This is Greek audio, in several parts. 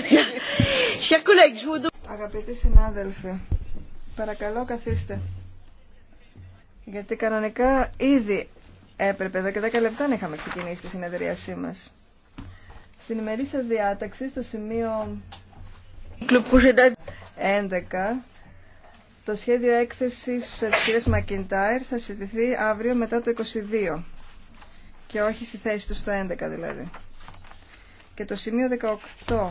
Αγαπητοί συνάδελφοι, παρακαλώ καθίστε. Γιατί κανονικά ήδη έπρεπε εδώ και 10 λεπτά να είχαμε ξεκινήσει τη συνεδρίασή μα. Στην ημερήσια διάταξη, στο σημείο 11, το σχέδιο έκθεση τη κυρία Μακιντάιρ θα συζητηθεί αύριο μετά το 22. Και όχι στη θέση του στο 11 δηλαδή. Και το σημείο 18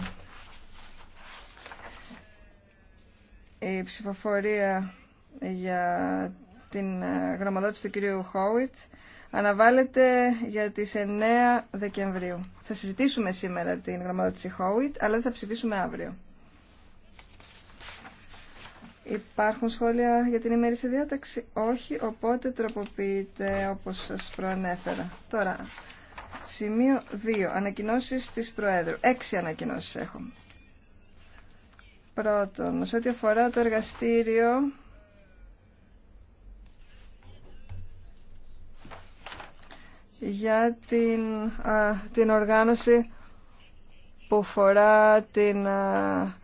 η ψηφοφορία για την ε, γνωμοδότηση του κυρίου Χόουιτ αναβάλλεται για τις 9 Δεκεμβρίου. Θα συζητήσουμε σήμερα την γραμματότηση Χόουιτ, αλλά δεν θα ψηφίσουμε αύριο. Υπάρχουν σχόλια για την ημέρηση διάταξη. Όχι, οπότε τροποποιείται όπως σας προανέφερα. Τώρα, σημείο 2. Ανακοινώσεις της Προέδρου. Έξι ανακοινώσεις έχω. Πρώτον, σε ό,τι αφορά το εργαστήριο για την, την οργάνωση που φορά την α,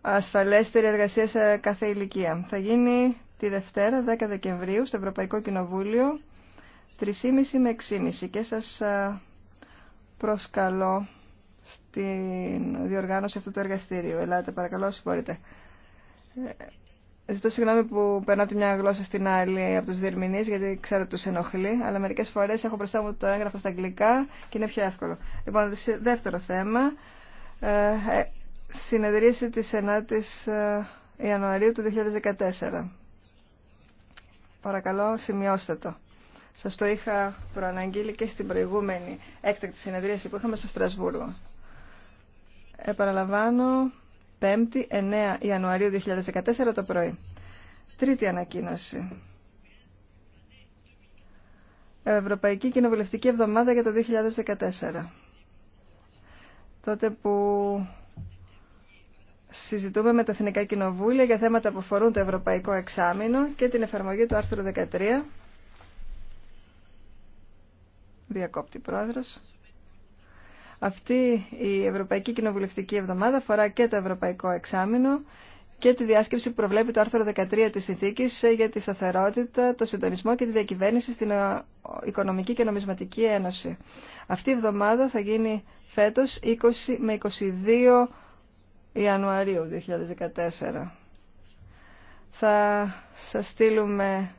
ασφαλέστερη εργασία σε κάθε ηλικία. Θα γίνει τη Δευτέρα, 10 Δεκεμβρίου, στο Ευρωπαϊκό Κοινοβούλιο, 3.30 με 6.30 και σας προσκαλώ στην διοργάνωση αυτού του εργαστήριου. Ελάτε παρακαλώ όσοι μπορείτε. Ε, ζητώ συγγνώμη που περνάω τη μια γλώσσα στην άλλη από του διερμηνεί, γιατί ξέρω ότι του ενοχλεί αλλά μερικέ φορέ έχω μπροστά μου το έγγραφο στα αγγλικά και είναι πιο εύκολο. Λοιπόν, δεύτερο θέμα ε, ε, συνεδρίαση τη 9 η Ιανουαρίου του 2014. Παρακαλώ, σημειώστε το. Σα το είχα προαναγγείλει και στην προηγούμενη έκτακτη συνεδρίαση που είχαμε στο Στρασβούργο επαναλαμβάνω, 5η 9 Ιανουαρίου 2014 το πρωί. Τρίτη ανακοίνωση. Ευρωπαϊκή Κοινοβουλευτική Εβδομάδα για το 2014. Τότε που συζητούμε με τα Εθνικά Κοινοβούλια για θέματα που αφορούν το Ευρωπαϊκό Εξάμεινο και την εφαρμογή του άρθρου 13. Διακόπτη πρόεδρος. Αυτή η Ευρωπαϊκή Κοινοβουλευτική Εβδομάδα αφορά και το Ευρωπαϊκό Εξάμεινο και τη διάσκεψη που προβλέπει το άρθρο 13 της συνθήκης για τη σταθερότητα, το συντονισμό και τη διακυβέρνηση στην ε, Οικονομική και Νομισματική Ένωση. Αυτή η εβδομάδα θα γίνει φέτος 20 με 22 Ιανουαρίου 2014. Θα σας στείλουμε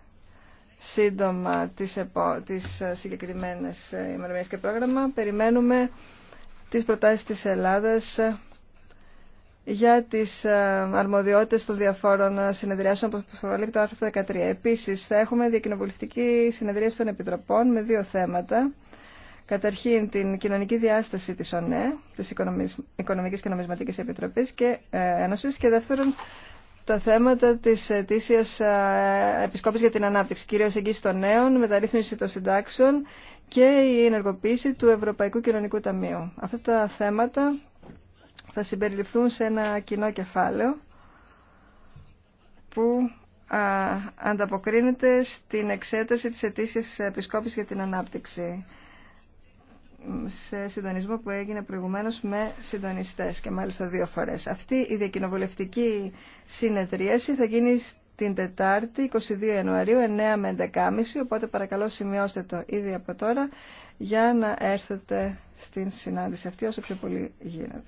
σύντομα τις, επο... τις ε, συγκεκριμένες ε, ημερομιές και πρόγραμμα. Περιμένουμε τις προτάσεις της Ελλάδας ε, για τις ε, αρμοδιότητες των διαφόρων ε, συνεδριάσεων που προβλέπει το άρθρο 13. Επίσης, θα έχουμε διακοινοβουλευτική συνεδρίαση των Επιτροπών με δύο θέματα. Καταρχήν, την κοινωνική διάσταση της ΟΝΕ, της Οικονομικής και Νομισματικής Επιτροπής και Ένωσης και δεύτερον, τα θέματα της αιτήσιας επισκόπης για την ανάπτυξη, κυρίως εγγύηση των νέων, μεταρρύθμιση των συντάξεων και η ενεργοποίηση του Ευρωπαϊκού Κοινωνικού Ταμείου. Αυτά τα θέματα θα συμπεριληφθούν σε ένα κοινό κεφάλαιο που ανταποκρίνεται στην εξέταση της ετήσιας επισκόπησης για την ανάπτυξη σε συντονισμό που έγινε προηγουμένως με συντονιστές και μάλιστα δύο φορές. Αυτή η διακοινοβουλευτική συνεδρίαση θα γίνει την Τετάρτη 22 Ιανουαρίου 9 με 11.30 οπότε παρακαλώ σημειώστε το ήδη από τώρα για να έρθετε στην συνάντηση αυτή όσο πιο πολύ γίνεται.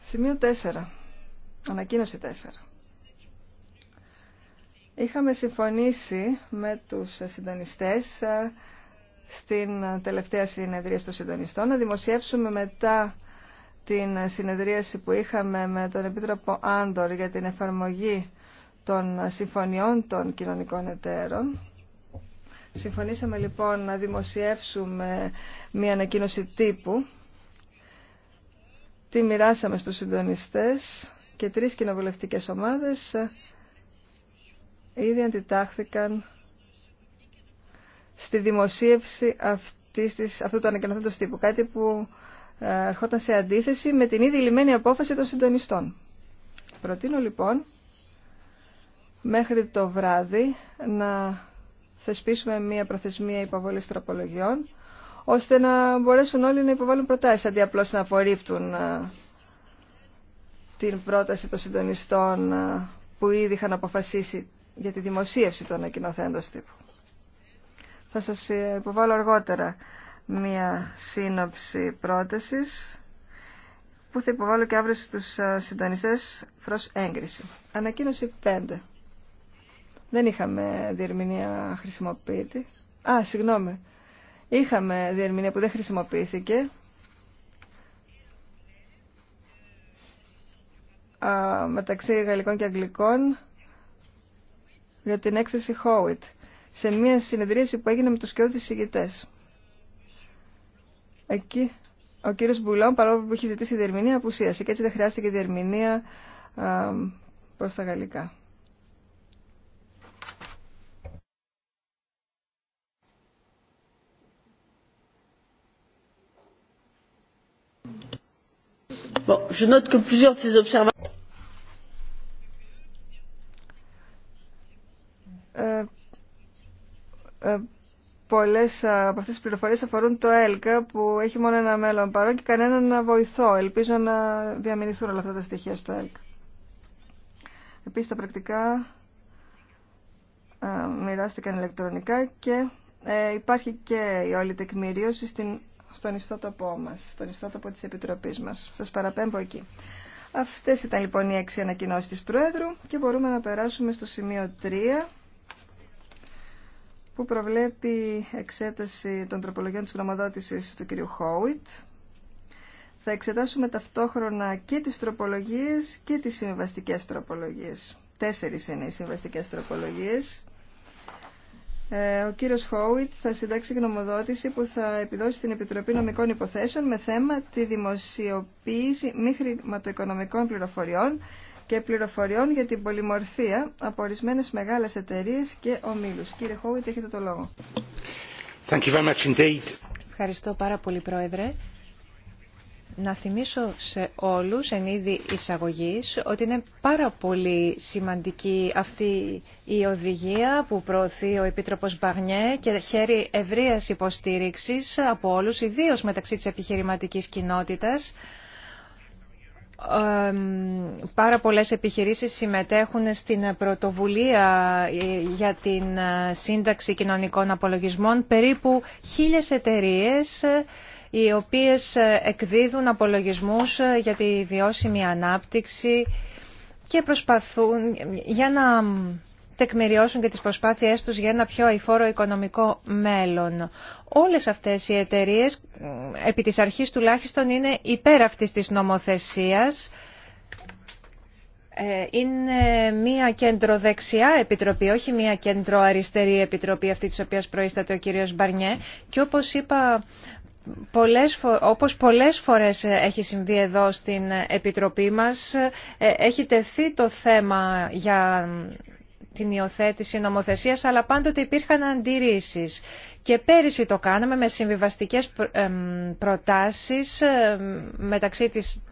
Σημείο 4. Ανακοίνωση 4. Είχαμε συμφωνήσει με τους συντονιστές ε, στην τελευταία συνεδρία των συντονιστών να δημοσιεύσουμε μετά την συνεδρίαση που είχαμε με τον Επίτροπο Άντορ για την εφαρμογή των συμφωνιών των κοινωνικών εταίρων. Συμφωνήσαμε λοιπόν να δημοσιεύσουμε μία ανακοίνωση τύπου. Τη μοιράσαμε στους συντονιστές και τρεις κοινοβουλευτικές ομάδες ήδη αντιτάχθηκαν στη δημοσίευση της, αυτού του ανακοινωθέντος τύπου. Κάτι που ερχόταν σε αντίθεση με την ήδη λυμμένη απόφαση των συντονιστών. Προτείνω λοιπόν μέχρι το βράδυ να θεσπίσουμε μία προθεσμία υποβολής τροπολογιών ώστε να μπορέσουν όλοι να υποβάλουν προτάσεις αντί απλώς να απορρίπτουν ε, την πρόταση των συντονιστών ε, που ήδη είχαν αποφασίσει για τη δημοσίευση των ανακοινοθέντων τύπου. Θα σας ε, υποβάλω αργότερα μία σύνοψη πρότασης που θα υποβάλω και αύριο στους ε, συντονιστές προς έγκριση. Ανακοίνωση 5. Δεν είχαμε διερμηνία χρησιμοποιητή. Α, συγγνώμη. Είχαμε διερμηνία που δεν χρησιμοποιήθηκε. Α, μεταξύ γαλλικών και αγγλικών για την έκθεση Howitt σε μια συνεδρίαση που έγινε με τους κοιόδης ηγητές. Εκεί ο κύριος Μπουλόν, παρόλο που είχε ζητήσει διερμηνία, απουσίασε και έτσι δεν χρειάστηκε διερμηνία προς τα γαλλικά πολλές από αυτές τις πληροφορίες αφορούν το ΕΛΚΑ που έχει μόνο ένα μέλλον παρόν και κανέναν να βοηθώ. Ελπίζω να διαμηνυθούν όλα αυτά τα στοιχεία στο ΕΛΚΑ. Επίσης τα πρακτικά μοιράστηκαν ηλεκτρονικά και ε, υπάρχει και η όλη τεκμηρίωση στην, στον ιστότοπό μας, στον ιστότοπο της Επιτροπής μας. Σας παραπέμπω εκεί. Αυτές ήταν λοιπόν οι έξι ανακοινώσεις της Πρόεδρου και μπορούμε να περάσουμε στο σημείο 3 που προβλέπει εξέταση των τροπολογιών της γνωμοδότησης του κ. Χόουιτ. Θα εξετάσουμε ταυτόχρονα και τις τροπολογίες και τις συμβαστικές τροπολογίες. Τέσσερις είναι οι συμβαστικές τροπολογίες. Ε, ο κύριος Χόουιτ θα συντάξει γνωμοδότηση που θα επιδώσει στην Επιτροπή Νομικών Υποθέσεων με θέμα τη δημοσιοποίηση μη χρηματοοικονομικών πληροφοριών και πληροφοριών για την πολυμορφία από ορισμένε μεγάλε εταιρείε και ομίλου. Κύριε Χόουιτ, έχετε το λόγο. Thank you very much indeed. Ευχαριστώ πάρα πολύ, Πρόεδρε. Να θυμίσω σε όλους εν είδη εισαγωγής ότι είναι πάρα πολύ σημαντική αυτή η οδηγία που προωθεί ο Επίτροπος Μπαγνιέ και χέρι ευρείας υποστήριξης από όλους, ιδίως μεταξύ της επιχειρηματικής κοινότητας πάρα πολλές επιχειρήσεις συμμετέχουν στην πρωτοβουλία ε, για την ε, σύνταξη κοινωνικών απολογισμών. Περίπου χίλιες εταιρείες ε, οι οποίες εκδίδουν απολογισμούς για τη βιώσιμη ανάπτυξη και προσπαθούν για να τεκμηριώσουν και τις προσπάθειές τους για ένα πιο αηφόρο οικονομικό μέλλον. Όλες αυτές οι εταιρείες, επί της αρχής τουλάχιστον, είναι υπέρ αυτής της νομοθεσίας. Ε, είναι μια κεντροδεξιά επιτροπή, όχι μια κεντροαριστερή επιτροπή αυτή της οποίας προείσταται ο κύριος Μπαρνιέ. Και όπως είπα πολλές, όπως πολλές φορές έχει συμβεί εδώ στην Επιτροπή μας, ε, έχει τεθεί το θέμα για την υιοθέτηση νομοθεσίας, αλλά πάντοτε υπήρχαν αντιρρήσεις. Και πέρυσι το κάναμε με συμβιβαστικές προτάσεις ε, μεταξύ της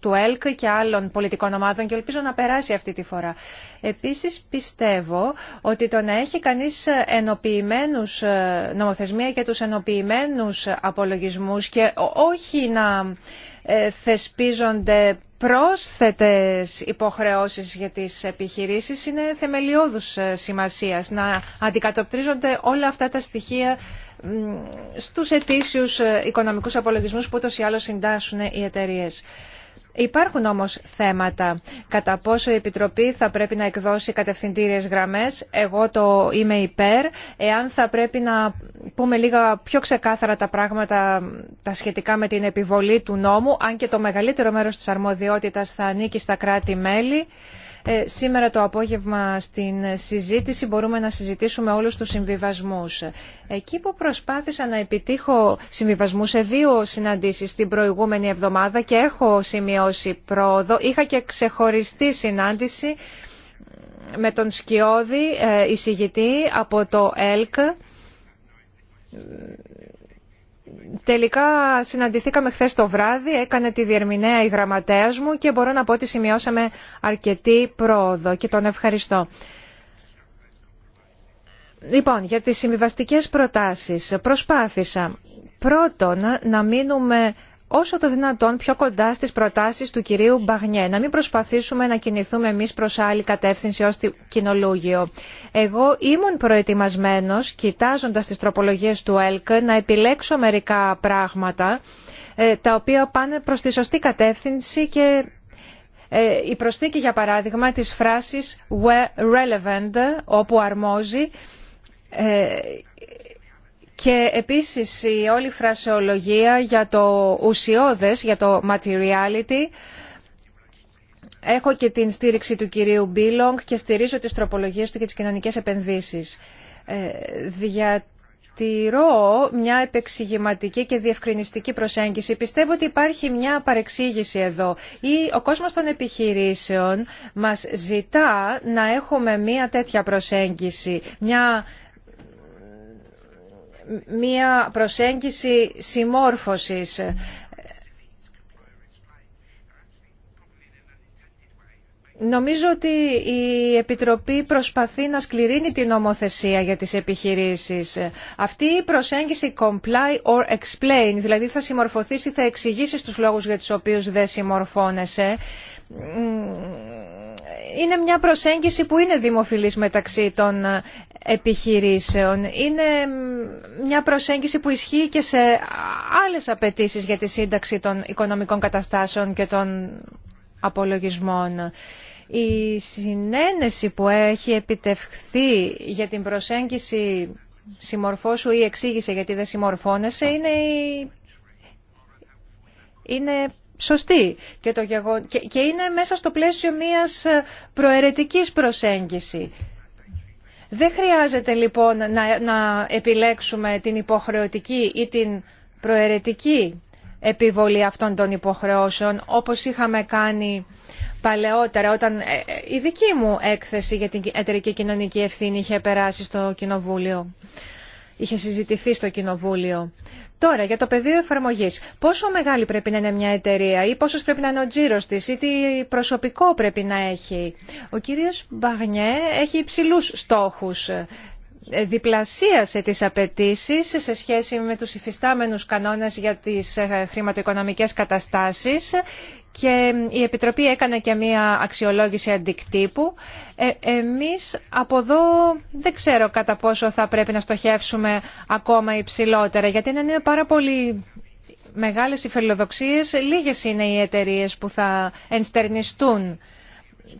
του ΕΛΚ και άλλων πολιτικών ομάδων και ελπίζω να περάσει αυτή τη φορά. Επίσης πιστεύω ότι το να έχει κανείς ενοποιημένους ε, νομοθεσμία και τους ενοποιημένους απολογισμούς και όχι να ε, θεσπίζονται πρόσθετες υποχρεώσεις για τις επιχειρήσεις είναι θεμελιώδους ε, σημασίας. Να αντικατοπτρίζονται όλα αυτά τα στοιχεία στους ετήσιους ε, οικονομικούς απολογισμούς που ούτως ή άλλως συντάσσουν οι εταιρείες. Υπάρχουν όμως θέματα κατά πόσο η Επιτροπή θα πρέπει να εκδώσει κατευθυντήριες γραμμές. Εγώ το είμαι υπέρ. Εάν θα πρέπει να πούμε λίγα πιο ξεκάθαρα τα πράγματα τα σχετικά με την επιβολή του νόμου, αν και το μεγαλύτερο μέρος της αρμοδιότητας θα ανήκει στα κράτη-μέλη. Ε, σήμερα το απόγευμα στην συζήτηση μπορούμε να συζητήσουμε όλους τους συμβιβασμούς. Εκεί που προσπάθησα να επιτύχω συμβιβασμού σε δύο συναντήσεις την προηγούμενη εβδομάδα και έχω σημειώσει πρόοδο, είχα και ξεχωριστή συνάντηση με τον Σκιώδη ε, εισηγητή από το ΕΛΚ τελικά συναντηθήκαμε χθε το βράδυ, έκανε τη διερμηνέα η γραμματέας μου και μπορώ να πω ότι σημειώσαμε αρκετή πρόοδο και τον ευχαριστώ. Λοιπόν, για τις συμβιβαστικές προτάσεις προσπάθησα πρώτον να μείνουμε όσο το δυνατόν πιο κοντά στις προτάσεις του κυρίου Μπαγνιέ. Να μην προσπαθήσουμε να κινηθούμε εμεί προς άλλη κατεύθυνση ως το κοινολούγιο. Εγώ ήμουν προετοιμασμένο, κοιτάζοντας τις τροπολογίες του ΕΛΚ, να επιλέξω μερικά πράγματα ε, τα οποία πάνε προς τη σωστή κατεύθυνση και ε, η προσθήκη για παράδειγμα της φράσης where relevant, όπου αρμόζει, ε, και επίσης η όλη φρασεολογία για το ουσιώδες, για το materiality, έχω και την στήριξη του κυρίου Μπίλονγκ και στηρίζω τις τροπολογίες του και τις κοινωνικές επενδύσεις. Ε, διατηρώ μια επεξηγηματική και διευκρινιστική προσέγγιση. Πιστεύω ότι υπάρχει μια παρεξήγηση εδώ. Ή ο κόσμος των επιχειρήσεων μας ζητά να έχουμε μια τέτοια προσέγγιση, μια μία προσέγγιση συμμόρφωσης. Νομίζω ότι η Επιτροπή προσπαθεί να σκληρύνει την νομοθεσία για τις επιχειρήσεις. Αυτή η προσέγγιση comply or explain, δηλαδή θα συμμορφωθείς ή θα εξηγήσεις τους λόγους για τους οποίους δεν συμμορφώνεσαι, είναι μια προσέγγιση που είναι δημοφιλής μεταξύ των ε, επιχειρήσεων. Είναι μια προσέγγιση που ισχύει και σε άλλες απαιτήσεις για τη σύνταξη των οικονομικών καταστάσεων και των απολογισμών. Η συνένεση που έχει επιτευχθεί για την προσέγγιση συμμορφώσου ή εξήγησε γιατί δεν συμμορφώνεσαι είναι, είναι σωστή και, το είναι μέσα στο πλαίσιο μιας ε, προαιρετικής προσέγγιση. Δεν χρειάζεται λοιπόν να, επιλέξουμε την υποχρεωτική ή την προαιρετική επιβολή αυτών των υποχρεώσεων όπως είχαμε κάνει παλαιότερα όταν ε, ε, η δική μου έκθεση για την εταιρική κοινωνική ευθύνη είχε περάσει στο Κοινοβούλιο είχε συζητηθεί στο Κοινοβούλιο. Τώρα, για το πεδίο εφαρμογή. Πόσο μεγάλη πρέπει να είναι μια εταιρεία ή πόσο πρέπει να είναι ο τζίρο τη ή τι προσωπικό πρέπει να έχει. Ο κύριο Μπαγνιέ έχει υψηλού στόχου. Ε, διπλασίασε τις απαιτήσει σε σχέση με τους υφιστάμενους κανόνες για τις ε, χρηματοοικονομικές καταστάσεις και η Επιτροπή έκανε και μία αξιολόγηση αντικτύπου. Ε, εμείς από εδώ δεν ξέρω κατά πόσο θα πρέπει να στοχεύσουμε ακόμα υψηλότερα, γιατί είναι πάρα πολύ μεγάλες οι φιλοδοξίες, λίγες είναι οι εταιρείε που θα ενστερνιστούν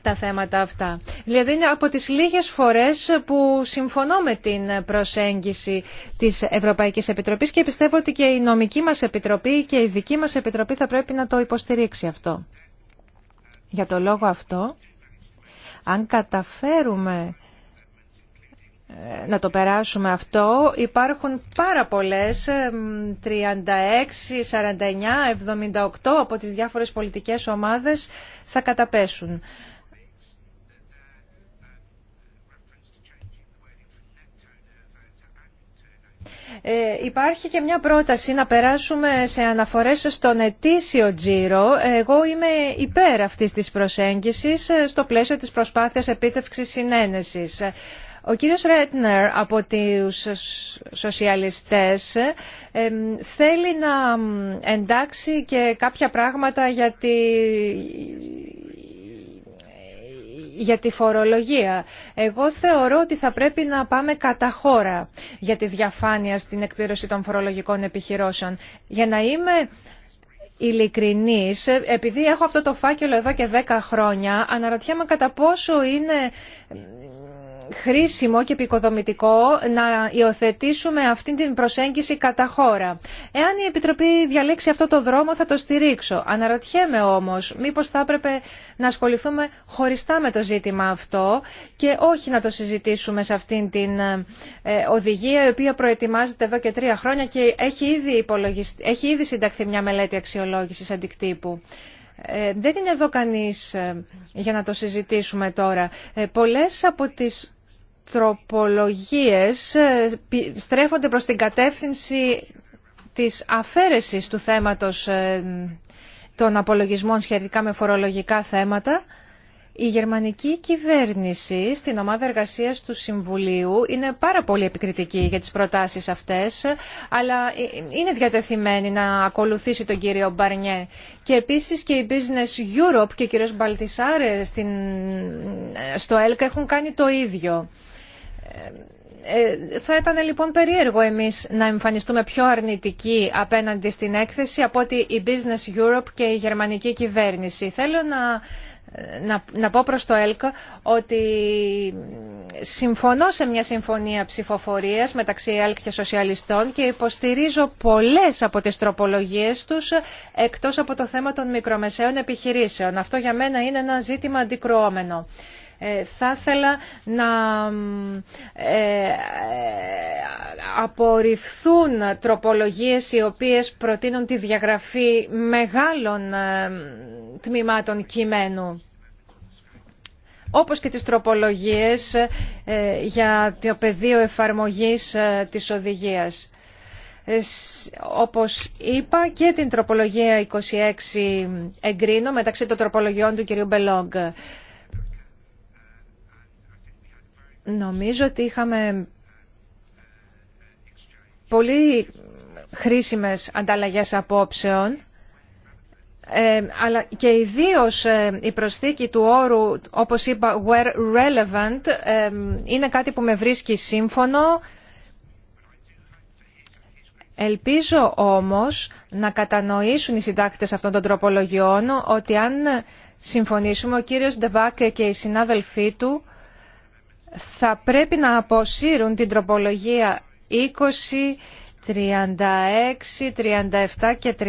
τα θέματα αυτά. Δηλαδή είναι από τις λίγες φορές που συμφωνώ με την προσέγγιση της Ευρωπαϊκής Επιτροπής και πιστεύω ότι και η νομική μας Επιτροπή και η δική μας Επιτροπή θα πρέπει να το υποστηρίξει αυτό. Για το λόγο αυτό, αν καταφέρουμε ε, να το περάσουμε αυτό. Υπάρχουν πάρα πολλές, 36, 49, 78 από τις διάφορες πολιτικές ομάδες θα καταπέσουν. Ε, υπάρχει και μια πρόταση να περάσουμε σε αναφορές στον ετήσιο τζίρο. Εγώ είμαι υπέρ αυτής της προσέγγισης ε, στο πλαίσιο της προσπάθειας επίτευξης συνένεσης. Ο κύριος Ρέτνερ από τους σοσιαλιστές ε, θέλει να εντάξει και κάποια πράγματα για, για τη φορολογία. Εγώ θεωρώ ότι θα πρέπει να πάμε κατά χώρα για τη διαφάνεια στην εκπλήρωση των φορολογικών επιχειρώσεων. Για να είμαι ειλικρινής, επειδή έχω αυτό το φάκελο εδώ και 10 χρόνια, αναρωτιέμαι κατά πόσο είναι χρήσιμο και επικοδομητικό να υιοθετήσουμε αυτή την προσέγγιση κατά χώρα. Εάν η Επιτροπή διαλέξει αυτό το δρόμο θα το στηρίξω. Αναρωτιέμαι όμως μήπως θα έπρεπε να ασχοληθούμε χωριστά με το ζήτημα αυτό και όχι να το συζητήσουμε σε αυτήν την ε, οδηγία η οποία προετοιμάζεται εδώ και τρία χρόνια και έχει ήδη, έχει ήδη συνταχθεί μια μελέτη αξιολόγησης αντικτύπου. Ε, δεν είναι εδώ κανείς ε, για να το συζητήσουμε τώρα. Ε, πολλές από τις τροπολογίες ε, στρέφονται προς την κατεύθυνση της αφαίρεσης του θέματος ε, των απολογισμών σχετικά με φορολογικά θέματα. Η γερμανική κυβέρνηση στην ομάδα εργασίας του Συμβουλίου είναι πάρα πολύ επικριτική για τις προτάσεις αυτές, αλλά ε, είναι διατεθειμένη να ακολουθήσει τον κύριο Μπαρνιέ. Και επίσης και η Business Europe και ο κύριος Μπαλτισάρε στο ΕΛΚΑ έχουν κάνει το ίδιο. Ε, θα ήταν λοιπόν περίεργο εμείς να εμφανιστούμε πιο αρνητικοί απέναντι στην έκθεση από ότι η Business Europe και η γερμανική κυβέρνηση. Θέλω να, να, να πω προς το ΕΛΚ ότι συμφωνώ σε μια συμφωνία ψηφοφορίας μεταξύ ΕΛΚ και Σοσιαλιστών και υποστηρίζω πολλές από τις τροπολογίες τους εκτός από το θέμα των μικρομεσαίων επιχειρήσεων. Αυτό για μένα είναι ένα ζήτημα αντικρουόμενο. Ε, θα ήθελα να ε, ε, απορριφθούν τροπολογίες οι οποίες προτείνουν τη διαγραφή μεγάλων τμήματων κειμένου όπως και τις τροπολογίες για το πεδίο εφαρμογής της οδηγίας. Όπως είπα και την τροπολογία 26 εγκρίνω μεταξύ των τροπολογιών του κ. Μπελόγκ. Νομίζω ότι είχαμε πολύ χρήσιμες ανταλλαγές απόψεων ε, αλλά και ιδίως ε, η προσθήκη του όρου, όπως είπα, where relevant, ε, είναι κάτι που με βρίσκει σύμφωνο. Ελπίζω όμως να κατανοήσουν οι συντάκτες αυτών των τροπολογιών ότι αν συμφωνήσουμε, ο κύριος Ντεβάκ και οι συνάδελφοί του θα πρέπει να αποσύρουν την τροπολογία 20, 36, 37 και 38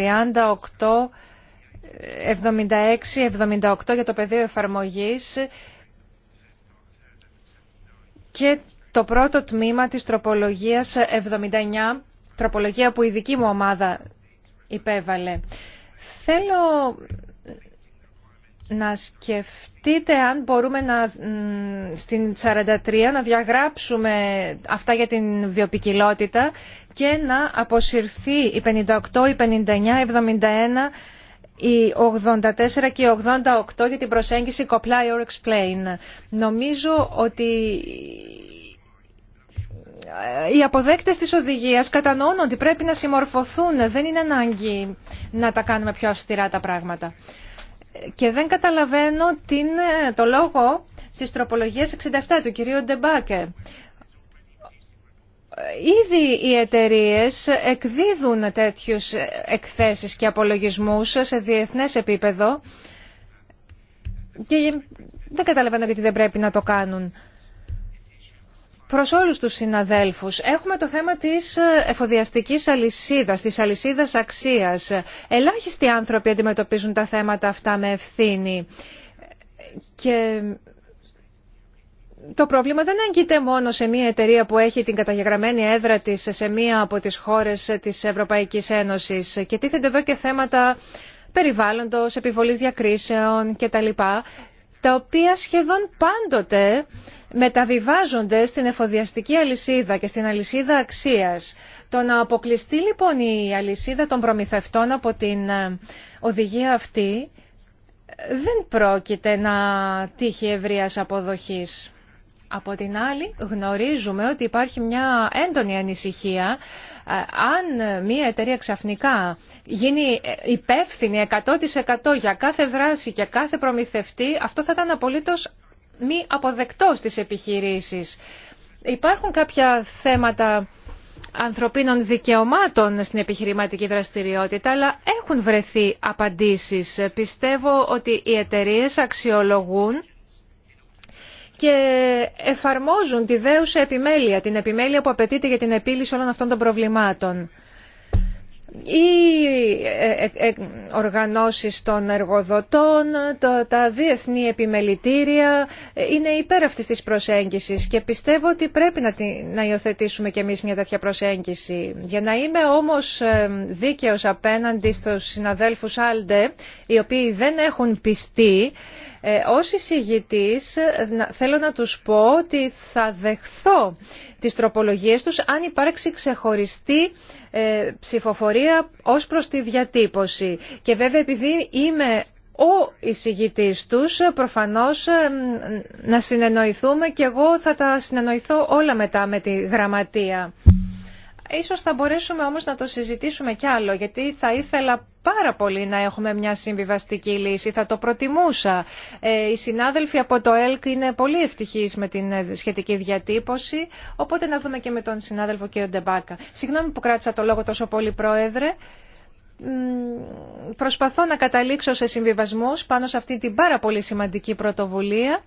76-78 για το πεδίο εφαρμογής και το πρώτο τμήμα της τροπολογίας 79, τροπολογία που η δική μου ομάδα υπέβαλε. Θέλω να σκεφτείτε αν μπορούμε να, στην 43 να διαγράψουμε αυτά για την βιοπικιλότητα και να αποσυρθεί η 58, η 59, η 71, η 84 και η 88 για την προσέγγιση Comply or Explain. Νομίζω ότι οι αποδέκτες της οδηγίας κατανοούν ότι πρέπει να συμμορφωθούν. Δεν είναι ανάγκη να τα κάνουμε πιο αυστηρά τα πράγματα και δεν καταλαβαίνω την, ε, το λόγο της τροπολογίας 67 του κυρίου Ντεμπάκε. Ήδη οι εταιρείε εκδίδουν τέτοιους εκθέσεις και απολογισμούς σε διεθνές επίπεδο και δεν καταλαβαίνω γιατί δεν πρέπει να το κάνουν προς όλους τους συναδέλφους. Έχουμε το θέμα της ε, εφοδιαστικής αλυσίδας, της αλυσίδας αξίας. Ελάχιστοι άνθρωποι αντιμετωπίζουν τα θέματα αυτά με ευθύνη. Και το πρόβλημα δεν αγγείται μόνο σε μια εταιρεία που έχει την καταγεγραμμένη έδρα της σε μια από τις χώρες της Ευρωπαϊκής Ένωσης και τίθενται εδώ και θέματα περιβάλλοντος, επιβολής διακρίσεων κτλ. τα οποία σχεδόν πάντοτε μεταβιβάζονται στην εφοδιαστική αλυσίδα και στην αλυσίδα αξίας. Το να αποκλειστεί λοιπόν η αλυσίδα των προμηθευτών από την ε, οδηγία αυτή ε, δεν πρόκειται να τύχει ευρείας αποδοχής. Από την άλλη γνωρίζουμε ότι υπάρχει μια έντονη ανησυχία ε, αν μια εταιρεία ξαφνικά γίνει υπεύθυνη 100% για κάθε δράση και κάθε προμηθευτή, αυτό θα ήταν απολύτως μη αποδεκτό στις επιχειρήσεις. Υπάρχουν κάποια θέματα ανθρωπίνων δικαιωμάτων στην επιχειρηματική δραστηριότητα, αλλά έχουν βρεθεί απαντήσεις. Πιστεύω ότι οι εταιρείε αξιολογούν και εφαρμόζουν τη δέουσα επιμέλεια, την επιμέλεια που απαιτείται για την επίλυση όλων αυτών των προβλημάτων οι ε, ε, ε, οργανώσεις των εργοδοτών, τα διεθνή επιμελητήρια είναι υπέρ αυτής της προσέγγισης και πιστεύω ότι πρέπει να υιοθετήσουμε κι εμείς μια τέτοια προσέγγιση. Για να είμαι όμως δίκαιος απέναντι στους συναδέλφους Άλντε, οι οποίοι δεν έχουν πιστεί, ε, ως εισηγητής θέλω να τους πω ότι θα δεχθώ τις τροπολογίες τους αν υπάρξει ξεχωριστή ε, ψηφοφορία ως προς τη διατύπωση. Και βέβαια επειδή είμαι ο εισηγητής τους, προφανώς ε, να συνεννοηθούμε και εγώ θα τα συνεννοηθώ όλα μετά με τη γραμματεία. Ίσως θα μπορέσουμε όμως να το συζητήσουμε κι άλλο, γιατί θα ήθελα πάρα πολύ να έχουμε μια συμβιβαστική λύση. Θα το προτιμούσα. Ε, οι συνάδελφοι από το ΕΛΚ είναι πολύ ευτυχείς με την ε, σχετική διατύπωση, οπότε να δούμε και με τον συνάδελφο κύριο Ντεμπάκα. Συγγνώμη που κράτησα το λόγο τόσο πολύ, Πρόεδρε προσπαθώ να καταλήξω σε συμβιβασμούς πάνω σε αυτή την πάρα πολύ σημαντική πρωτοβουλία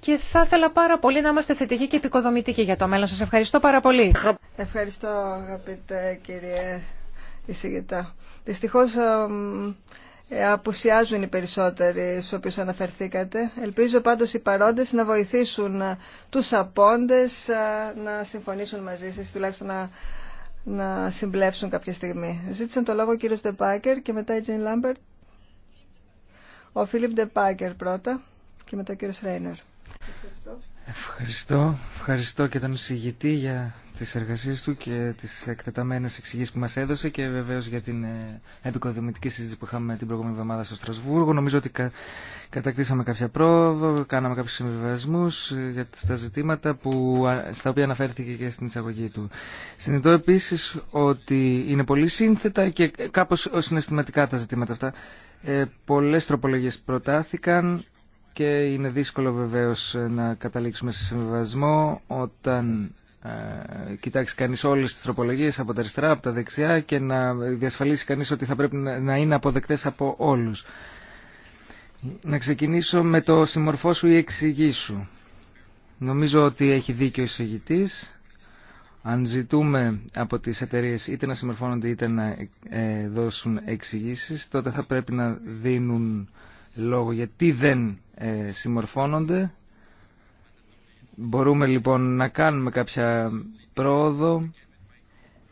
και θα ήθελα πάρα πολύ να είμαστε θετικοί και επικοδομητικοί για το μέλλον. Σας ευχαριστώ πάρα πολύ. Ευχαριστώ αγαπητέ κύριε Ισηγητά. Δυστυχώς ε, ε, απουσιάζουν οι περισσότεροι στους οποίους αναφερθήκατε. Ελπίζω πάντως οι παρόντες να βοηθήσουν ε, τους απόντες να συμφωνήσουν μαζί σας, τουλάχιστον να να συμπλέψουν κάποια στιγμή. Ζήτησαν το λόγο ο κύριος Ντεπάκερ και μετά η Τζέιν Λάμπερτ. Ο Φίλιπ Ντεπάκερ πρώτα και μετά ο κύριος Ρέινερ. Ευχαριστώ. Ευχαριστώ και τον συγητή για τις εργασίες του και τις εκτεταμένες εξηγήσεις που μας έδωσε και βεβαίως για την ε, επικοδομητική συζήτηση που είχαμε την προηγούμενη εβδομάδα στο Στρασβούργο. Νομίζω ότι κατακτήσαμε κάποια πρόοδο, κάναμε κάποιους συμβιβασμούς ε, για τα ζητήματα που, στα οποία αναφέρθηκε και στην εισαγωγή του. Συνειδητώ επίσης ότι είναι πολύ σύνθετα και κάπως συναισθηματικά τα ζητήματα αυτά. Ε, πολλές τροπολογίες προτάθηκαν και είναι δύσκολο βεβαίως ε, να καταλήξουμε σε συμβιβασμό όταν ε, κοιτάξει κανείς όλες τις τροπολογίες από τα αριστερά, από τα δεξιά και να διασφαλίσει κανείς ότι θα πρέπει να είναι αποδεκτές από όλους. Να ξεκινήσω με το συμμορφώ σου ή σου. Νομίζω ότι έχει δίκιο ο εισηγητής. Αν ζητούμε από τις εταιρείες είτε να συμμορφώνονται είτε να ε, δώσουν εξηγήσεις, τότε θα πρέπει να δίνουν λόγω γιατί δεν ε, συμμορφώνονται. Μπορούμε λοιπόν να κάνουμε κάποια πρόοδο.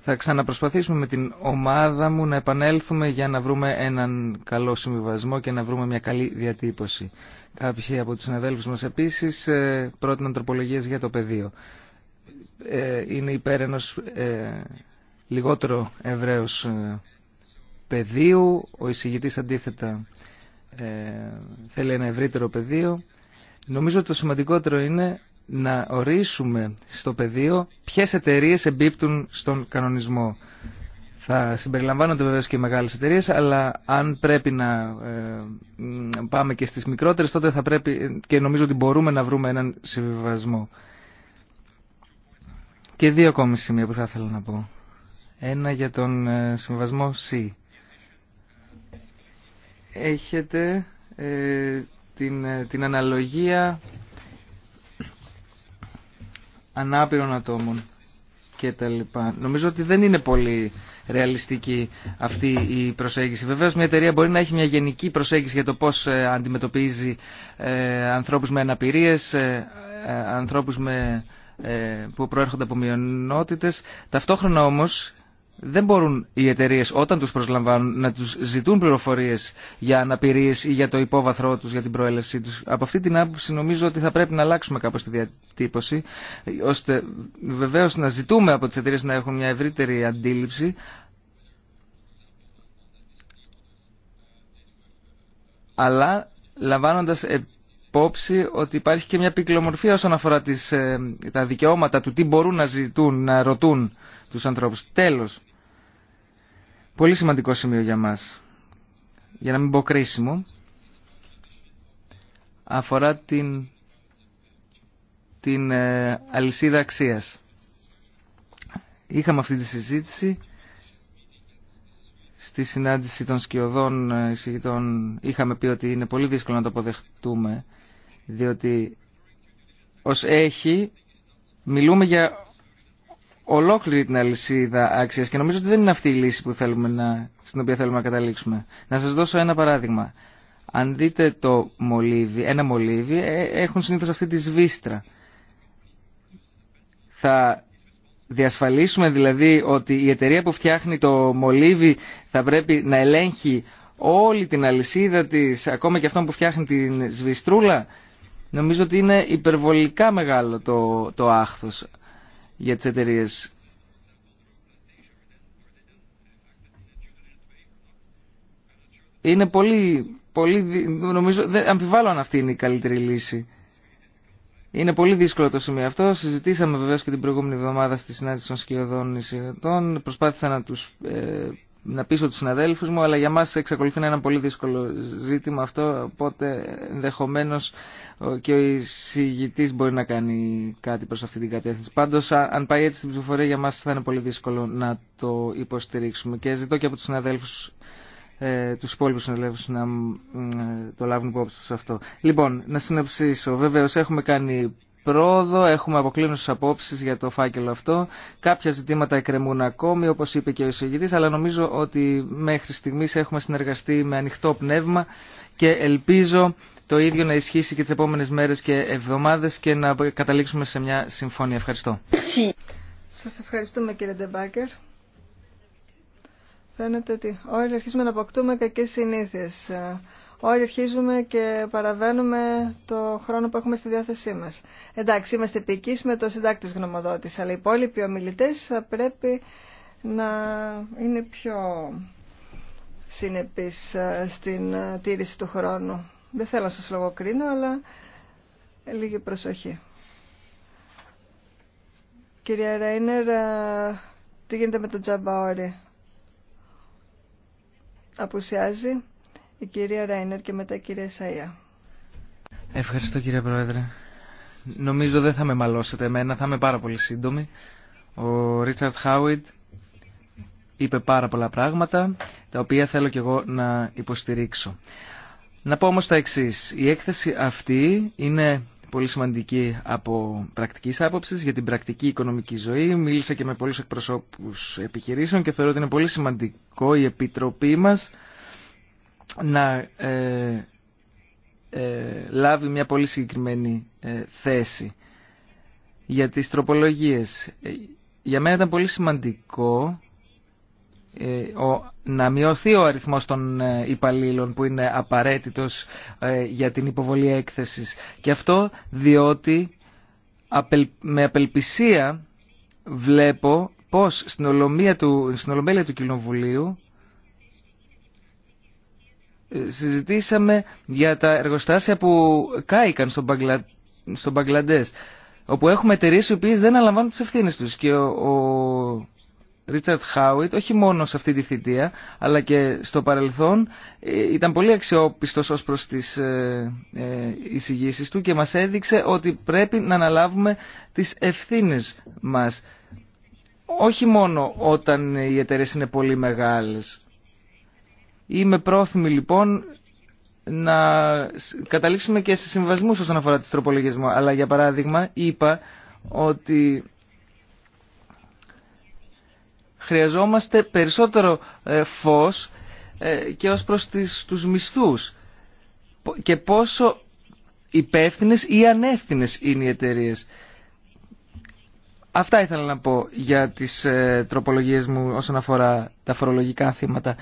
Θα ξαναπροσπαθήσουμε με την ομάδα μου να επανέλθουμε για να βρούμε έναν καλό συμβιβασμό και να βρούμε μια καλή διατύπωση. Κάποιοι από τους συναδέλφους μας επίσης ε, πρότειναν τροπολογίες για το πεδίο. Ε, είναι υπέρ ενός λιγότερο ευρέως πεδίου. Ο εισηγητής αντίθετα ε, θέλει ένα ευρύτερο πεδίο. Νομίζω ότι το σημαντικότερο είναι να ορίσουμε στο πεδίο ποιες εταιρείε εμπίπτουν στον κανονισμό. Θα συμπεριλαμβάνονται βεβαίως και οι μεγάλες εταιρείες, αλλά αν πρέπει να ε, πάμε και στις μικρότερες, τότε θα πρέπει και νομίζω ότι μπορούμε να βρούμε έναν συμβιβασμό. Και δύο ακόμη σημεία που θα ήθελα να πω. Ένα για τον ε, συμβιβασμό C έχετε ε, την, ε, την αναλογία ανάπηρων ατόμων και τα λοιπά. Νομίζω ότι δεν είναι πολύ ρεαλιστική αυτή η προσέγγιση. Βεβαίως μια εταιρεία μπορεί να έχει μια γενική προσέγγιση για το πώς ε, αντιμετωπίζει ε, ανθρώπους με αναπηρίες, ε, ανθρώπους με, που προέρχονται από μειονότητες. Ταυτόχρονα όμως δεν μπορούν οι εταιρείε όταν του προσλαμβάνουν να του ζητούν πληροφορίε για αναπηρίε ή για το υπόβαθρό του, για την προέλευσή του. Από αυτή την άποψη νομίζω ότι θα πρέπει να αλλάξουμε κάπω τη διατύπωση, ώστε βεβαίω να ζητούμε από τι εταιρείε να έχουν μια ευρύτερη αντίληψη, αλλά λαμβάνοντα υπόψη ότι υπάρχει και μια πυκλομορφία όσον αφορά τις, ε, τα δικαιώματα του τι μπορούν να ζητούν, να ρωτούν τους ανθρώπους. Τέλος, Πολύ σημαντικό σημείο για μας. Για να μην πω κρίσιμο, αφορά την, την ε, αλυσίδα αξίας. Είχαμε αυτή τη συζήτηση στη συνάντηση των σκιωδών ε, εισηγητών είχαμε πει ότι είναι πολύ δύσκολο να το αποδεχτούμε διότι ως έχει μιλούμε για ολόκληρη την αλυσίδα άξιας και νομίζω ότι δεν είναι αυτή η λύση που θέλουμε να, στην οποία θέλουμε να καταλήξουμε. Να σας δώσω ένα παράδειγμα. Αν δείτε το μολύβι, ένα μολύβι ε, έχουν συνήθως αυτή τη σβίστρα. Θα διασφαλίσουμε δηλαδή ότι η εταιρεία που φτιάχνει το μολύβι θα πρέπει να ελέγχει όλη την αλυσίδα της, ακόμα και αυτόν που φτιάχνει την σβιστρούλα. Νομίζω ότι είναι υπερβολικά μεγάλο το, το άχθος για τις εταιρείε. Είναι πολύ, πολύ, νομίζω, δεν, αμφιβάλλω αν αυτή είναι η καλύτερη λύση. Είναι πολύ δύσκολο το σημείο αυτό. Συζητήσαμε βεβαίως και την προηγούμενη εβδομάδα στη συνάντηση των σκιωδών νησιωτών. Προσπάθησα να τους ε, να πείσω του συναδέλφου, μου, αλλά για μας εξακολουθεί να είναι ένα πολύ δύσκολο ζήτημα αυτό, οπότε ενδεχομένω και ο εισηγητή μπορεί να κάνει κάτι προς αυτή την κατεύθυνση. Πάντω, αν πάει έτσι την ψηφοφορία, για μας θα είναι πολύ δύσκολο να το υποστηρίξουμε. Και ζητώ και από τους συναδέλφου, ε, τους υπόλοιπους συνελεύους να ε, το λάβουν υπόψη σε αυτό. Λοιπόν, να συνοψίσω. Βεβαίως έχουμε κάνει πρόοδο, έχουμε αποκλίνουσες απόψεις για το φάκελο αυτό. Κάποια ζητήματα εκκρεμούν ακόμη, όπως είπε και ο εισηγητής, αλλά νομίζω ότι μέχρι στιγμής έχουμε συνεργαστεί με ανοιχτό πνεύμα και ελπίζω το ίδιο να ισχύσει και τις επόμενες μέρες και εβδομάδες και να καταλήξουμε σε μια συμφωνία. Ευχαριστώ. Σας ευχαριστούμε κύριε Ντεμπάκερ. Φαίνεται ότι όλοι αρχίζουμε να αποκτούμε κακές συνήθειες όλοι αρχίζουμε και παραβαίνουμε το χρόνο που έχουμε στη διάθεσή μας. Εντάξει, είμαστε επικείς με το συντάκτης γνωμοδότης, αλλά οι υπόλοιποι ομιλητές θα πρέπει να είναι πιο συνέπει ε, στην ε, τήρηση του χρόνου. Δεν θέλω να σας λογοκρίνω, αλλά λίγη προσοχή. Κυρία Ρέινερ, ε, τι γίνεται με τον Τζαμπαόρη. Απουσιάζει η κυρία Ράινερ και μετά η κυρία Σαϊά. Ευχαριστώ κύριε Πρόεδρε. Νομίζω δεν θα με μαλώσετε εμένα, θα είμαι πάρα πολύ σύντομη. Ο Ρίτσαρτ Χάουιτ είπε πάρα πολλά πράγματα, τα οποία θέλω κι εγώ να υποστηρίξω. Να πω όμως τα εξής. Η έκθεση αυτή είναι πολύ σημαντική από πρακτικής άποψης για την πρακτική οικονομική ζωή. Μίλησα και με πολλού εκπροσώπους επιχειρήσεων και θεωρώ ότι είναι πολύ σημαντικό η Επιτροπή μα να ε, ε, λάβει μια πολύ συγκεκριμένη ε, θέση για τις τροπολογίες. Για μένα ήταν πολύ σημαντικό ο, να μειωθεί ο αριθμός των υπαλλήλων που είναι απαραίτητος για την υποβολή έκθεσης. Και αυτό διότι με απελπισία βλέπω πως στην, του, Ολομέλεια του Κοινοβουλίου συζητήσαμε για τα εργοστάσια που κάηκαν στον, Παγκλα... στο όπου έχουμε εταιρείε οι οποίες δεν αναλαμβάνουν τις ευθύνες τους και ο Ρίτσαρτ Χάουιτ όχι μόνο σε αυτή τη θητεία αλλά και στο παρελθόν ε, ήταν πολύ αξιόπιστος ως προς τις ε, ε, εισηγήσεις του και μας έδειξε ότι πρέπει να αναλάβουμε τις ευθύνες μας όχι μόνο όταν οι εταιρείε είναι πολύ μεγάλες Είμαι πρόθυμη λοιπόν να καταλήξουμε και σε συμβασμούς όσον αφορά τις τροπολογίες μου. Αλλά για παράδειγμα είπα ότι χρειαζόμαστε περισσότερο ε, φως ε, και ως προς τις, τους μισθούς και πόσο υπεύθυνε ή ανεύθυνες είναι οι εταιρείε. Αυτά ήθελα να πω για τις ε, τροπολογίες μου όσον αφορά τα φορολογικά θύματα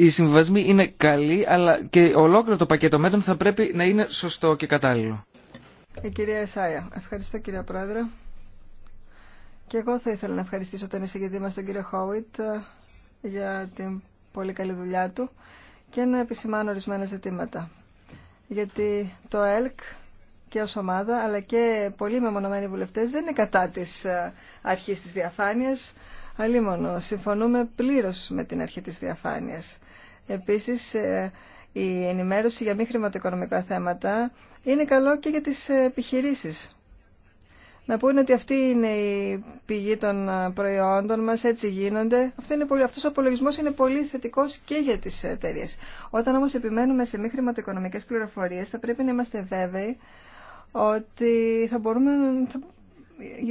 οι συμβιβασμοί είναι καλοί, αλλά και ολόκληρο το πακέτο μέτρων θα πρέπει να είναι σωστό και κατάλληλο. Η ε, κυρία Εσάια. Ευχαριστώ κυρία Πρόεδρε. Και εγώ θα ήθελα να ευχαριστήσω τον εισηγητή μας τον κύριο Χόουιτ για την πολύ καλή δουλειά του και να επισημάνω ορισμένα ζητήματα. Γιατί το ΕΛΚ και ως ομάδα αλλά και πολλοί μεμονωμένοι βουλευτές δεν είναι κατά της ε, αρχής της διαφάνειας Αλίμονο, συμφωνούμε πλήρως με την αρχή της διαφάνειας. Επίσης, ε, η ενημέρωση για μη χρηματοοικονομικά θέματα είναι καλό και για τις ε, επιχειρήσεις. Να πούνε ότι αυτή είναι η πηγή των ε, προϊόντων μας, έτσι γίνονται. Αυτό είναι πολύ, αυτός ο απολογισμός είναι πολύ θετικός και για τις εταιρείε. Όταν όμως επιμένουμε σε μη χρηματοοικονομικές πληροφορίες, θα πρέπει να είμαστε βέβαιοι ότι θα, μπορούμε, θα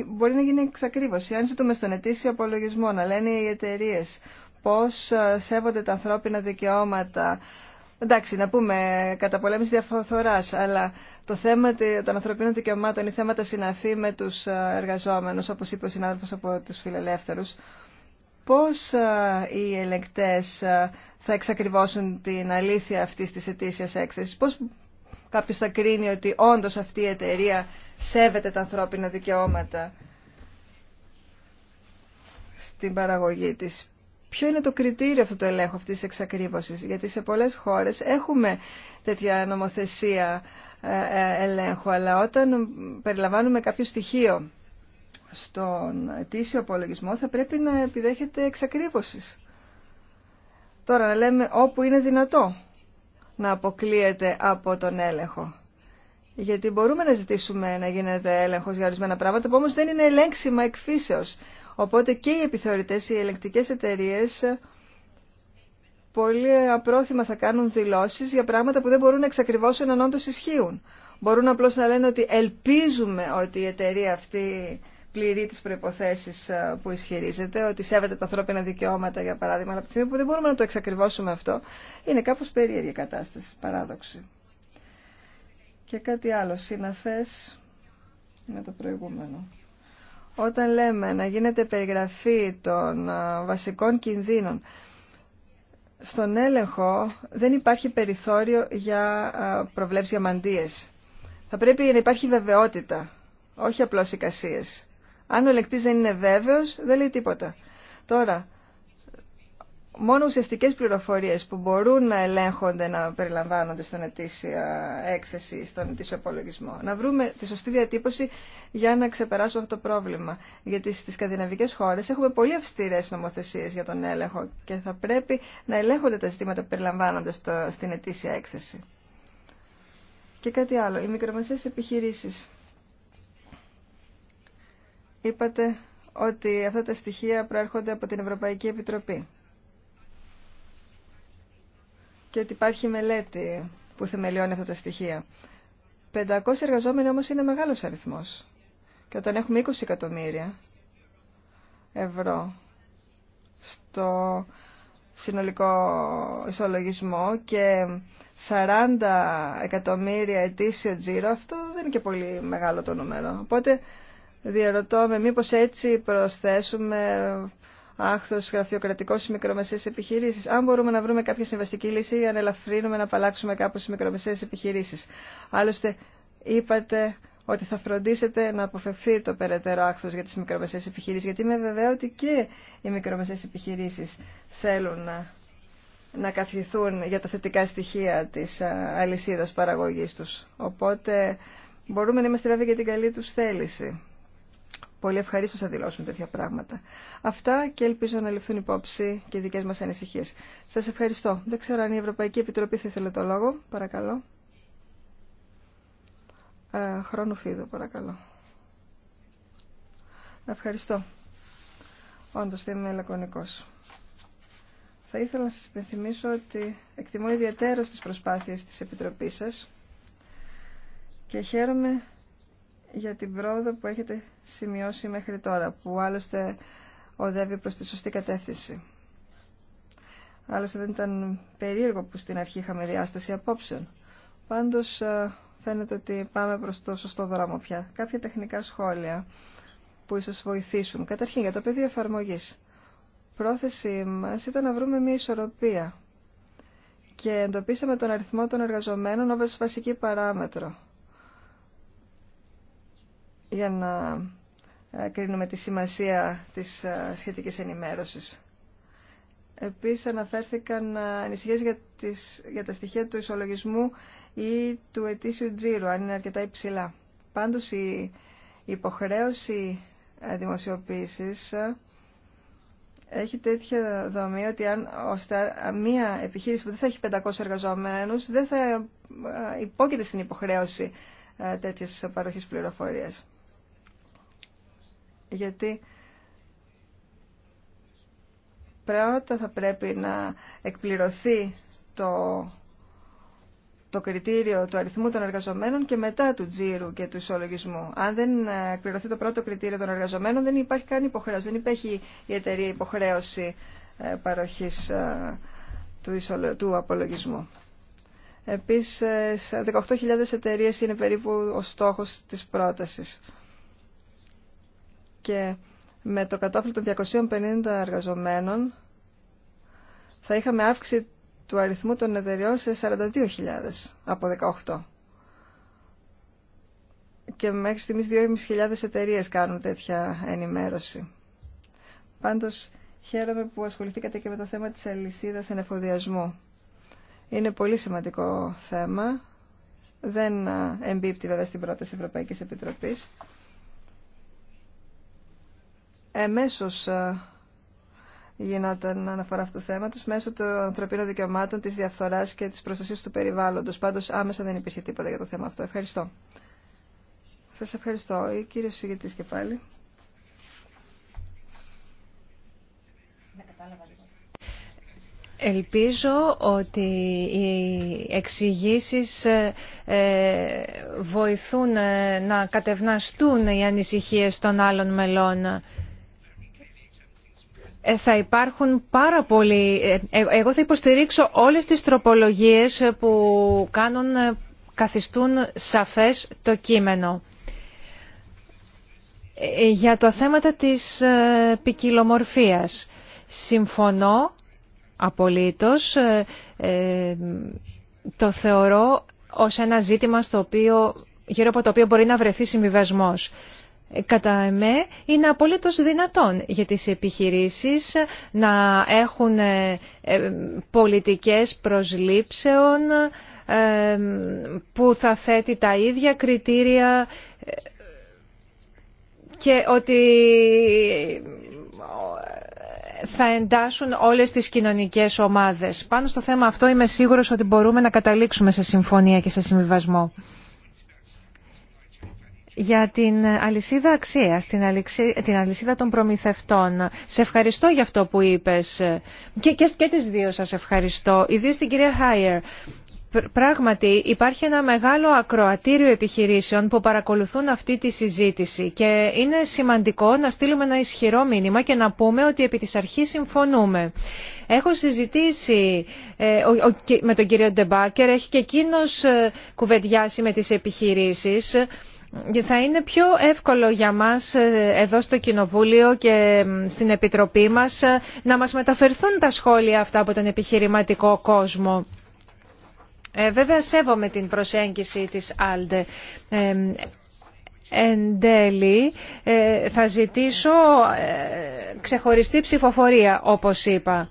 μπορεί να γίνει εξακρίβωση. Αν ζητούμε στον ετήσιο απολογισμό να λένε οι εταιρείε πώς ε, σέβονται τα ανθρώπινα δικαιώματα, εντάξει να πούμε κατά πολέμηση διαφθοράς, αλλά το θέμα των ανθρωπίνων δικαιωμάτων ή θέματα συναφή με τους ε, εργαζόμενους, όπως είπε ο συνάδελφος από του φιλελεύθερου, πώς ε, οι ελεγκτές θα εξακριβώσουν την αλήθεια αυτή της ετήσια έκθεσης, Κάποιο θα κρίνει ότι όντω αυτή η εταιρεία σέβεται τα ανθρώπινα δικαιώματα στην παραγωγή της. Ποιο είναι το κριτήριο αυτού του ελέγχου, αυτής της εξακρίβωσης, γιατί σε πολλές χώρες έχουμε τέτοια νομοθεσία ε, ε, ελέγχου, αλλά όταν περιλαμβάνουμε κάποιο στοιχείο στον ετήσιο απολογισμό θα πρέπει να επιδέχεται εξακρίβωσης. Τώρα να λέμε όπου είναι δυνατό να αποκλείεται από τον έλεγχο. Γιατί μπορούμε να ζητήσουμε να γίνεται έλεγχος για ορισμένα πράγματα που όμως δεν είναι ελέγξιμα εκφύσεως. Οπότε και οι επιθεωρητές, οι ελεγκτικές εταιρείες πολύ απρόθυμα θα κάνουν δηλώσεις για πράγματα που δεν μπορούν να εξακριβώσουν αν όντως ισχύουν. Μπορούν απλώς να λένε ότι ελπίζουμε ότι η εταιρεία αυτή πληρεί τις προϋποθέσεις ε, που ισχυρίζεται, ότι σέβεται τα ανθρώπινα δικαιώματα για παράδειγμα, αλλά από τη στιγμή που δεν μπορούμε να το εξακριβώσουμε αυτό, είναι κάπως περίεργη κατάσταση, παράδοξη. Και κάτι άλλο, συναφές με το προηγούμενο. Όταν λέμε να γίνεται περιγραφή των ε, βασικών κινδύνων, στον έλεγχο δεν υπάρχει περιθώριο για ε, προβλέψεις για μαντίες. Θα πρέπει να υπάρχει βεβαιότητα, όχι απλώς εικασίες. Αν ο ελεκτής δεν είναι βέβαιος, δεν λέει τίποτα. Τώρα, μόνο ουσιαστικές πληροφορίες που μπορούν να ελέγχονται, να περιλαμβάνονται στον ετήσια έκθεση, στον ετήσιο απολογισμό. Να βρούμε τη σωστή διατύπωση για να ξεπεράσουμε αυτό το πρόβλημα. Γιατί στις σκανδιναβικές χώρες έχουμε πολύ αυστηρές νομοθεσίες για τον έλεγχο και θα πρέπει να ελέγχονται τα ζητήματα που περιλαμβάνονται στο, στην ετήσια έκθεση. Και κάτι άλλο, οι μικρομεσαίες επιχειρήσεις είπατε ότι αυτά τα στοιχεία προέρχονται από την Ευρωπαϊκή Επιτροπή και ότι υπάρχει μελέτη που θεμελιώνει αυτά τα στοιχεία. 500 εργαζόμενοι όμως είναι μεγάλος αριθμός. Και όταν έχουμε 20 εκατομμύρια ευρώ στο συνολικό ισολογισμό και 40 εκατομμύρια ετήσιο τζίρο, αυτό δεν είναι και πολύ μεγάλο το νούμερο. Οπότε διαρωτώ με μήπως έτσι προσθέσουμε άχθος γραφειοκρατικό στις μικρομεσαίες επιχειρήσεις. Αν μπορούμε να βρούμε κάποια συμβαστική λύση, αν ελαφρύνουμε να απαλλάξουμε κάπως στις μικρομεσαίες επιχειρήσεις. Άλλωστε, είπατε ότι θα φροντίσετε να αποφευθεί το περαιτέρω άχθος για τις μικρομεσαίες επιχειρήσεις, γιατί είμαι βεβαίω ότι και οι μικρομεσαίες επιχειρήσεις θέλουν να, να για τα θετικά στοιχεία της αλυσίδας παραγωγής τους. Οπότε μπορούμε να είμαστε βέβαιοι για την καλή τους θέληση πολύ ευχαρίστω θα δηλώσουν τέτοια πράγματα. Αυτά και ελπίζω να ληφθούν υπόψη και οι δικέ μα ανησυχίε. Σα ευχαριστώ. Δεν ξέρω αν η Ευρωπαϊκή Επιτροπή θα ήθελε το λόγο. Παρακαλώ. Ε, χρόνου φίδου, παρακαλώ. Ευχαριστώ. Όντω είμαι λακωνικό. Θα ήθελα να σα υπενθυμίσω ότι εκτιμώ ιδιαίτερω τι προσπάθειε τη Επιτροπή σα και χαίρομαι για την πρόοδο που έχετε σημειώσει μέχρι τώρα, που άλλωστε οδεύει προς τη σωστή κατεύθυνση. Άλλωστε δεν ήταν περίεργο που στην αρχή είχαμε διάσταση απόψεων. Πάντως ε, φαίνεται ότι πάμε προς το σωστό δρόμο πια. Κάποια τεχνικά σχόλια που ίσως βοηθήσουν. Καταρχήν για το πεδίο εφαρμογή. Πρόθεση μας ήταν να βρούμε μια ισορροπία και εντοπίσαμε τον αριθμό των εργαζομένων ως βασική παράμετρο για να ε, κρίνουμε τη σημασία της ε, σχετικής ενημέρωσης. Επίσης αναφέρθηκαν ε, ανησυχίες για, τις, για τα στοιχεία του ισολογισμού ή του ετήσιου τζίρου, αν είναι αρκετά υψηλά. Πάντως η υποχρέωση δημοσιοποίησης έχει τέτοια δομή ότι αν ώστε μία οτι αν μια επιχειρηση που δεν θα έχει 500 εργαζομένους δεν θα υπόκειται στην υποχρέωση τέτοιες παροχής πληροφορίας γιατί πρώτα θα πρέπει να εκπληρωθεί το, το κριτήριο του αριθμού των εργαζομένων και μετά του τζίρου και του ισολογισμού. Αν δεν ε, εκπληρωθεί το πρώτο κριτήριο των εργαζομένων δεν υπάρχει καν υποχρέωση, δεν υπάρχει η εταιρεία υποχρέωση ε, παροχής ε, του, ισολο, του απολογισμού. Επίσης, 18.000 εταιρείες είναι περίπου ο στόχος της πρότασης και με το κατόφλι των 250 εργαζομένων θα είχαμε αύξηση του αριθμού των εταιριών σε 42.000 από 18. Και μέχρι στιγμής 2.500 εταιρείες κάνουν τέτοια ενημέρωση. Πάντως χαίρομαι που ασχοληθήκατε και με το θέμα της αλυσίδας ενεφοδιασμού. Είναι πολύ σημαντικό θέμα. Δεν ε, εμπίπτει βέβαια στην πρόταση Ευρωπαϊκής Επιτροπής εμέσως ε, γινόταν αναφορά αυτού του θέματος μέσω των ανθρωπίνων δικαιωμάτων, της διαφθοράς και της προστασίας του περιβάλλοντος. Πάντως άμεσα δεν υπήρχε τίποτα για το θέμα αυτό. Ευχαριστώ. Σας ευχαριστώ. ο κύριος συγγετής και πάλι. Ελπίζω ότι οι εξηγήσει ε, ε, βοηθούν να κατευναστούν οι ανησυχίες των άλλων μελών. Ε, θα υπάρχουν πάρα πολλοί... Ε, ε, εγώ θα υποστηρίξω όλες τις τροπολογίες που κάνουν, καθιστούν σαφές το κείμενο. Για το θέμα της ποικιλομορφία. Συμφωνώ απολύτως. Το θεωρώ ως ένα ζήτημα στο οποίο, γύρω από το οποίο μπορεί να βρεθεί συμβιβασμός. Ε, κατά εμέ είναι απολύτως δυνατόν για τις επιχειρήσεις να έχουν ε, ε, πολιτικές προσλήψεων που θα θέτει τα ίδια κριτήρια και ότι θα εντάσσουν όλες τις κοινωνικές ομάδες. Πάνω στο θέμα αυτό είμαι σίγουρος ότι μπορούμε να καταλήξουμε σε συμφωνία και σε συμβιβασμό για την αλυσίδα αξία, την, αλυσίδα των προμηθευτών. Σε ευχαριστώ για αυτό που είπες και, και, τις δύο σας ευχαριστώ, ιδίως την κυρία Χάιερ. Πράγματι υπάρχει ένα μεγάλο ακροατήριο επιχειρήσεων που παρακολουθούν αυτή τη συζήτηση και είναι σημαντικό να στείλουμε ένα ισχυρό μήνυμα και να πούμε ότι επί της αρχής συμφωνούμε. Έχω συζητήσει ε, με τον κύριο Ντεμπάκερ, έχει και εκείνος ε, κουβεντιάσει με τις επιχειρήσεις θα είναι πιο εύκολο για μας ε, εδώ στο Κοινοβούλιο και στην Επιτροπή μας ε, να μας μεταφερθούν τα σχόλια αυτά από τον επιχειρηματικό κόσμο. Ε, βέβαια σέβομαι την προσέγγιση της Άλντε. Ε, εν τέλει θα ζητήσω ξεχωριστή ψηφοφορία όπως είπα.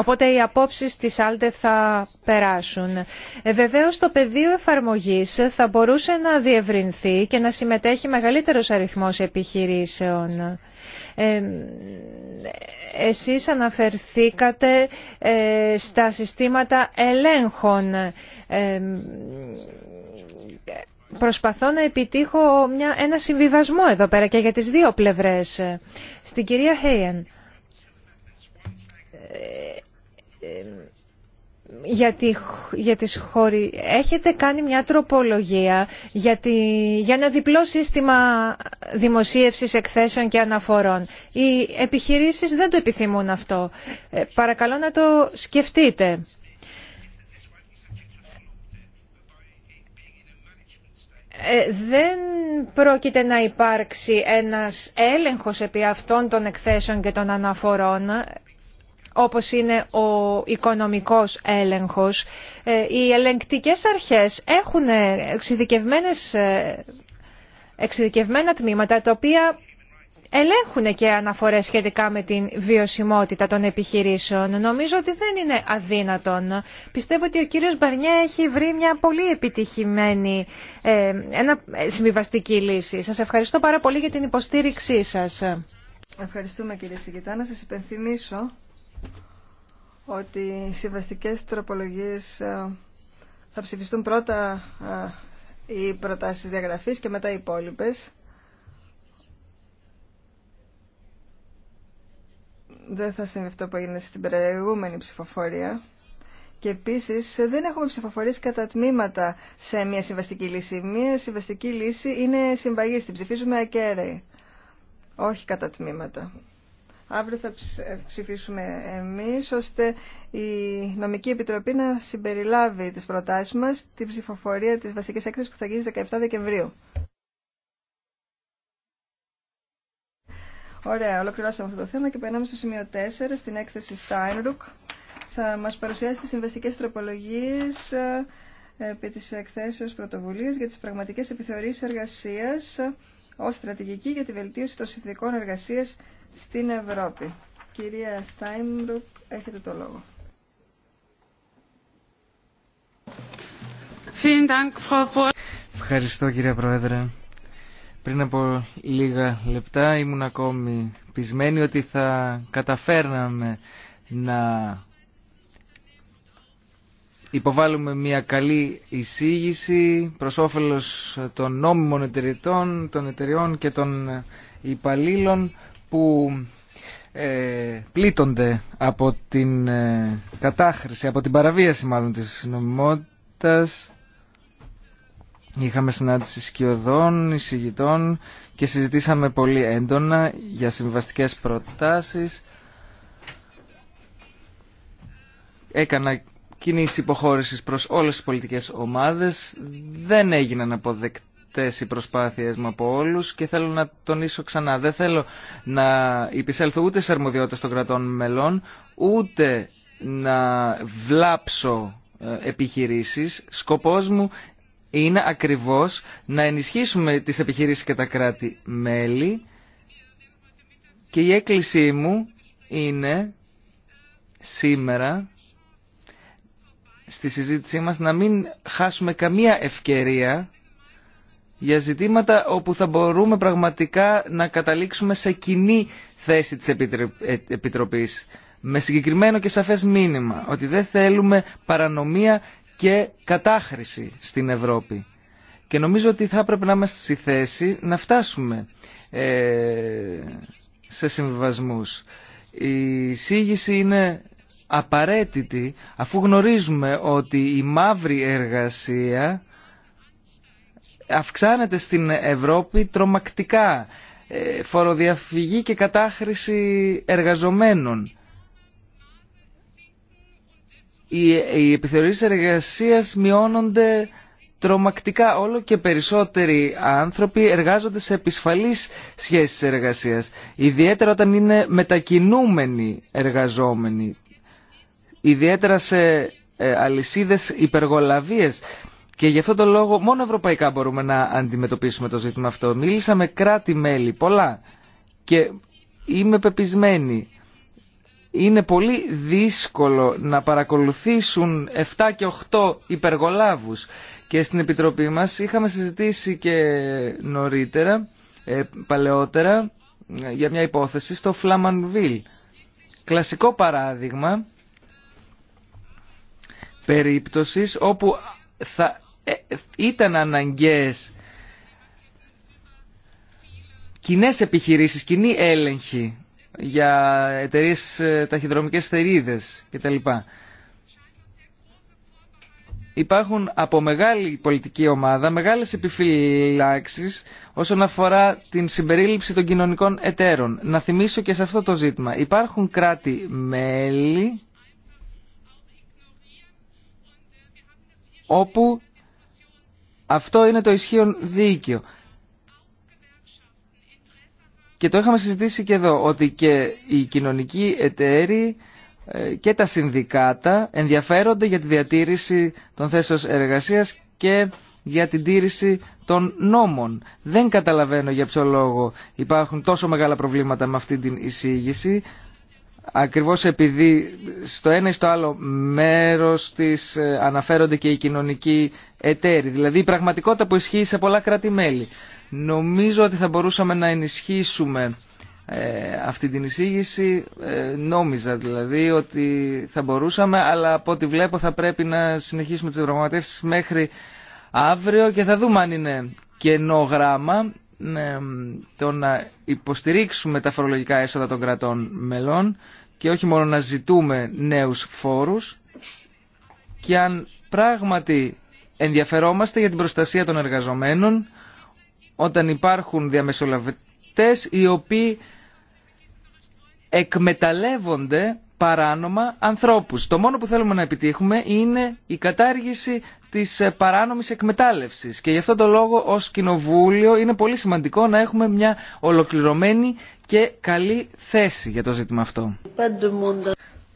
Οπότε οι απόψεις της Άλτε θα περάσουν. Ε, βεβαίως το πεδίο εφαρμογής θα μπορούσε να διευρυνθεί και να συμμετέχει μεγαλύτερος αριθμός επιχειρήσεων. Ε, εσείς αναφερθήκατε ε, στα συστήματα ελέγχων. Ε, προσπαθώ να επιτύχω μια, ένα συμβιβασμό εδώ πέρα και για τις δύο πλευρές. Στην κυρία Χέιεν ε, ε, για, τη, για τις χώρες Έχετε κάνει μια τροπολογία για, για ένα διπλό σύστημα δημοσίευσης εκθέσεων και αναφορών. Οι επιχειρήσεις δεν το επιθυμούν αυτό. Ε, παρακαλώ να το σκεφτείτε. Ε, δεν πρόκειται να υπάρξει ένας έλεγχος επί αυτών των εκθέσεων και των αναφορών όπως είναι ο οικονομικός έλεγχος. Ε, οι ελεγκτικές αρχές έχουν ε, ε, εξειδικευμένα τμήματα τα οποία ελέγχουν και αναφορές σχετικά με την βιωσιμότητα των επιχειρήσεων. Νομίζω ότι δεν είναι αδύνατον. Πιστεύω ότι ο κύριος Μπαρνιέ έχει βρει μια πολύ επιτυχημένη ε, συμβιβαστική λύση. Σας ευχαριστώ πάρα πολύ για την υποστήριξή σας. Ευχαριστούμε κύριε Σιγητά. Να σας υπενθυμίσω ότι οι συμβαστικές τροπολογίες ε, θα ψηφιστούν πρώτα ε, οι προτάσεις διαγραφής και μετά οι υπόλοιπε. Δεν θα συμβεί αυτό που έγινε στην προηγούμενη ψηφοφορία. Και επίσης ε, δεν έχουμε ψηφοφορίες κατά τμήματα σε μια συμβαστική λύση. Μια συμβαστική λύση είναι συμπαγή, την ψηφίζουμε ακέραιη, όχι κατά τμήματα. Αύριο θα ε, ψηφίσουμε εμείς, ώστε η Νομική Επιτροπή να συμπεριλάβει τις προτάσεις μας την ψηφοφορία της βασικής έκθεσης που θα γίνει 17 Δεκεμβρίου. Ωραία, ολοκληρώσαμε αυτό το θέμα και περνάμε στο σημείο 4, στην έκθεση Steinruck. Θα μας παρουσιάσει τις συμβαστικές τροπολογίες ε, επί της εκθέσεως πρωτοβουλίας για τις πραγματικές επιθεωρήσεις εργασίας ως στρατηγική για τη βελτίωση των συνθηκών εργασίας στην Ευρώπη. Κυρία Στάιμπρουκ, έχετε το λόγο. Ευχαριστώ κύριε Πρόεδρε. Πριν από λίγα λεπτά ήμουν ακόμη πεισμένη ότι θα καταφέρναμε να υποβάλουμε μια καλή εισήγηση προς όφελος των νόμιμων εταιρετών, των εταιριών και των υπαλλήλων που ε, πλήττονται από την ε, κατάχρηση, από την παραβίαση μάλλον της νομιμότητας. Είχαμε συνάντηση σκιωδών, εισηγητών και συζητήσαμε πολύ έντονα για συμβαστικές προτάσεις. Έκανα κινήσεις υποχώρησης προς όλες τις πολιτικές ομάδες. Δεν έγιναν αποδεκτές οι προσπάθειες μου από και θέλω να τονίσω ξανά. Δεν θέλω να υπησέλθω ούτε σε αρμοδιότητες των κρατών μελών, ούτε να βλάψω ε, επιχειρήσεις. Σκοπός μου είναι ακριβώς να ενισχύσουμε τις επιχειρήσεις και τα κράτη-μέλη και η έκκλησή μου είναι σήμερα στη συζήτησή μας να μην χάσουμε καμία ευκαιρία για ζητήματα όπου θα μπορούμε πραγματικά να καταλήξουμε σε κοινή θέση της ε, Επιτροπής με συγκεκριμένο και σαφές μήνυμα ότι δεν θέλουμε παρανομία και κατάχρηση στην Ευρώπη. Και νομίζω ότι θα έπρεπε να είμαστε στη θέση να φτάσουμε ε, σε συμβιβασμούς. Η εισήγηση είναι απαραίτητη αφού γνωρίζουμε ότι η μαύρη εργασία αυξάνεται στην Ευρώπη τρομακτικά ε, φοροδιαφυγή και κατάχρηση εργαζομένων. Οι επιθεωρήσεις εργασίας μειώνονται τρομακτικά. Όλο και περισσότεροι άνθρωποι εργάζονται σε επισφαλείς σχέσεις εργασίας. Ιδιαίτερα όταν είναι μετακινούμενοι εργαζόμενοι. Ιδιαίτερα σε ε, αλυσίδες υπεργολαβίες και γι' αυτόν τον λόγο μόνο ευρωπαϊκά μπορούμε να αντιμετωπίσουμε το ζήτημα αυτό. Μίλησα με κράτη-μέλη, πολλά. Και είμαι πεπισμένη. Είναι πολύ δύσκολο να παρακολουθήσουν 7 και 8 υπεργολάβους. Και στην Επιτροπή μας είχαμε συζητήσει και νωρίτερα, ε, παλαιότερα, για μια υπόθεση στο Φλαμανβίλ. Κλασικό παράδειγμα περίπτωσης όπου θα ε, ήταν αναγκαίες κοινέ επιχειρήσεις, κοινή έλεγχη για εταιρείε ε, ταχυδρομικές θερίδες κτλ. Υπάρχουν από μεγάλη πολιτική ομάδα μεγάλες επιφυλάξεις όσον αφορά την συμπερίληψη των κοινωνικών εταίρων. Να θυμίσω και σε αυτό το ζήτημα. Υπάρχουν κράτη-μέλη όπου αυτό είναι το ισχύον δίκαιο. Και το είχαμε συζητήσει και εδώ, ότι και οι κοινωνικοί εταίροι ε, και τα συνδικάτα ενδιαφέρονται για τη διατήρηση των θέσεων εργασίας και για την τήρηση των νόμων. Δεν καταλαβαίνω για ποιο λόγο υπάρχουν τόσο μεγάλα προβλήματα με αυτή την εισήγηση ακριβώς επειδή στο ένα ή στο άλλο μέρος της ε, αναφέρονται και οι κοινωνικοί εταίροι, δηλαδή η πραγματικότητα που ισχύει σε πολλά κράτη-μέλη. Νομίζω ότι θα μπορούσαμε να ενισχύσουμε ε, αυτή την εισήγηση, ε, νόμιζα δηλαδή ότι θα μπορούσαμε, αλλά από ό,τι βλέπω θα πρέπει να συνεχίσουμε τις διαπραγματεύσεις μέχρι αύριο και θα δούμε αν είναι κενό γράμμα το να υποστηρίξουμε τα φορολογικά έσοδα των κρατών μελών και όχι μόνο να ζητούμε νέους φόρους και αν πράγματι ενδιαφερόμαστε για την προστασία των εργαζομένων όταν υπάρχουν διαμεσολαβητές οι οποίοι εκμεταλλεύονται παράνομα ανθρώπους. Το μόνο που θέλουμε να επιτύχουμε είναι η κατάργηση της ε, παράνομης εκμετάλλευσης και γι' αυτό το λόγο ως Κοινοβούλιο είναι πολύ σημαντικό να έχουμε μια ολοκληρωμένη και καλή θέση για το ζήτημα αυτό.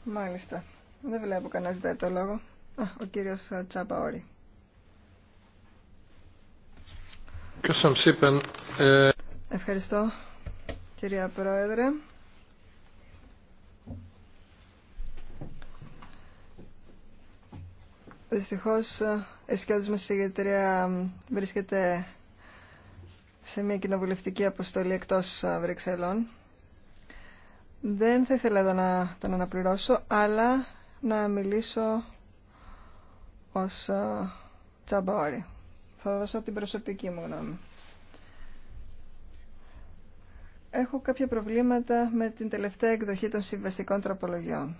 Μάλιστα. Δεν βλέπω κανένα ζητάει το λόγο. Α, ο κύριος ε, Όρη. Ευχαριστώ, κυρία Πρόεδρε. Δυστυχώς η μα η βρίσκεται σε μια κοινοβουλευτική αποστολή εκτό ε, Βρυξελών. Δεν θα ήθελα εδώ να τον αναπληρώσω, αλλά να μιλήσω ω ε, τσαμπαόρι. Θα δώσω την προσωπική μου γνώμη. Έχω κάποια προβλήματα με την τελευταία εκδοχή των συμβαστικών τροπολογιών.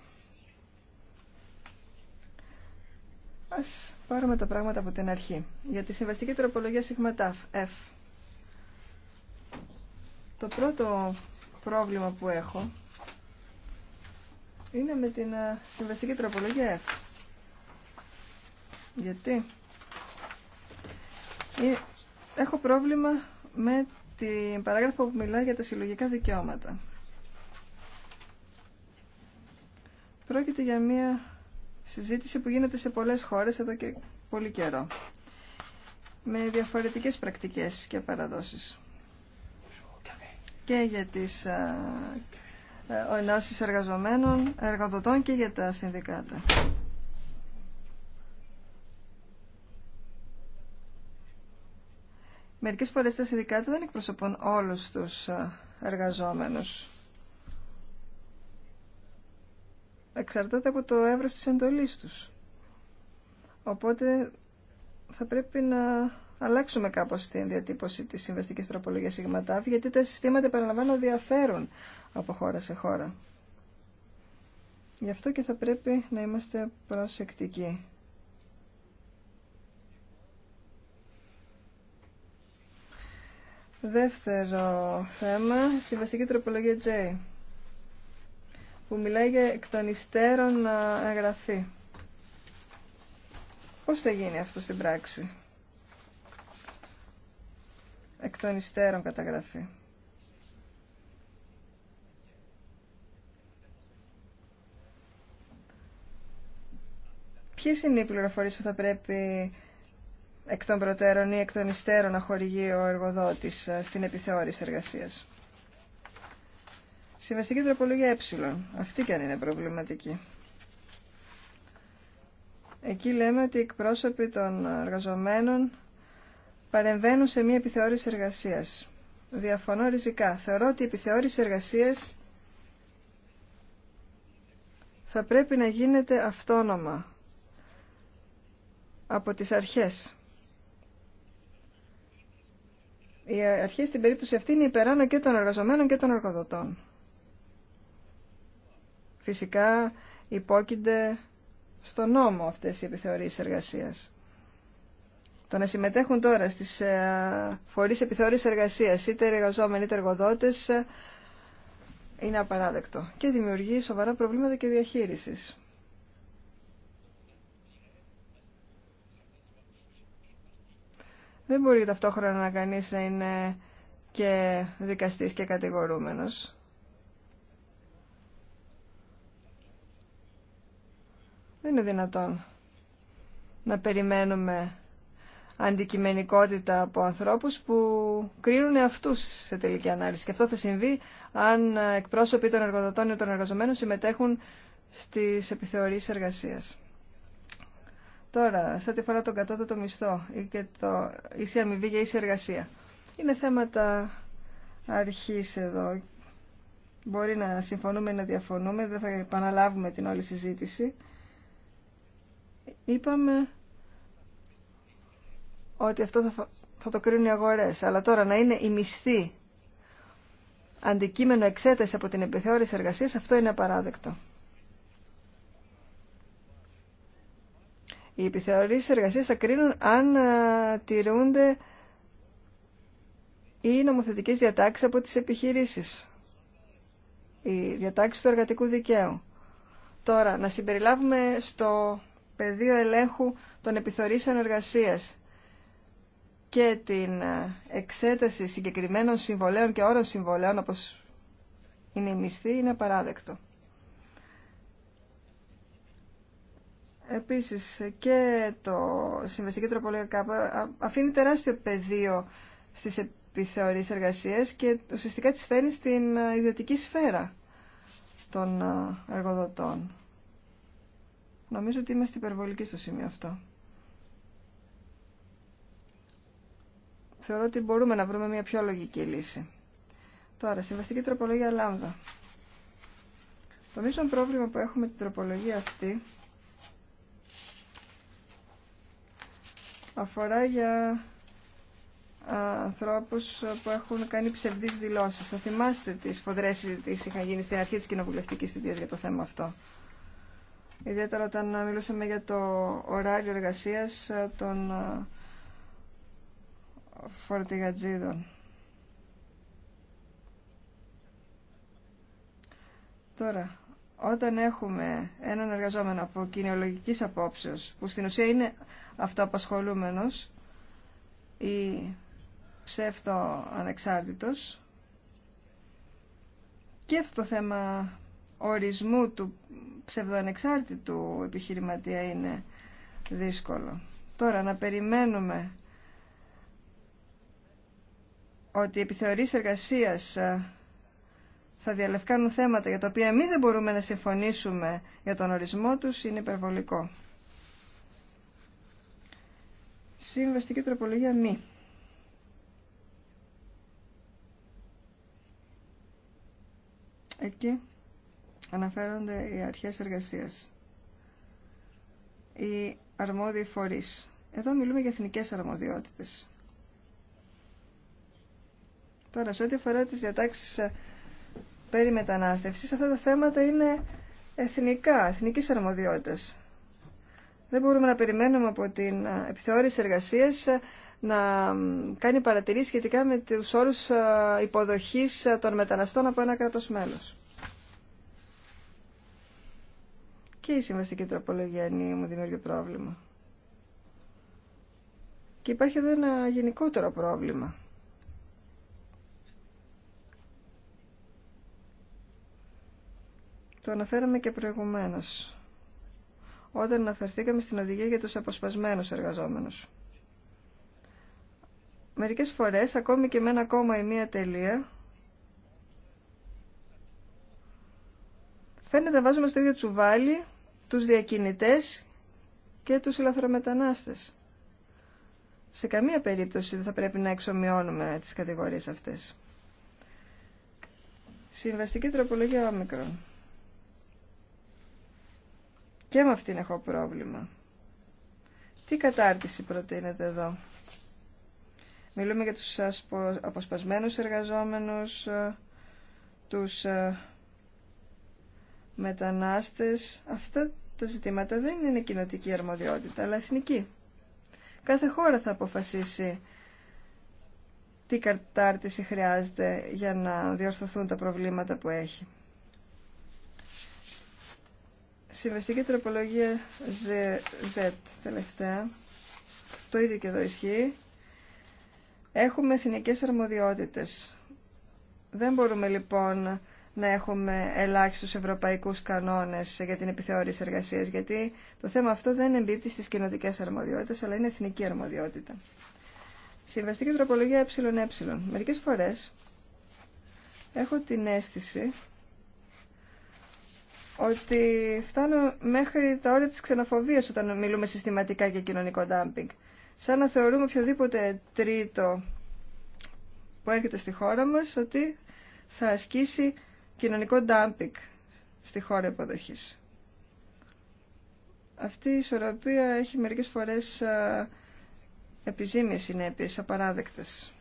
Ας πάρουμε τα πράγματα από την αρχή. Για τη συμβαστική τροπολογία σιγματάφ, F. Το πρώτο πρόβλημα που έχω είναι με την ε, συμβαστική τροπολογία F. Γιατί ε, έχω πρόβλημα με την παράγραφο που μιλάει για τα συλλογικά δικαιώματα. Πρόκειται για μία Συζήτηση που γίνεται σε πολλές χώρες εδώ και πολύ καιρό. Με διαφορετικές πρακτικές και παραδόσεις. Και για τις ε, ενώσεις εργαζομένων, εργοδοτών και για τα συνδικάτα. Μερικές φορές τα συνδικάτα δεν εκπροσωπούν όλους τους εργαζόμενους. εξαρτάται από το εύρος της εντολής τους. Οπότε θα πρέπει να αλλάξουμε κάπως την διατύπωση της συμβαστικής τροπολογίας ΣΥΓΜΑΤΑΒ, γιατί τα συστήματα, επαναλαμβάνω, διαφέρουν από χώρα σε χώρα. Γι' αυτό και θα πρέπει να είμαστε προσεκτικοί. Δεύτερο θέμα, συμβαστική τροπολογία J που μιλάει για εκ των υστέρων εγγραφή. Πώς θα γίνει αυτό στην πράξη. Εκ των υστέρων καταγραφή. Ποιες είναι οι πληροφορίες που θα πρέπει εκ των προτέρων ή εκ των υστέρων να χορηγεί ο εργοδότης στην επιθεώρηση εργασίας. Συμβαστική τροπολογία ε. Αυτή και αν είναι προβληματική. Εκεί λέμε ότι οι εκπρόσωποι των εργαζομένων παρεμβαίνουν σε μια επιθεώρηση εργασίας. Διαφωνώ ριζικά. Θεωρώ ότι η επιθεώρηση εργασίας θα πρέπει να γίνεται αυτόνομα από τις αρχές. Οι αρχές στην περίπτωση αυτή είναι υπεράνω και των εργαζομένων και των εργοδοτών φυσικά υπόκεινται στον νόμο αυτές οι επιθεωρήσεις εργασίας. Το να συμμετέχουν τώρα στις ε, φορείς επιθεωρήσεις εργασίας, είτε εργαζόμενοι είτε εργοδότες, είναι απαράδεκτο και δημιουργεί σοβαρά προβλήματα και διαχείρισης. Δεν μπορεί ταυτόχρονα να κανείς να είναι και δικαστής και κατηγορούμενος. Δεν είναι δυνατόν να περιμένουμε αντικειμενικότητα από ανθρώπους που κρίνουν αυτούς σε τελική ανάλυση. Και αυτό θα συμβεί αν εκπρόσωποι των εργοδοτών ή των εργαζομένων συμμετέχουν στις επιθεωρήσεις εργασίας. Τώρα, σε ό,τι αφορά τον κατώτατο μισθό ή και το ίση αμοιβή για ίση εργασία. Είναι θέματα αρχής εδώ. Μπορεί να συμφωνούμε ή να διαφωνούμε, δεν θα επαναλάβουμε την όλη συζήτηση είπαμε ότι αυτό θα, το κρίνουν οι αγορές. Αλλά τώρα να είναι η μισθή αντικείμενο εξέταση από την επιθεώρηση εργασίας, αυτό είναι απαράδεκτο. Οι επιθεωρήσεις εργασίας θα κρίνουν αν ε, τηρούνται οι νομοθετικές διατάξεις από τις επιχειρήσεις. Οι διατάξεις του εργατικού δικαίου. Τώρα, να συμπεριλάβουμε στο πεδίο ελέγχου των επιθεωρήσεων εργασίας και την ε, εξέταση συγκεκριμένων συμβολέων και όρων συμβολέων όπως είναι η μισθή είναι απαράδεκτο. Επίσης και το συμβαστική τροπολογία ΚΑΠΑ αφήνει τεράστιο πεδίο στις επιθεωρείς εργασίες και ουσιαστικά τις φέρνει στην ε, ιδιωτική σφαίρα των ε, εργοδοτών. Νομίζω ότι είμαστε υπερβολικοί στο σημείο αυτό. Θεωρώ ότι μπορούμε να βρούμε μια πιο λογική λύση. Τώρα, συμβαστική τροπολογία λάμδα. Το μείζον πρόβλημα που έχουμε την τροπολογία αυτή αφορά για ανθρώπους που έχουν κάνει ψευδείς δηλώσεις. Θα θυμάστε τις φοδρές συζητήσεις είχαν γίνει στην αρχή της κοινοβουλευτικής θητείας για το θέμα αυτό ιδιαίτερα όταν μιλούσαμε για το ωράριο εργασίας των ε, φορτηγατζίδων. Τώρα, όταν έχουμε έναν εργαζόμενο από κοινωνικής απόψεως, που στην ουσία είναι αυτοαπασχολούμενος ή ψεύτο ανεξάρτητος, και αυτό το θέμα ορισμού του ψευδοανεξάρτητου επιχειρηματία είναι δύσκολο. Τώρα να περιμένουμε ότι οι επιθεωρείς εργασίας ε, θα διαλευκάνουν θέματα για τα οποία εμείς δεν μπορούμε να συμφωνήσουμε για τον ορισμό τους είναι υπερβολικό. Συμβαστική τροπολογία μη. Εκεί αναφέρονται οι αρχές εργασίας. Οι αρμόδιοι φορείς. Εδώ μιλούμε για εθνικές αρμοδιότητες. Τώρα, σε ό,τι αφορά τις διατάξεις ε, περί μετανάστευσης, αυτά τα θέματα είναι εθνικά, εθνικής αρμοδιότητας. Δεν μπορούμε να περιμένουμε από την ε, επιθεώρηση εργασίας ε, να κάνει παρατηρήσεις σχετικά με τους όρους υποδοχής των μεταναστών από ένα κράτος μέλος. και η συμβαστική τροπολογία μου δημιουργεί πρόβλημα. Και υπάρχει εδώ ένα γενικότερο πρόβλημα. Το αναφέραμε και προηγουμένως, όταν αναφερθήκαμε στην οδηγία για τους αποσπασμένους εργαζόμενους. Μερικές φορές, ακόμη και με ένα κόμμα ή μία τελεία, φαίνεται να βάζουμε στο ίδιο τσουβάλι τους διακινητές και τους ελαφρομετανάστες. Σε καμία περίπτωση δεν θα πρέπει να εξομοιώνουμε τις κατηγορίες αυτές. Συμβαστική τροπολογία όμικρον. Και με αυτήν έχω πρόβλημα. Τι κατάρτιση προτείνεται εδώ. Μιλούμε για τους αποσπασμένους εργαζόμενους, ε, τους ε, μετανάστες. Αυτά τα ζητήματα δεν είναι κοινοτική αρμοδιότητα, αλλά εθνική. Κάθε χώρα θα αποφασίσει τι κατάρτιση χρειάζεται για να διορθωθούν τα προβλήματα που έχει. Συμβαστική τροπολογία Z, τελευταία. Το ίδιο και εδώ ισχύει. Έχουμε εθνικές αρμοδιότητες. Δεν μπορούμε λοιπόν να έχουμε ελάχιστους ευρωπαϊκούς κανόνες για την επιθεώρηση εργασίας, γιατί το θέμα αυτό δεν εμπίπτει στις κοινοτικές αρμοδιότητες, αλλά είναι εθνική αρμοδιότητα. Συμβαστική τροπολογία ΕΕ. Μερικές φορές έχω την αίσθηση ότι φτάνω μέχρι τα όρια της ξενοφοβίας όταν μιλούμε συστηματικά για κοινωνικό ντάμπινγκ. Σαν να θεωρούμε οποιοδήποτε τρίτο που έρχεται στη χώρα μας ότι θα ασκήσει κοινωνικό ντάμπικ στη χώρα υποδοχής. Αυτή η ισορροπία έχει μερικές φορές επιζήμιες συνέπειες, απαράδεκτες.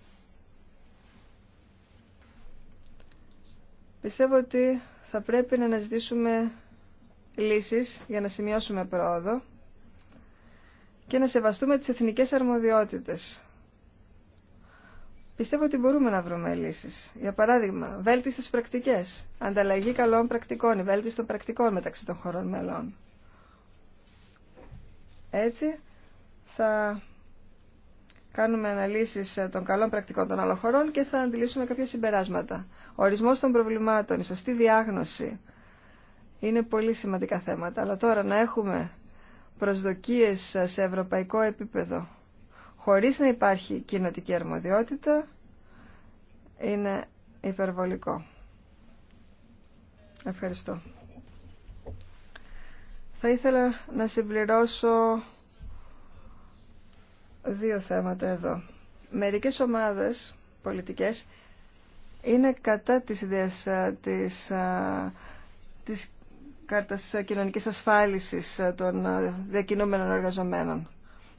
Πιστεύω ότι θα πρέπει να αναζητήσουμε λύσεις για να σημειώσουμε πρόοδο και να σεβαστούμε τις εθνικές αρμοδιότητες Πιστεύω ότι μπορούμε να βρούμε λύσεις. Για παράδειγμα, βέλτιστες πρακτικές, ανταλλαγή καλών πρακτικών, η των πρακτικών μεταξύ των χωρών μελών. Έτσι θα κάνουμε αναλύσεις ε, των καλών πρακτικών των άλλων χωρών και θα αντιλήσουμε κάποια συμπεράσματα. Ο ορισμός των προβλημάτων, η σωστή διάγνωση είναι πολύ σημαντικά θέματα. Αλλά τώρα να έχουμε προσδοκίες ε, σε ευρωπαϊκό επίπεδο χωρίς να υπάρχει κοινοτική αρμοδιότητα είναι υπερβολικό. Ευχαριστώ. Θα ήθελα να συμπληρώσω δύο θέματα εδώ. Μερικές ομάδες πολιτικές είναι κατά της ιδέας της, της κάρτας κοινωνικής ασφάλισης των διακινούμενων εργαζομένων.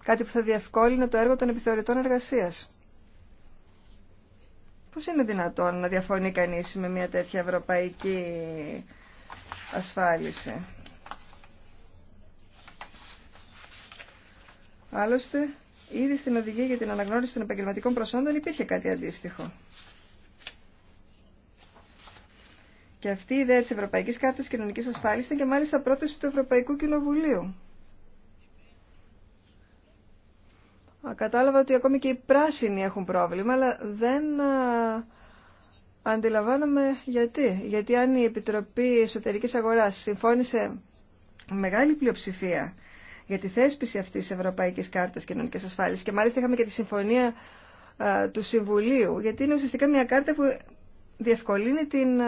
Κάτι που θα διευκόλυνε το έργο των επιθεωρητών εργασίας. Πώς είναι δυνατόν να διαφωνεί κανείς με μια τέτοια ευρωπαϊκή ασφάλιση. Άλλωστε, ήδη στην οδηγία για την αναγνώριση των επαγγελματικών προσόντων υπήρχε κάτι αντίστοιχο. Και αυτή η ιδέα της Ευρωπαϊκής Κάρτας Κοινωνικής Ασφάλισης ήταν και μάλιστα πρόταση του Ευρωπαϊκού Κοινοβουλίου. Κατάλαβα ότι ακόμη και οι πράσινοι έχουν πρόβλημα, αλλά δεν αντιλαμβάνομαι γιατί. Γιατί αν η Επιτροπή Εσωτερικής Αγοράς συμφώνησε μεγάλη πλειοψηφία για τη θέσπιση αυτής της Ευρωπαϊκής Κάρτας Κοινωνικής Ασφάλισης και μάλιστα είχαμε και τη συμφωνία του Συμβουλίου, γιατί είναι ουσιαστικά μια κάρτα που διευκολύνει την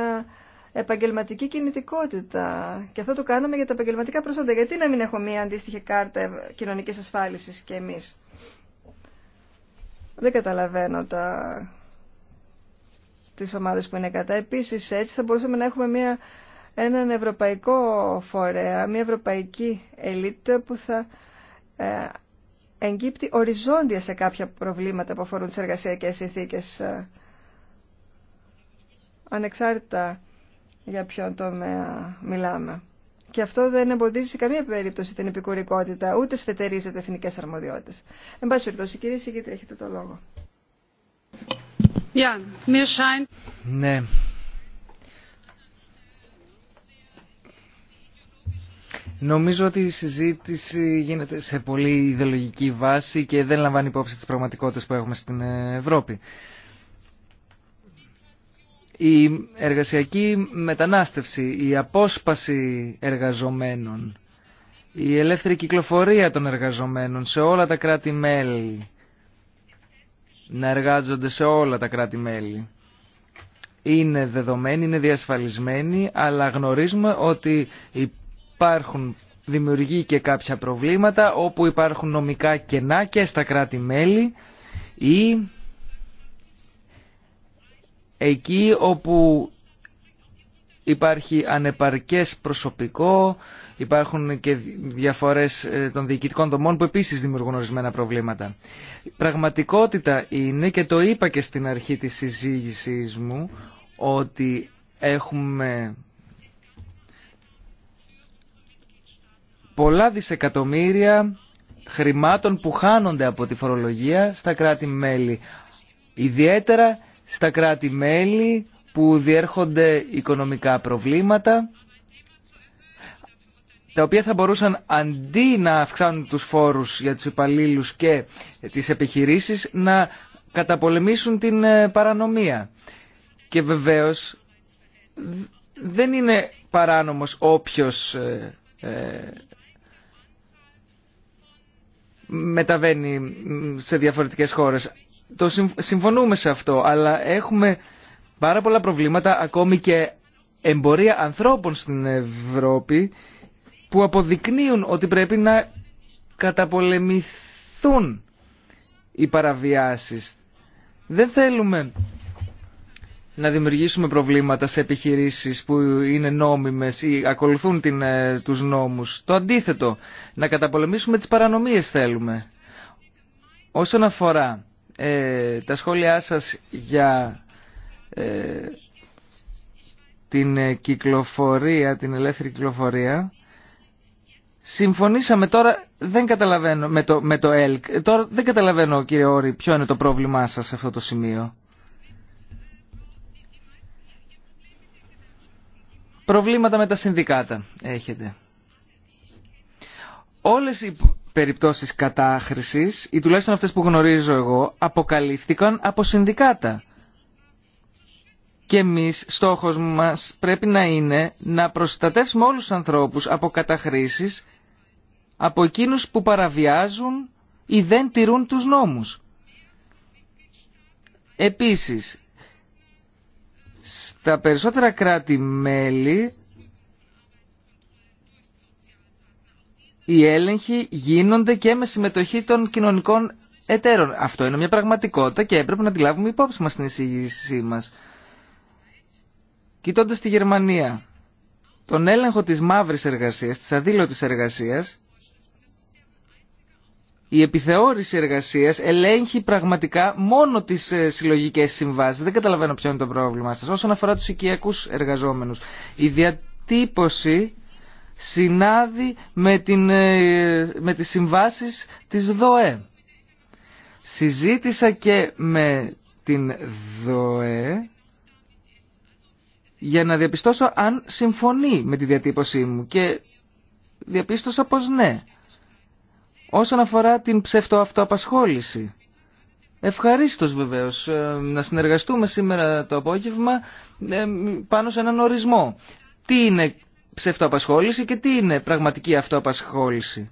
επαγγελματική κινητικότητα. Και αυτό το κάναμε για τα επαγγελματικά προσόντα. Γιατί να μην έχουμε μια αντίστοιχη κάρτα κοινωνική ασφάλιση και εμεί. Δεν καταλαβαίνω τα... τις ομάδες που είναι κατά. Επίσης έτσι θα μπορούσαμε να έχουμε μια, έναν ευρωπαϊκό φορέα, μια ευρωπαϊκή ελίτ που θα ε, εγκύπτει οριζόντια σε κάποια προβλήματα που αφορούν τις εργασιακές συνθήκες ε, ανεξάρτητα για ποιον τομέα μιλάμε. Και αυτό δεν εμποδίζει σε καμία περίπτωση την επικουρικότητα, ούτε σφετερίζεται εθνικέ αρμοδιότητε. Εν πάση περιπτώσει, κύριε Σιγήτρη, έχετε το λόγο. Ναι. Νομίζω ότι η συζήτηση γίνεται σε πολύ ιδεολογική βάση και δεν λαμβάνει υπόψη τις πραγματικότητες που έχουμε στην ε, Ευρώπη η εργασιακή μετανάστευση, η απόσπαση εργαζομένων, η ελεύθερη κυκλοφορία των εργαζομένων σε όλα τα κράτη-μέλη, να εργάζονται σε όλα τα κράτη-μέλη. Είναι δεδομένη, είναι διασφαλισμένη, αλλά γνωρίζουμε ότι υπάρχουν, δημιουργεί και κάποια προβλήματα όπου υπάρχουν νομικά κενά και στα κράτη-μέλη ή εκεί όπου υπάρχει ανεπαρκές προσωπικό, υπάρχουν και διαφορές ε, των διοικητικών δομών που επίσης δημιουργούν ορισμένα προβλήματα. Πραγματικότητα είναι, και το είπα και στην αρχή της συζήτησής μου, ότι έχουμε πολλά δισεκατομμύρια χρημάτων που χάνονται από τη φορολογία στα κράτη-μέλη. Ιδιαίτερα στα κράτη-μέλη που διέρχονται οικονομικά προβλήματα τα οποία θα μπορούσαν αντί να αυξάνουν τους φόρους για τους υπαλλήλους και τις επιχειρήσεις να καταπολεμήσουν την ε, παρανομία. Και βεβαίως δεν είναι παράνομος όποιος ε, ε, μεταβαίνει σε διαφορετικές χώρες το συμφωνούμε σε αυτό, αλλά έχουμε πάρα πολλά προβλήματα ακόμη και εμπορία ανθρώπων στην Ευρώπη που αποδεικνύουν ότι πρέπει να καταπολεμηθούν οι παραβιάσεις. Δεν θέλουμε να δημιουργήσουμε προβλήματα σε επιχειρήσεις που είναι νόμιμες ή ακολουθούν την, ε, τους νόμους. Το αντίθετο, να καταπολεμήσουμε τις παρανομίες θέλουμε. Όσον αφορά ε, τα σχόλιά σας για ε, την ε, κυκλοφορία, την ελεύθερη κυκλοφορία. Συμφωνήσαμε τώρα, δεν καταλαβαίνω, με το, με το ΕΛΚ. Τώρα δεν καταλαβαίνω, κύριε Όρη, ποιο είναι το πρόβλημά σας σε αυτό το σημείο. Προβλήματα με τα συνδικάτα έχετε. Όλες οι περιπτώσεις κατάχρησης, ή τουλάχιστον αυτές που γνωρίζω εγώ, αποκαλύφθηκαν από συνδικάτα. Και εμείς στόχος μας πρέπει να είναι να προστατεύσουμε όλους τους ανθρώπους από καταχρήσεις, από εκείνους που παραβιάζουν ή δεν τηρούν τους νόμους. Επίσης, στα περισσότερα κράτη-μέλη οι έλεγχοι γίνονται και με συμμετοχή των κοινωνικών εταίρων. Αυτό είναι μια πραγματικότητα και έπρεπε να τη λάβουμε υπόψη μας στην εισήγησή μας. Κοιτώντας τη Γερμανία, τον έλεγχο της μαύρης εργασίας, της αδήλωτης εργασίας, η επιθεώρηση εργασίας ελέγχει πραγματικά μόνο τις ε, συλλογικές συμβάσεις. Δεν καταλαβαίνω ποιο είναι το πρόβλημα σας. Όσον αφορά τους οικιακούς εργαζόμενους, η διατύπωση συνάδει με, την, ε, με τις συμβάσεις της ΔΟΕ. Συζήτησα και με την ΔΟΕ για να διαπιστώσω αν συμφωνεί με τη διατύπωσή μου και διαπίστωσα πως ναι. Όσον αφορά την ψευτοαυτοαπασχόληση, ευχαρίστως βεβαίως ε, να συνεργαστούμε σήμερα το απόγευμα ε, πάνω σε έναν ορισμό. Τι είναι ψευτοαπασχόληση και τι είναι πραγματική αυτοαπασχόληση.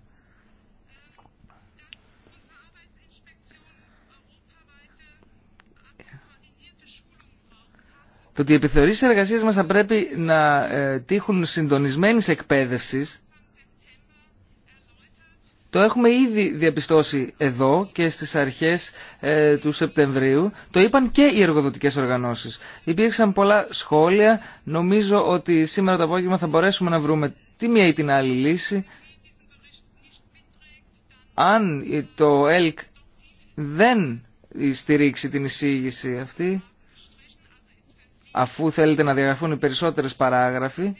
Το ότι οι επιθεωρήσεις εργασίας μας θα πρέπει να ε, τύχουν συντονισμένης εκπαίδευσης το έχουμε ήδη διαπιστώσει εδώ και στις αρχές ε, του Σεπτεμβρίου. Το είπαν και οι εργοδοτικές οργανώσεις. Υπήρξαν πολλά σχόλια. Νομίζω ότι σήμερα το απόγευμα θα μπορέσουμε να βρούμε τη μία ή την άλλη λύση. Αν το ΕΛΚ δεν στηρίξει την εισήγηση αυτή, αφού θέλετε να διαγραφούν οι περισσότερες παράγραφοι,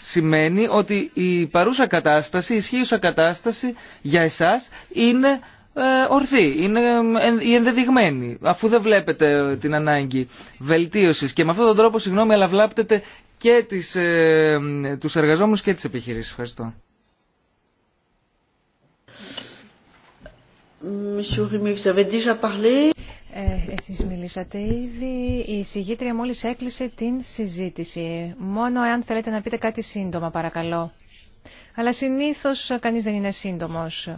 σημαίνει ότι η παρούσα κατάσταση, η ισχύουσα κατάσταση για εσάς είναι ε, ορθή, είναι ε, η ενδεδειγμένη. Αφού δεν βλέπετε την ανάγκη βελτίωσης και με αυτόν τον τρόπο, συγγνώμη, αλλά βλάπτετε και τις, ε, τους εργαζόμενους και τις επιχειρήσεις. Ευχαριστώ. Monsieur déjà ε, εσείς μιλήσατε ήδη. Η συγγήτρια μόλις έκλεισε την συζήτηση. Μόνο εάν θέλετε να πείτε κάτι σύντομα, παρακαλώ. Αλλά συνήθως κανείς δεν είναι σύντομος.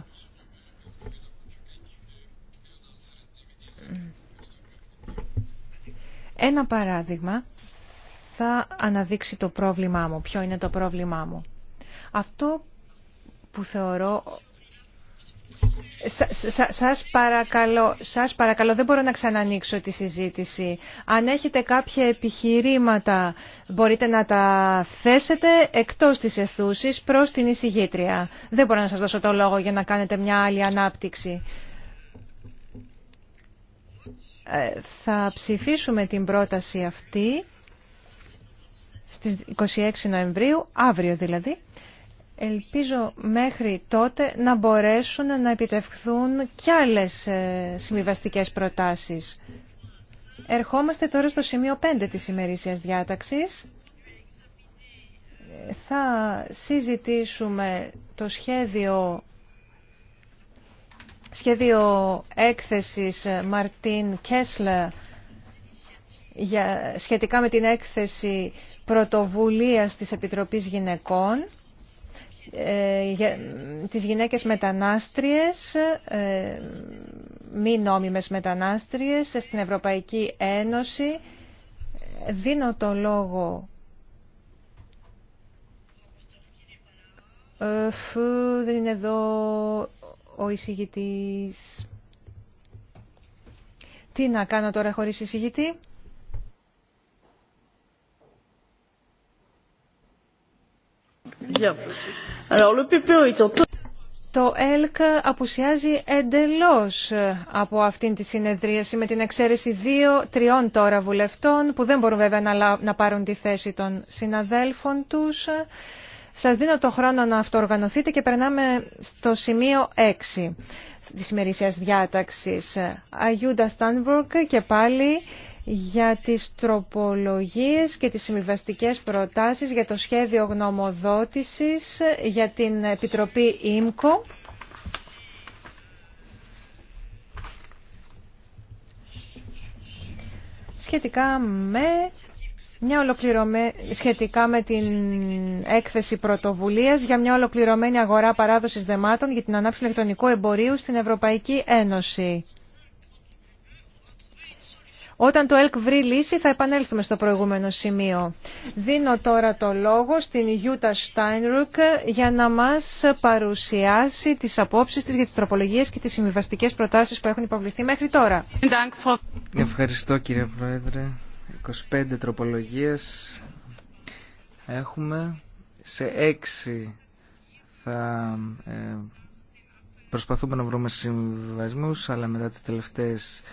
Ένα παράδειγμα θα αναδείξει το πρόβλημά μου. Ποιο είναι το πρόβλημά μου. Αυτό που θεωρώ σας παρακαλώ, σας παρακαλώ, δεν μπορώ να ξανανοίξω τη συζήτηση. Αν έχετε κάποια επιχειρήματα, μπορείτε να τα θέσετε εκτός της αιθούσης προς την εισηγήτρια. Δεν μπορώ να σας δώσω το λόγο για να κάνετε μια άλλη ανάπτυξη. Ε, θα ψηφίσουμε την πρόταση αυτή στις 26 Νοεμβρίου, αύριο δηλαδή. Ελπίζω μέχρι τότε να μπορέσουν να επιτευχθούν κι άλλες ε, συμβιβαστικές προτάσεις. Ερχόμαστε τώρα στο σημείο 5 της ημερήσιας διάταξης. Ε, θα συζητήσουμε το σχέδιο, σχέδιο έκθεσης Μαρτίν Κέσλε για, σχετικά με την έκθεση πρωτοβουλίας της Επιτροπής Γυναικών. Ε, για τις γυναίκες μετανάστριες, ε, μη νόμιμες μετανάστριες στην Ευρωπαϊκή Ένωση. Δίνω το λόγο ε, Φου, δεν είναι εδώ ο εισηγητής. Τι να κάνω τώρα χωρίς εισηγητή. E το ΕΛΚ απουσιάζει εντελώς από αυτήν τη συνεδρίαση με την εξαίρεση δύο-τριών τώρα βουλευτών που δεν μπορούν βέβαια να πάρουν τη θέση των συναδέλφων τους. Σας δίνω το χρόνο να αυτοοργανωθείτε και περνάμε στο σημείο 6 της ημερησίας διάταξης. Αγιούντα Στάνβουρκ και πάλι για τις τροπολογίες και τις συμβιβαστικέ προτάσεις για το σχέδιο γνωμοδότησης για την Επιτροπή ΙΜΚΟ. Σχετικά με μια σχετικά με την έκθεση πρωτοβουλίας για μια ολοκληρωμένη αγορά παράδοσης δεμάτων για την ανάπτυξη ηλεκτρονικού εμπορίου στην Ευρωπαϊκή Ένωση. Όταν το ΕΛΚ βρει λύση θα επανέλθουμε στο προηγούμενο σημείο. Δίνω τώρα το λόγο στην Ιούτα Στάινρουκ για να μας παρουσιάσει τις απόψεις της για τις τροπολογίες και τις συμβιβαστικές προτάσεις που έχουν υποβληθεί μέχρι τώρα. Ευχαριστώ κύριε Πρόεδρε. 25 τροπολογίες έχουμε. Σε 6 θα ε, προσπαθούμε να βρούμε συμβιβασμούς, αλλά μετά τις τελευταίες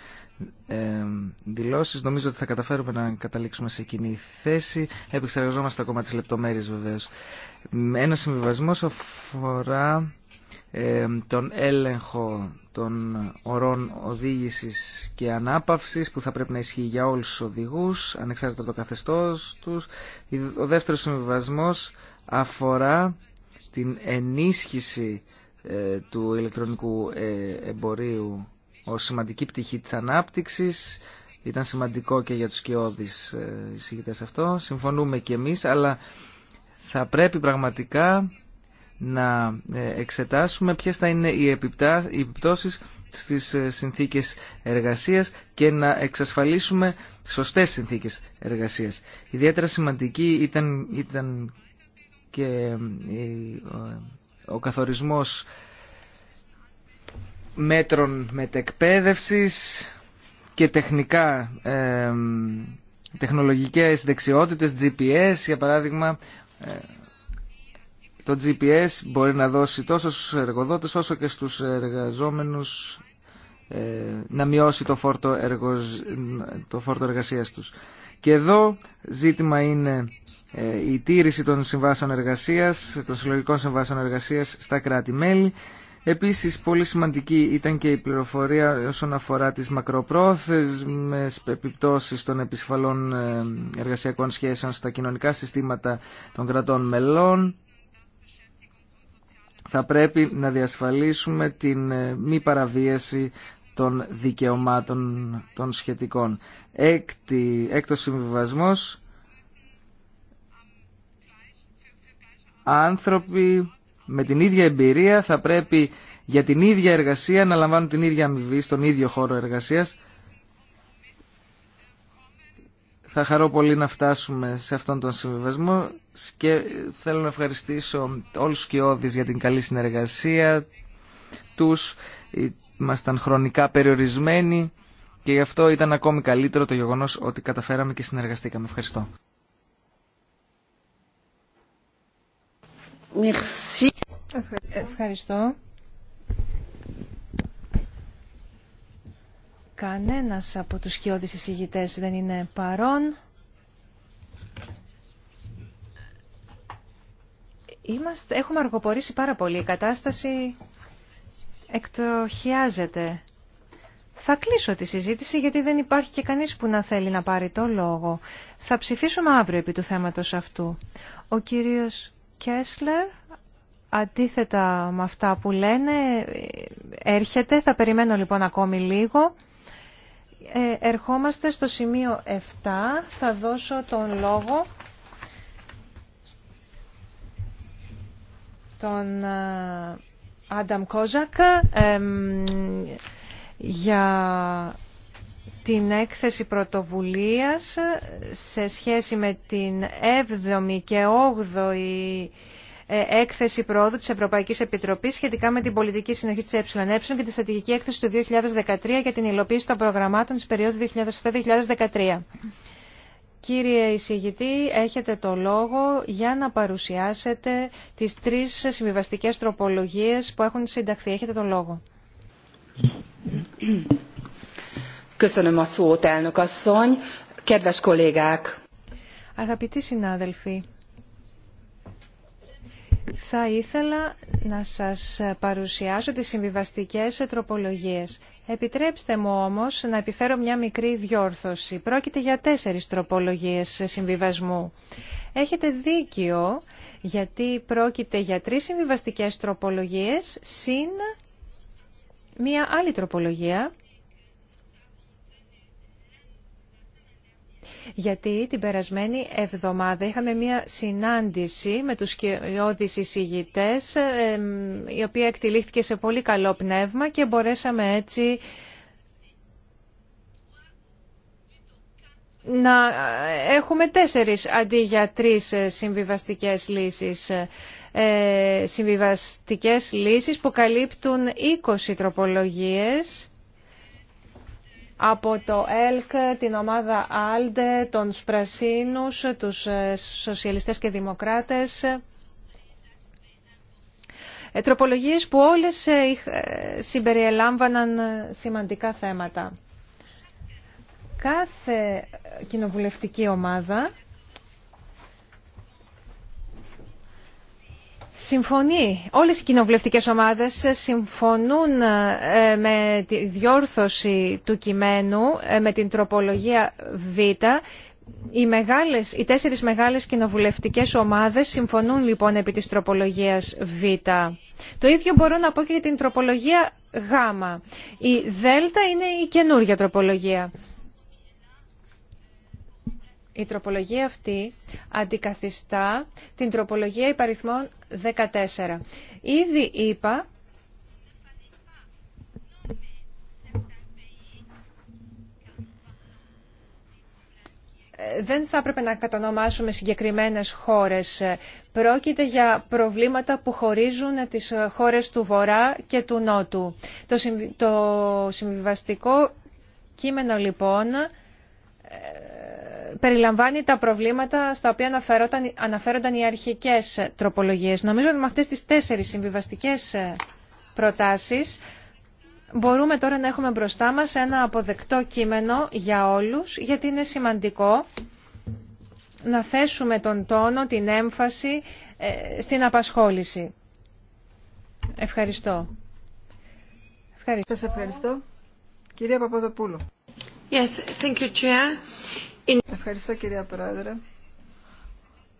ε, δηλώσεις. Νομίζω ότι θα καταφέρουμε να καταλήξουμε σε κοινή θέση. Επεξεργαζόμαστε ακόμα τις λεπτομέρειες βεβαίως. Ένα συμβιβασμό αφορά ε, τον έλεγχο των ορών οδήγησης και ανάπαυσης που θα πρέπει να ισχύει για όλους τους οδηγούς, ανεξάρτητα από το καθεστώς τους. Ο δεύτερος συμβιβασμό αφορά την ενίσχυση ε, του ηλεκτρονικού ε, εμπορίου ως σημαντική πτυχή της ανάπτυξης. Ήταν σημαντικό και για τους κοιόδης ε, εισηγητές αυτό. Συμφωνούμε και εμείς, αλλά θα πρέπει πραγματικά να ε, εξετάσουμε ποιες θα είναι οι επιπτώσεις στις ε, συνθήκες εργασίας και να εξασφαλίσουμε σωστές συνθήκες εργασίας. Ιδιαίτερα σημαντική ήταν, ήταν και ο καθορισμός μέτρων μετεκπαίδευσης και τεχνικά ε, τεχνολογικές δεξιότητες, GPS για παράδειγμα. Ε, το GPS μπορεί να δώσει τόσο στους εργοδότες όσο και στους εργαζόμενους ε, να μειώσει το φόρτο, το φόρτο εργασίας τους. Και εδώ ζήτημα είναι ε, η τήρηση των συμβάσεων εργασίας, των συλλογικών συμβάσεων εργασίας στα κράτη-μέλη Επίσης πολύ σημαντική ήταν και η πληροφορία όσον αφορά τις μακροπρόθεσμες επιπτώσεις των επισφαλών ε, εργασιακών σχέσεων στα κοινωνικά συστήματα των κρατών μελών. Θα πρέπει να διασφαλίσουμε την ε, μη παραβίαση των δικαιωμάτων των σχετικών. Έκτη, έκτος συμβιβασμός. Άνθρωποι με την ίδια εμπειρία θα πρέπει για την ίδια εργασία να λαμβάνουν την ίδια αμοιβή στον ίδιο χώρο εργασίας. Θα χαρώ πολύ να φτάσουμε σε αυτόν τον συμβιβασμό και θέλω να ευχαριστήσω όλους τους κοιόδης για την καλή συνεργασία τους. Ήμασταν χρονικά περιορισμένοι και γι' αυτό ήταν ακόμη καλύτερο το γεγονός ότι καταφέραμε και συνεργαστήκαμε. Ευχαριστώ. Ευχαριστώ. Κανένας από τους σκιώδεις εισηγητές δεν είναι παρόν. Είμαστε, έχουμε αργοπορήσει πάρα πολύ. Η κατάσταση εκτροχιάζεται. Θα κλείσω τη συζήτηση γιατί δεν υπάρχει και κανείς που να θέλει να πάρει το λόγο. Θα ψηφίσουμε αύριο επί του θέματος αυτού. Ο κύριος Κέσλερ, αντίθετα με αυτά που λένε, έρχεται. Θα περιμένω λοιπόν ακόμη λίγο. Ε, ερχόμαστε στο σημείο 7. Θα δώσω τον λόγο τον ε, Άνταμ Κόζακ για την έκθεση πρωτοβουλίας σε σχέση με την 7η και 8η ε, έκθεση πρόοδου της Ευρωπαϊκής Επιτροπής σχετικά με την πολιτική συνοχή της ΕΕ και τη στρατηγική έκθεση του 2013 για την υλοποίηση των προγραμμάτων της περίοδου 2007-2013. Κύριε εισηγητή, έχετε το λόγο για να παρουσιάσετε τις τρεις συμβιβαστικές τροπολογίες που έχουν συνταχθεί. Έχετε το λόγο. Αγαπητοί συνάδελφοι, θα ήθελα να σας παρουσιάσω τις συμβιβαστικές τροπολογίες. Επιτρέψτε μου όμως να επιφέρω μια μικρή διόρθωση. Πρόκειται για τέσσερις τροπολογίες συμβιβασμού. Έχετε δίκιο γιατί πρόκειται για τρεις συμβιβαστικές τροπολογίες συν μια άλλη τροπολογία γιατί την περασμένη εβδομάδα είχαμε μία συνάντηση με τους κοιόδης εισηγητές, ε, η οποία εκτελήχθηκε σε πολύ καλό πνεύμα και μπορέσαμε έτσι να ε, έχουμε τέσσερις αντί για τρεις ε, συμβιβαστικές λύσεις. Ε, συμβιβαστικές λύσεις που καλύπτουν 20 τροπολογίες από το ΕΛΚ, την ομάδα ΑΛΔΕ, των Σπρασίνους, τους ε, Σοσιαλιστές και Δημοκράτες. Ε, τροπολογίες που όλες ε, συμπεριελάμβαναν σημαντικά θέματα. Κάθε κοινοβουλευτική ομάδα συμφωνεί. Όλες οι κοινοβουλευτικές ομάδες συμφωνούν ε, με τη διόρθωση του κειμένου, ε, με την τροπολογία Β. Οι, μεγάλες, οι τέσσερις μεγάλες κοινοβουλευτικές ομάδες συμφωνούν λοιπόν επί της τροπολογίας Β. Το ίδιο μπορώ να πω και για την τροπολογία Γ. Η Δ είναι η καινούργια τροπολογία. Η τροπολογία αυτή αντικαθιστά την τροπολογία υπαριθμών 14. Ήδη είπα δεν θα έπρεπε να κατονομάσουμε συγκεκριμένες χώρες. Πρόκειται για προβλήματα που χωρίζουν τις χώρες του Βορρά και του Νότου. Το, το συμβιβαστικό κείμενο λοιπόν ε, περιλαμβάνει τα προβλήματα στα οποία αναφέρονταν, οι αρχικές τροπολογίες. Νομίζω ότι με αυτές τις τέσσερις συμβιβαστικές ε, προτάσεις μπορούμε τώρα να έχουμε μπροστά μας ένα αποδεκτό κείμενο για όλους, γιατί είναι σημαντικό να θέσουμε τον τόνο, την έμφαση ε, στην απασχόληση. Ευχαριστώ. ευχαριστώ. Σας ευχαριστώ. Κυρία Παπαδοπούλου. Yes, thank you, Chair. Ευχαριστώ κυρία Πρόεδρε.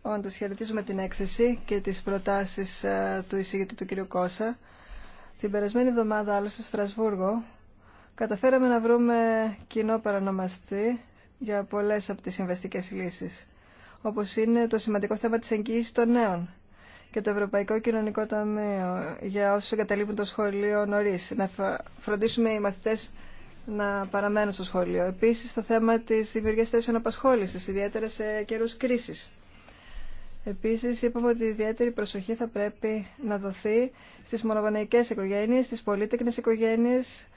Όντω χαιρετίζουμε την έκθεση και τις προτάσεις ε, του εισηγητή του κυρίου Κώσα. Την περασμένη εβδομάδα άλλο στο Στρασβούργο καταφέραμε να βρούμε κοινό παρανομαστή για πολλές από τις συμβαστικές λύσεις, όπως είναι το σημαντικό θέμα της εγγύησης των νέων και το Ευρωπαϊκό Κοινωνικό Ταμείο για όσους εγκαταλείπουν το σχολείο νωρί. Να φροντίσουμε οι μαθητές να παραμένω στο σχολείο. Επίσης, το θέμα της δημιουργίας θέσεων απασχόλησης, ιδιαίτερα σε καιρούς κρίσης. Επίσης, είπαμε ότι ιδιαίτερη προσοχή θα πρέπει να δοθεί στις μονογονεϊκές οικογένειες, στις πολύτεκνες οικογένειες,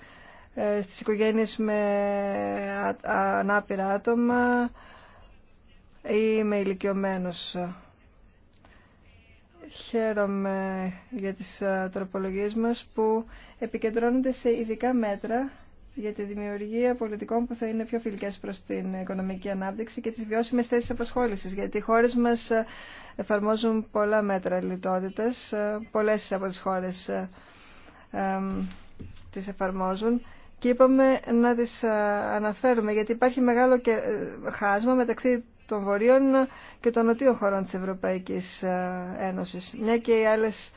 ε, στις οικογένειες με ανάπηρα άτομα ή με ηλικιωμένους. Χαίρομαι για τις ε, τροπολογίες μας που επικεντρώνονται σε ειδικά μέτρα για τη δημιουργία πολιτικών που θα είναι πιο φιλικές προς την οικονομική ανάπτυξη και τις βιώσιμες θέσεις απασχόλησης, γιατί οι χώρες μας ε, εφαρμόζουν πολλά μέτρα λιτότητας, ε, πολλές από τις χώρες ε, τις εφαρμόζουν και είπαμε να τις αναφέρουμε, γιατί υπάρχει μεγάλο χάσμα μεταξύ των βορείων και των νοτίων χωρών της Ευρωπαϊκής Ένωσης. Μια και οι άλλες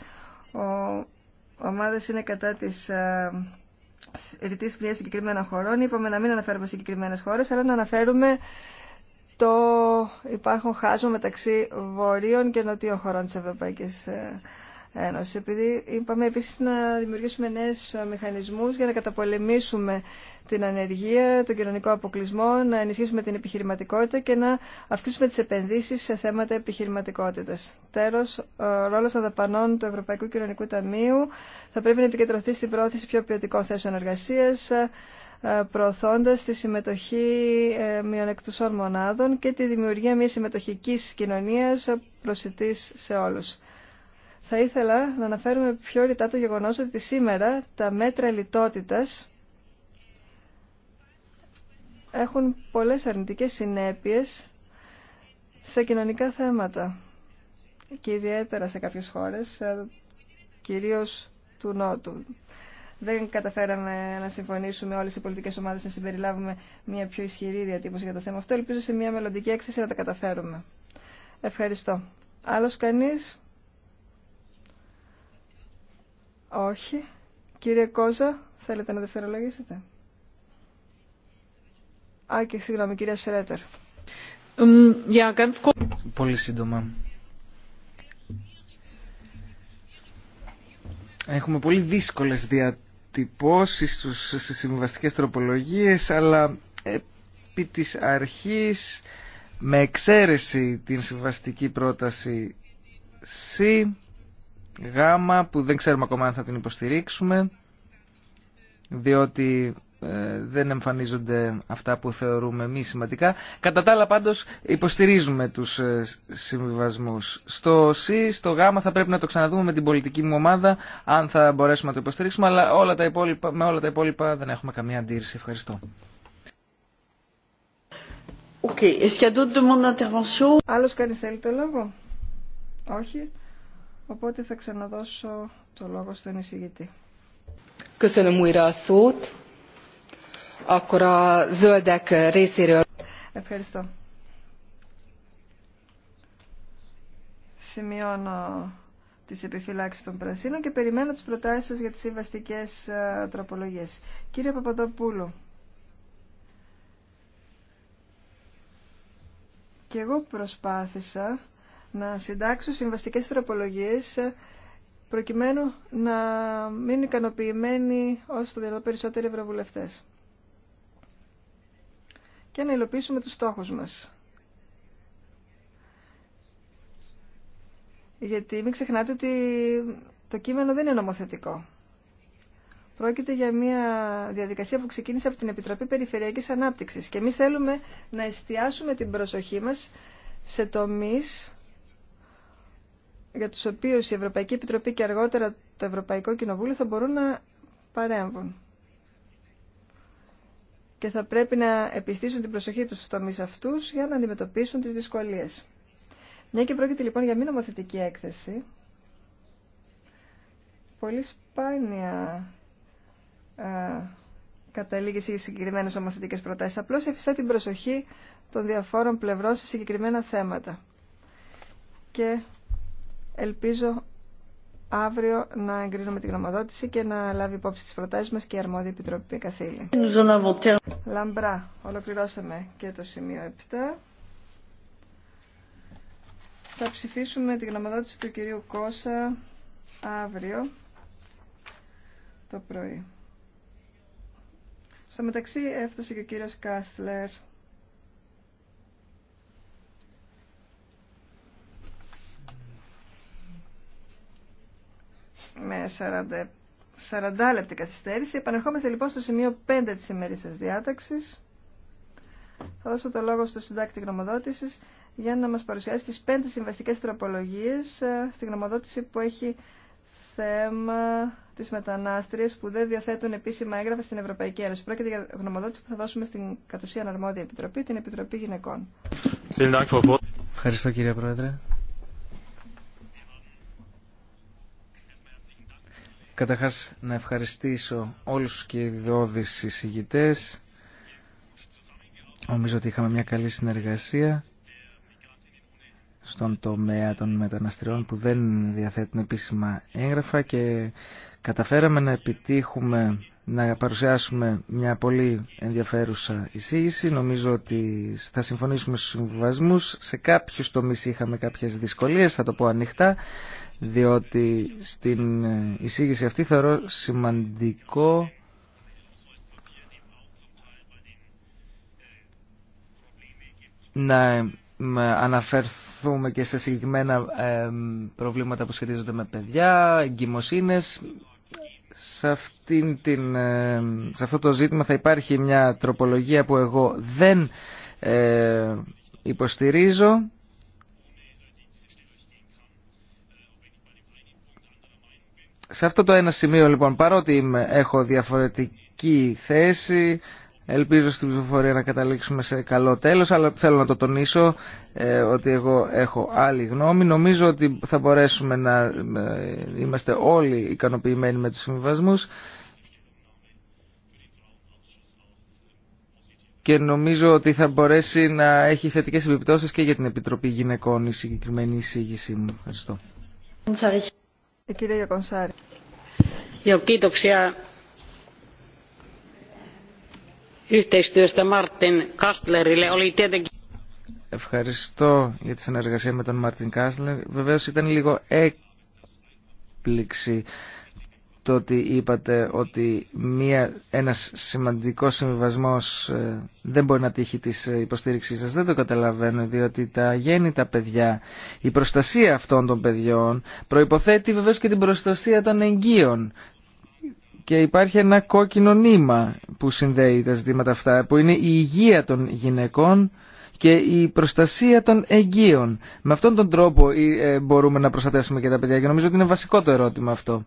ομάδες είναι κατά της ρητή πλειά συγκεκριμένων χωρών. Είπαμε να μην αναφέρουμε συγκεκριμένε χώρε, αλλά να αναφέρουμε το υπάρχον χάσμα μεταξύ βορείων και νοτίων χωρών τη Ευρωπαϊκή ε, Ένωση. Επειδή είπαμε επίσης να δημιουργήσουμε νέες μηχανισμούς για να καταπολεμήσουμε την ανεργία, τον κοινωνικό αποκλεισμό, να ενισχύσουμε την επιχειρηματικότητα και να αυξήσουμε τις επενδύσεις σε θέματα επιχειρηματικότητας. Τέλος, ο ρόλος των δαπανών του Ευρωπαϊκού Κοινωνικού Ταμείου θα πρέπει να επικεντρωθεί στην πρόθεση πιο ποιοτικών θέσεων εργασίας, ε, προωθώντα τη συμμετοχή ε, μειονεκτουσών μονάδων και τη δημιουργία μιας συμμετοχικής κοινωνία προσιτή σε όλου θα ήθελα να αναφέρουμε πιο ρητά το γεγονός ότι σήμερα τα μέτρα λιτότητας έχουν πολλές αρνητικές συνέπειες σε κοινωνικά θέματα και ιδιαίτερα σε κάποιες χώρες, ε, κυρίως του Νότου. Δεν καταφέραμε να συμφωνήσουμε όλες οι πολιτικές ομάδες να συμπεριλάβουμε μια πιο ισχυρή διατύπωση για το θέμα αυτό. Ελπίζω σε μια μελλοντική έκθεση να τα καταφέρουμε. Ευχαριστώ. Άλλος κανείς? Όχι. Κύριε Κόζα, θέλετε να δευτερολογήσετε. Α, και συγγνώμη, κυρία Σρέτερ. Πολύ σύντομα. Έχουμε πολύ δύσκολες διατυπώσεις στις συμβαστικές τροπολογίες, αλλά επί της αρχής, με εξαίρεση την συμβαστική πρόταση C, γάμα που δεν ξέρουμε ακόμα αν θα την υποστηρίξουμε διότι ε, δεν εμφανίζονται αυτά που θεωρούμε μη σημαντικά. Κατά τα άλλα πάντως υποστηρίζουμε τους ε, συμβιβασμούς. Στο ΣΥ, στο ΓΑΜΑ θα πρέπει να το ξαναδούμε με την πολιτική μου ομάδα αν θα μπορέσουμε να το υποστηρίξουμε αλλά όλα τα υπόλοιπα, με όλα τα υπόλοιπα δεν έχουμε καμία αντίρρηση. Ευχαριστώ. Okay. Άλλος κανείς θέλει το λόγο? Όχι. Οπότε θα ξαναδώσω το λόγο στον εισηγητή. Ευχαριστώ. Σημειώνω τι επιφυλάξει των Πρασίνων και περιμένω τις προτάσεις σα για τις συμβαστικέ ε, τροπολογίε. Κύριε Παπαδοπούλου, και εγώ προσπάθησα να συντάξω συμβαστικές τροπολογίες ε, προκειμένου να μην ικανοποιημένοι όσο το δυνατόν περισσότεροι ευρωβουλευτές και να υλοποιήσουμε τους στόχους μας. Γιατί μην ξεχνάτε ότι το κείμενο δεν είναι νομοθετικό. Πρόκειται για μια διαδικασία που ξεκίνησε από την Επιτροπή Περιφερειακής Ανάπτυξης και εμείς θέλουμε να εστιάσουμε την προσοχή μας σε τομείς για τους οποίους η Ευρωπαϊκή Επιτροπή και αργότερα το Ευρωπαϊκό Κοινοβούλιο θα μπορούν να παρέμβουν. Και θα πρέπει να επιστήσουν την προσοχή τους στους τομείς αυτούς για να αντιμετωπίσουν τις δυσκολίες. Μια και πρόκειται λοιπόν για μη νομοθετική έκθεση, πολύ σπάνια α, καταλήγει σε συγκεκριμένες νομοθετικές προτάσεις. Απλώς εφιστά την προσοχή των διαφόρων πλευρών σε συγκεκριμένα θέματα. Και Ελπίζω αύριο να εγκρίνουμε την γνωμοδότηση και να λάβει υπόψη τις προτάσεις μας και η αρμόδια επιτροπή καθήλη. Λαμπρά, ολοκληρώσαμε και το σημείο 7. Θα ψηφίσουμε την γνωμοδότηση του κυρίου Κώσα αύριο το πρωί. Στο μεταξύ έφτασε και ο κύριος Κάστλερ. με 40, 40 λεπτή καθυστέρηση. Επανερχόμαστε λοιπόν στο σημείο 5 της της διάταξης. Θα δώσω το λόγο στο συντάκτη γνωμοδότησης για να μας παρουσιάσει τις 5 συμβαστικές τροπολογίες ε, στη γνωμοδότηση που έχει θέμα τις μετανάστριες που δεν διαθέτουν επίσημα έγγραφα στην Ευρωπαϊκή Ένωση. Πρόκειται για γνωμοδότηση που θα δώσουμε στην κατ' ουσίαν αρμόδια επιτροπή, την Επιτροπή Γυναικών. Ευχαριστώ κύριε Πρόεδρε. Καταρχάς να ευχαριστήσω όλους τους κυριώδεις συζητητές. Νομίζω ότι είχαμε μια καλή συνεργασία στον τομέα των μεταναστριών που δεν διαθέτουν επίσημα έγγραφα και καταφέραμε να επιτύχουμε να παρουσιάσουμε μια πολύ ενδιαφέρουσα εισήγηση. Νομίζω ότι θα συμφωνήσουμε στους συμβιβασμούς. Σε κάποιους τομείς είχαμε κάποιες δυσκολίες, θα το πω ανοιχτά διότι στην εισήγηση αυτή θεωρώ σημαντικό να αναφερθούμε και σε συγκεκριμένα προβλήματα που σχετίζονται με παιδιά, εγκυμοσύνες. Σε, αυτήν την, σε αυτό το ζήτημα θα υπάρχει μια τροπολογία που εγώ δεν ε, υποστηρίζω Σε αυτό το ένα σημείο λοιπόν, παρότι έχω διαφορετική θέση, ελπίζω στην ψηφοφορία να καταλήξουμε σε καλό τέλος, αλλά θέλω να το τονίσω ε, ότι εγώ έχω άλλη γνώμη. Νομίζω ότι θα μπορέσουμε να ε, είμαστε όλοι ικανοποιημένοι με τους συμβιβασμούς και νομίζω ότι θα μπορέσει να έχει θετικές επιπτώσεις και για την Επιτροπή Γυναικών η συγκεκριμένη εισήγησή μου. Ευχαριστώ. Η κυρία Γιακονσάρη. Yhteistyöstä Martin Kastlerille oli tietenkin... Ευχαριστώ για τη συνεργασία με τον Μάρτιν Κάσλερ. Βεβαίως ήταν λίγο έκπληξη Ε το ότι είπατε ότι μία, ένας σημαντικός συμβιβασμός ε, δεν μπορεί να τύχει της ε, υποστήριξής σας. Δεν το καταλαβαίνω, διότι τα γέννητα παιδιά, η προστασία αυτών των παιδιών προϋποθέτει βεβαίως και την προστασία των εγγύων. Και υπάρχει ένα κόκκινο νήμα που συνδέει τα ζητήματα αυτά, που είναι η υγεία των γυναικών και η προστασία των εγγύων. Με αυτόν τον τρόπο ε, μπορούμε να προστατεύσουμε και τα παιδιά και νομίζω ότι είναι βασικό το ερώτημα αυτό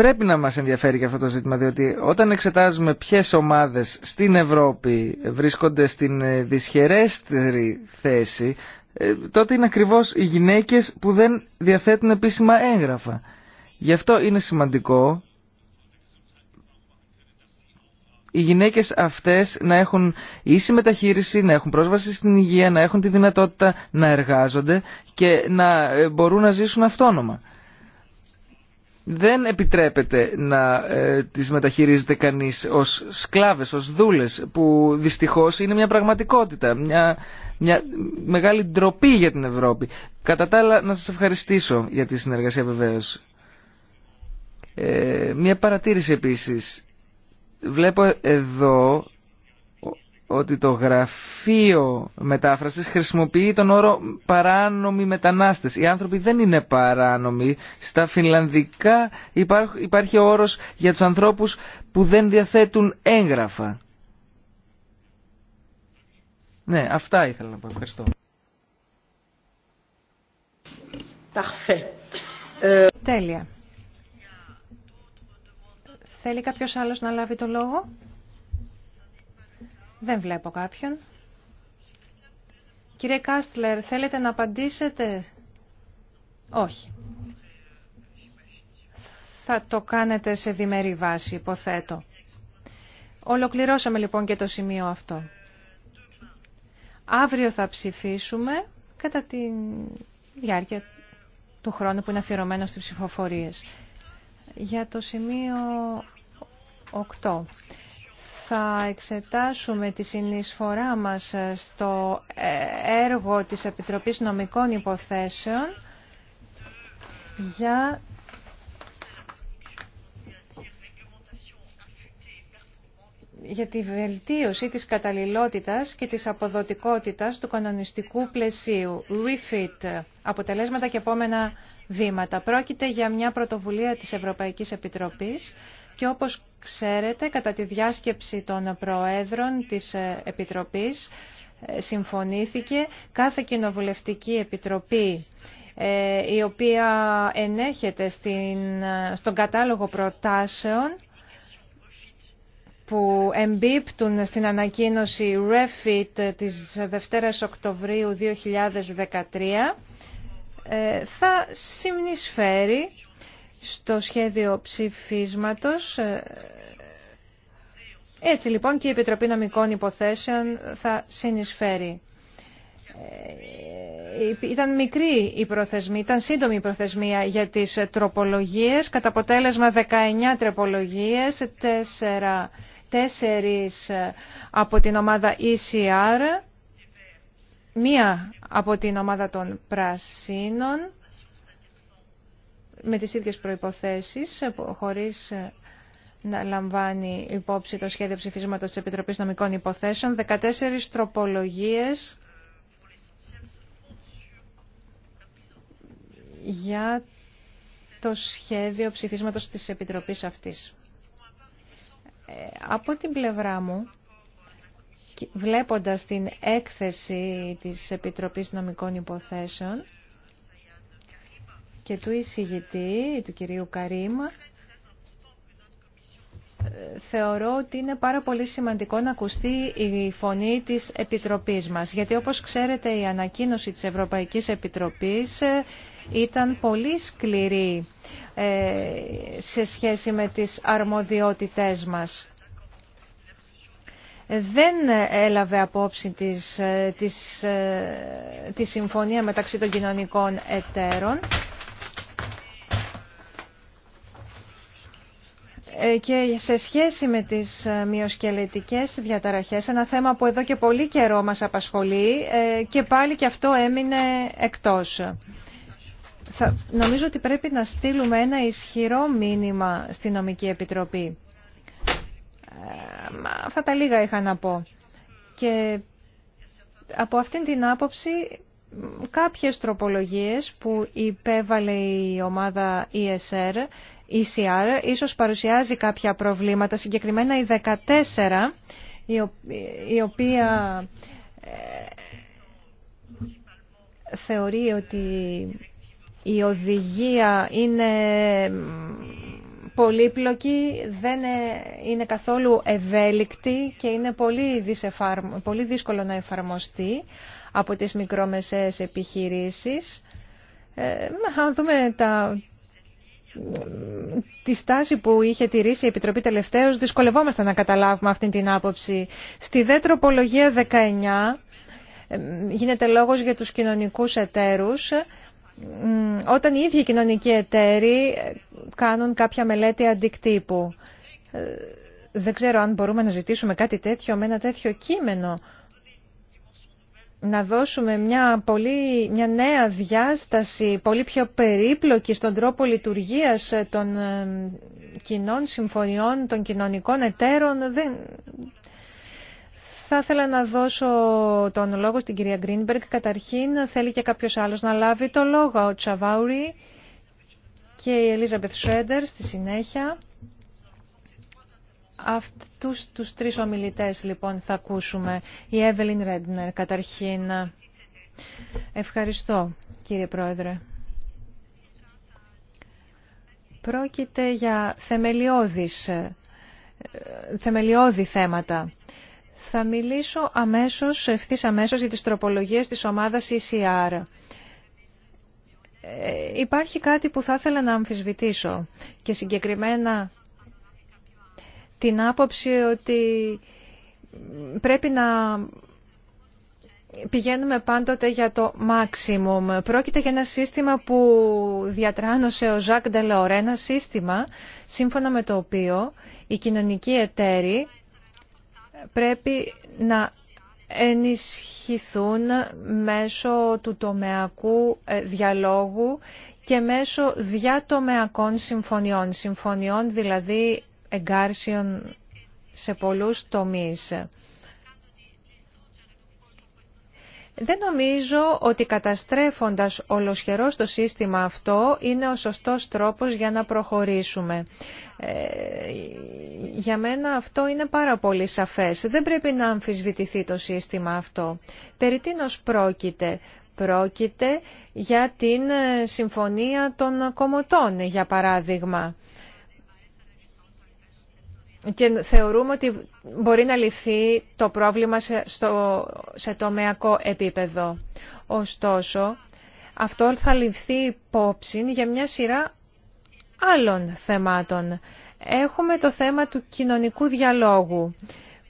πρέπει να μας ενδιαφέρει και αυτό το ζήτημα, διότι όταν εξετάζουμε ποιες ομάδες στην Ευρώπη βρίσκονται στην ε, δυσχερέστερη θέση, ε, τότε είναι ακριβώς οι γυναίκες που δεν διαθέτουν επίσημα έγγραφα. Γι' αυτό είναι σημαντικό οι γυναίκες αυτές να έχουν ίση μεταχείριση, να έχουν πρόσβαση στην υγεία, να έχουν τη δυνατότητα να εργάζονται και να ε, μπορούν να ζήσουν αυτόνομα δεν επιτρέπεται να ε, τις μεταχειρίζεται κανείς ως σκλάβες, ως δούλες που δυστυχώς είναι μια πραγματικότητα, μια, μια μεγάλη ντροπή για την Ευρώπη. Κατά τα άλλα να σας ευχαριστήσω για τη συνεργασία βεβαίως. Ε, μια παρατήρηση επίσης. Βλέπω εδώ ότι το γραφείο μετάφρασης χρησιμοποιεί τον όρο παράνομοι μετανάστες. Οι άνθρωποι δεν είναι παράνομοι. Στα φινλανδικά υπάρχει ο όρος για τους ανθρώπους που δεν διαθέτουν έγγραφα. Ναι, αυτά ήθελα να πω. Ευχαριστώ. Τέλεια. Θέλει κάποιος άλλος να λάβει το λόγο. Δεν βλέπω κάποιον. Κύριε Κάστλερ, θέλετε να απαντήσετε. Όχι. Θα το κάνετε σε διμερή βάση, υποθέτω. Ολοκληρώσαμε λοιπόν και το σημείο αυτό. Αύριο θα ψηφίσουμε κατά τη διάρκεια του χρόνου που είναι αφιερωμένο στις ψηφοφορίες. Για το σημείο 8 θα εξετάσουμε τη συνεισφορά μας στο ε, έργο της Επιτροπής Νομικών Υποθέσεων για για τη βελτίωση της καταλληλότητας και της αποδοτικότητας του κανονιστικού πλαισίου. REFIT, αποτελέσματα και επόμενα βήματα. Πρόκειται για μια πρωτοβουλία της Ευρωπαϊκής Επιτροπής και όπως ξέρετε, κατά τη διάσκεψη των Προέδρων της Επιτροπής ε, συμφωνήθηκε κάθε κοινοβουλευτική επιτροπή ε, η οποία ενέχεται στην, στον κατάλογο προτάσεων που εμπίπτουν στην ανακοίνωση REFIT της Δευτέρας Οκτωβρίου 2013 ε, θα συμνισφέρει στο σχέδιο ψηφίσματος. Έτσι λοιπόν και η Επιτροπή Νομικών Υποθέσεων θα συνεισφέρει. Ε, ήταν μικρή η προθεσμία, ήταν σύντομη η προθεσμία για τις τροπολογίες, κατά αποτέλεσμα 19 τροπολογίες, 4, 4 από την ομάδα ECR, μία από την ομάδα των Πρασίνων, με τις ίδιες προϋποθέσεις, ε, χωρίς ε, να λαμβάνει υπόψη το σχέδιο ψηφίσματος της Επιτροπής Νομικών Υποθέσεων. 14 τροπολογίες για το σχέδιο ψηφίσματος της Επιτροπής αυτής. Ε, από την πλευρά μου, βλέποντας την έκθεση της Επιτροπής Νομικών Υποθέσεων, και του εισηγητή, του κυρίου Καρίμα, ε, θεωρώ ότι είναι πάρα πολύ σημαντικό να ακουστεί η φωνή της Επιτροπής μας. Γιατί όπως ξέρετε η ανακοίνωση της Ευρωπαϊκής Επιτροπής ε, ήταν πολύ σκληρή ε, σε σχέση με τις αρμοδιότητές μας. Δεν έλαβε απόψη της, της, τη συμφωνία μεταξύ των κοινωνικών εταίρων Ε, και σε σχέση με τις ε, μειοσκελετικές διαταραχές, ένα θέμα που εδώ και πολύ καιρό μας απασχολεί ε, και πάλι και αυτό έμεινε εκτός. Θα, νομίζω ότι πρέπει να στείλουμε ένα ισχυρό μήνυμα στη Νομική Επιτροπή. Αυτά τα λίγα είχα να πω. Και από αυτήν την άποψη κάποιες τροπολογίες που υπέβαλε η ομάδα ESR, ECR, ίσως παρουσιάζει κάποια προβλήματα, συγκεκριμένα η 14, η οποία ε, θεωρεί ότι η οδηγία είναι πολύπλοκη, δεν ε, είναι καθόλου ευέλικτη και είναι πολύ, πολύ δύσκολο να εφαρμοστεί από τις μικρομεσαίες επιχειρήσεις. Ε, αν δούμε τα, τη στάση που είχε τηρήσει η Επιτροπή τελευταίως, δυσκολευόμαστε να καταλάβουμε αυτή την άποψη. Στη ΔΕΤΡΟΠΟΛΟΓΙΑ 19 ε, γίνεται λόγος για τους κοινωνικούς εταίρους ε, όταν οι ίδιοι κοινωνικοί εταίροι κάνουν κάποια μελέτη αντικτύπου. Δεν ξέρω αν μπορούμε να ζητήσουμε κάτι τέτοιο με ένα τέτοιο κείμενο να δώσουμε μια, πολύ, μια νέα διάσταση, πολύ πιο περίπλοκη στον τρόπο λειτουργίας των ε, κοινών συμφωνιών, των κοινωνικών εταίρων. Δεν... Θα ήθελα να δώσω τον λόγο στην κυρία Γκρίνμπεργκ. Καταρχήν θέλει και κάποιος άλλος να λάβει το λόγο, ο Τσαβάουρη και η Ελίζαμπεθ Σρέντερ στη συνέχεια. Αυτούς τους τρεις ομιλητές λοιπόν θα ακούσουμε. Η Εύελιν Ρέντνερ καταρχήν. Ευχαριστώ κύριε Πρόεδρε. Πρόκειται για θεμελιώδεις, ε, θεμελιώδη θέματα. Θα μιλήσω αμέσως, ευθύς αμέσως για τις τροπολογίες της ομάδας ECR. Ε, υπάρχει κάτι που θα ήθελα να αμφισβητήσω και συγκεκριμένα την άποψη ότι πρέπει να πηγαίνουμε πάντοτε για το maximum. Πρόκειται για ένα σύστημα που διατράνωσε ο Ζακ Ντελόρ, ένα σύστημα σύμφωνα με το οποίο οι κοινωνικοί εταίροι πρέπει να ενισχυθούν μέσω του τομεακού ε, διαλόγου και μέσω διατομεακών συμφωνιών. Συμφωνιών δηλαδή εγκάρσεων σε πολλούς τομείς. Δεν νομίζω ότι καταστρέφοντας ολοσχερός το σύστημα αυτό είναι ο σωστός τρόπος για να προχωρήσουμε. Ε, για μένα αυτό είναι πάρα πολύ σαφές. Δεν πρέπει να αμφισβητηθεί το σύστημα αυτό. Περί τίνος πρόκειται. Πρόκειται για την ε, συμφωνία των κομωτών, για παράδειγμα και θεωρούμε ότι μπορεί να λυθεί το πρόβλημα σε, στο, σε τομεακό επίπεδο. Ωστόσο, αυτό θα λυθεί υπόψη για μια σειρά άλλων θεμάτων. Έχουμε το θέμα του κοινωνικού διαλόγου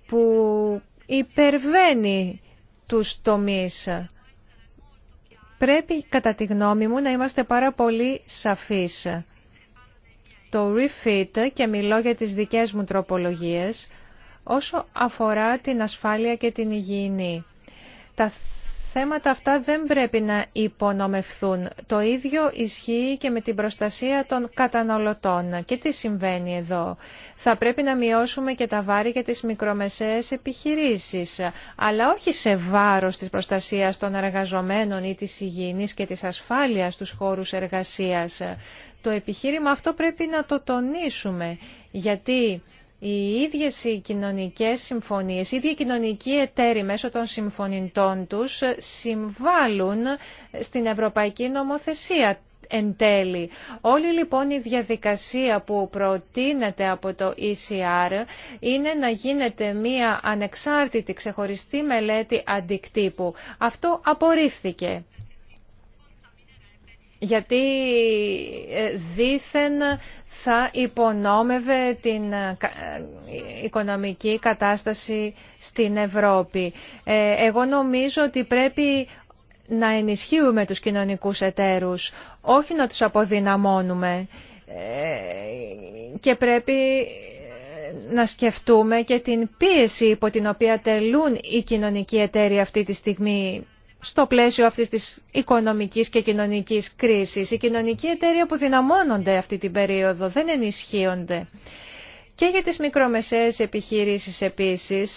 που υπερβαίνει τους τομείς. Πρέπει κατά τη γνώμη μου να είμαστε πάρα πολύ σαφείς το refit και μιλώ για τις δικές μου τροπολογίες όσο αφορά την ασφάλεια και την υγιεινή. Τα θέματα αυτά δεν πρέπει να υπονομευθούν. Το ίδιο ισχύει και με την προστασία των καταναλωτών. Και τι συμβαίνει εδώ. Θα πρέπει να μειώσουμε και τα βάρη για τις μικρομεσαίες επιχειρήσεις, αλλά όχι σε βάρος της προστασίας των εργαζομένων ή της υγιεινής και της ασφάλειας στους χώρους εργασίας το επιχείρημα αυτό πρέπει να το τονίσουμε, γιατί οι ίδιες οι κοινωνικές συμφωνίες, οι ίδιοι κοινωνικοί εταίροι μέσω των συμφωνητών τους συμβάλλουν στην ευρωπαϊκή νομοθεσία εν τέλει. Όλη λοιπόν η διαδικασία που προτείνεται από το ECR είναι να γίνεται μία ανεξάρτητη ξεχωριστή μελέτη αντικτύπου. Αυτό απορρίφθηκε γιατί ε, δήθεν θα υπονόμευε την ε, ε, οικονομική κατάσταση στην Ευρώπη. Εγώ νομίζω ότι πρέπει να ενισχύουμε τους κοινωνικούς εταίρους, όχι να τους αποδυναμώνουμε και πρέπει να σκεφτούμε και την πίεση υπό την οποία τελούν οι κοινωνικοί εταίροι αυτή τη στιγμή στο πλαίσιο αυτής της οικονομικής και κοινωνικής κρίσης. Οι κοινωνικοί εταίροι αποδυναμώνονται αυτή την περίοδο, δεν ενισχύονται. Και για τις μικρομεσαίες επιχειρήσεις επίσης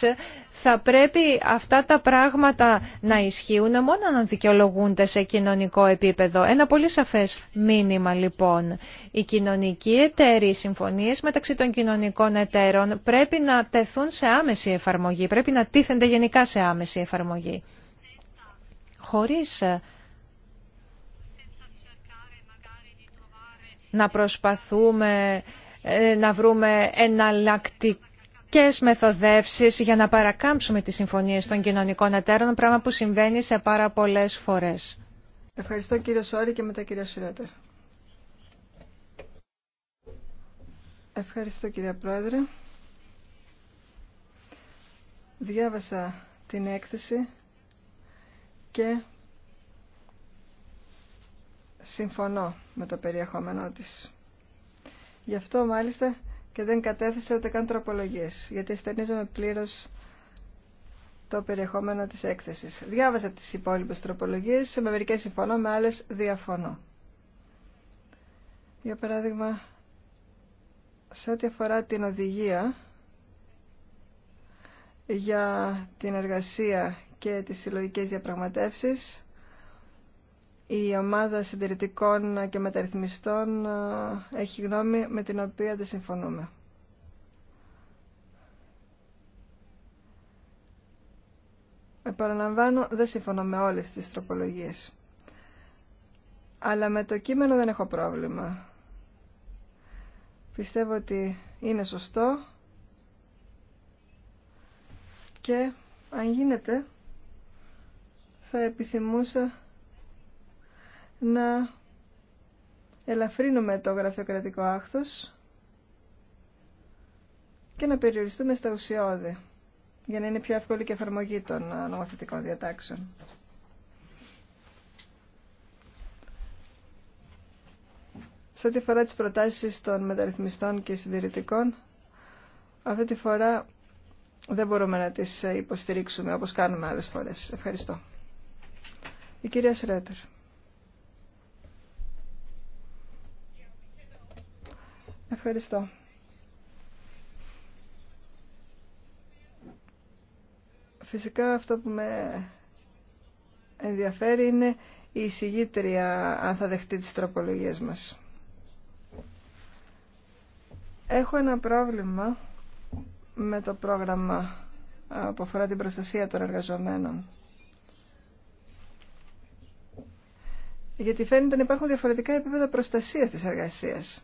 θα πρέπει αυτά τα πράγματα να ισχύουν μόνο να δικαιολογούνται σε κοινωνικό επίπεδο. Ένα πολύ σαφές μήνυμα λοιπόν. Οι κοινωνικοί εταίροι, οι συμφωνίες μεταξύ των κοινωνικών εταίρων πρέπει να τεθούν σε άμεση εφαρμογή, πρέπει να τίθενται γενικά σε άμεση εφαρμογή χωρίς ε, να προσπαθούμε ε, να βρούμε εναλλακτικέ μεθοδεύσει για να παρακάμψουμε τις συμφωνίες των κοινωνικών εταίρων, πράγμα που συμβαίνει σε πάρα πολλές φορές. Ευχαριστώ κύριο Σόρη και μετά κύριο Σιρότερ. Ευχαριστώ κύριε Πρόεδρε. Διάβασα την έκθεση και συμφωνώ με το περιεχόμενό της. Γι' αυτό μάλιστα και δεν κατέθεσε ούτε καν τροπολογίες, γιατί στενίζομαι πλήρως το περιεχόμενο της έκθεσης. Διάβασα τις υπόλοιπες τροπολογίες, με μερικές συμφωνώ, με άλλες διαφωνώ. Για παράδειγμα, σε ό,τι αφορά την οδηγία για την εργασία και τις συλλογικές διαπραγματεύσεις. Η ομάδα συντηρητικών και μεταρρυθμιστών ε, έχει γνώμη με την οποία δεν συμφωνούμε. Επαναλαμβάνω, δεν συμφωνώ με όλες τις τροπολογίες. Αλλά με το κείμενο δεν έχω πρόβλημα. Πιστεύω ότι είναι σωστό και αν γίνεται θα επιθυμούσα να ελαφρύνουμε το γραφειοκρατικό άχθος και να περιοριστούμε στα ουσιώδη για να είναι πιο εύκολη και εφαρμογή των ε, νομοθετικών διατάξεων. Σε ό,τι αφορά τις προτάσεις των μεταρρυθμιστών και συντηρητικών, αυτή τη φορά δεν μπορούμε να τις ε, υποστηρίξουμε όπως κάνουμε άλλες φορές. Ευχαριστώ. Η κυρία Σρέτερ. Ευχαριστώ. Φυσικά αυτό που με ενδιαφέρει είναι η εισηγήτρια αν θα δεχτεί τις τροπολογίες μας. Έχω ένα πρόβλημα με το πρόγραμμα που αφορά την προστασία των εργαζομένων. γιατί φαίνεται να υπάρχουν διαφορετικά επίπεδα προστασίας της εργασίας.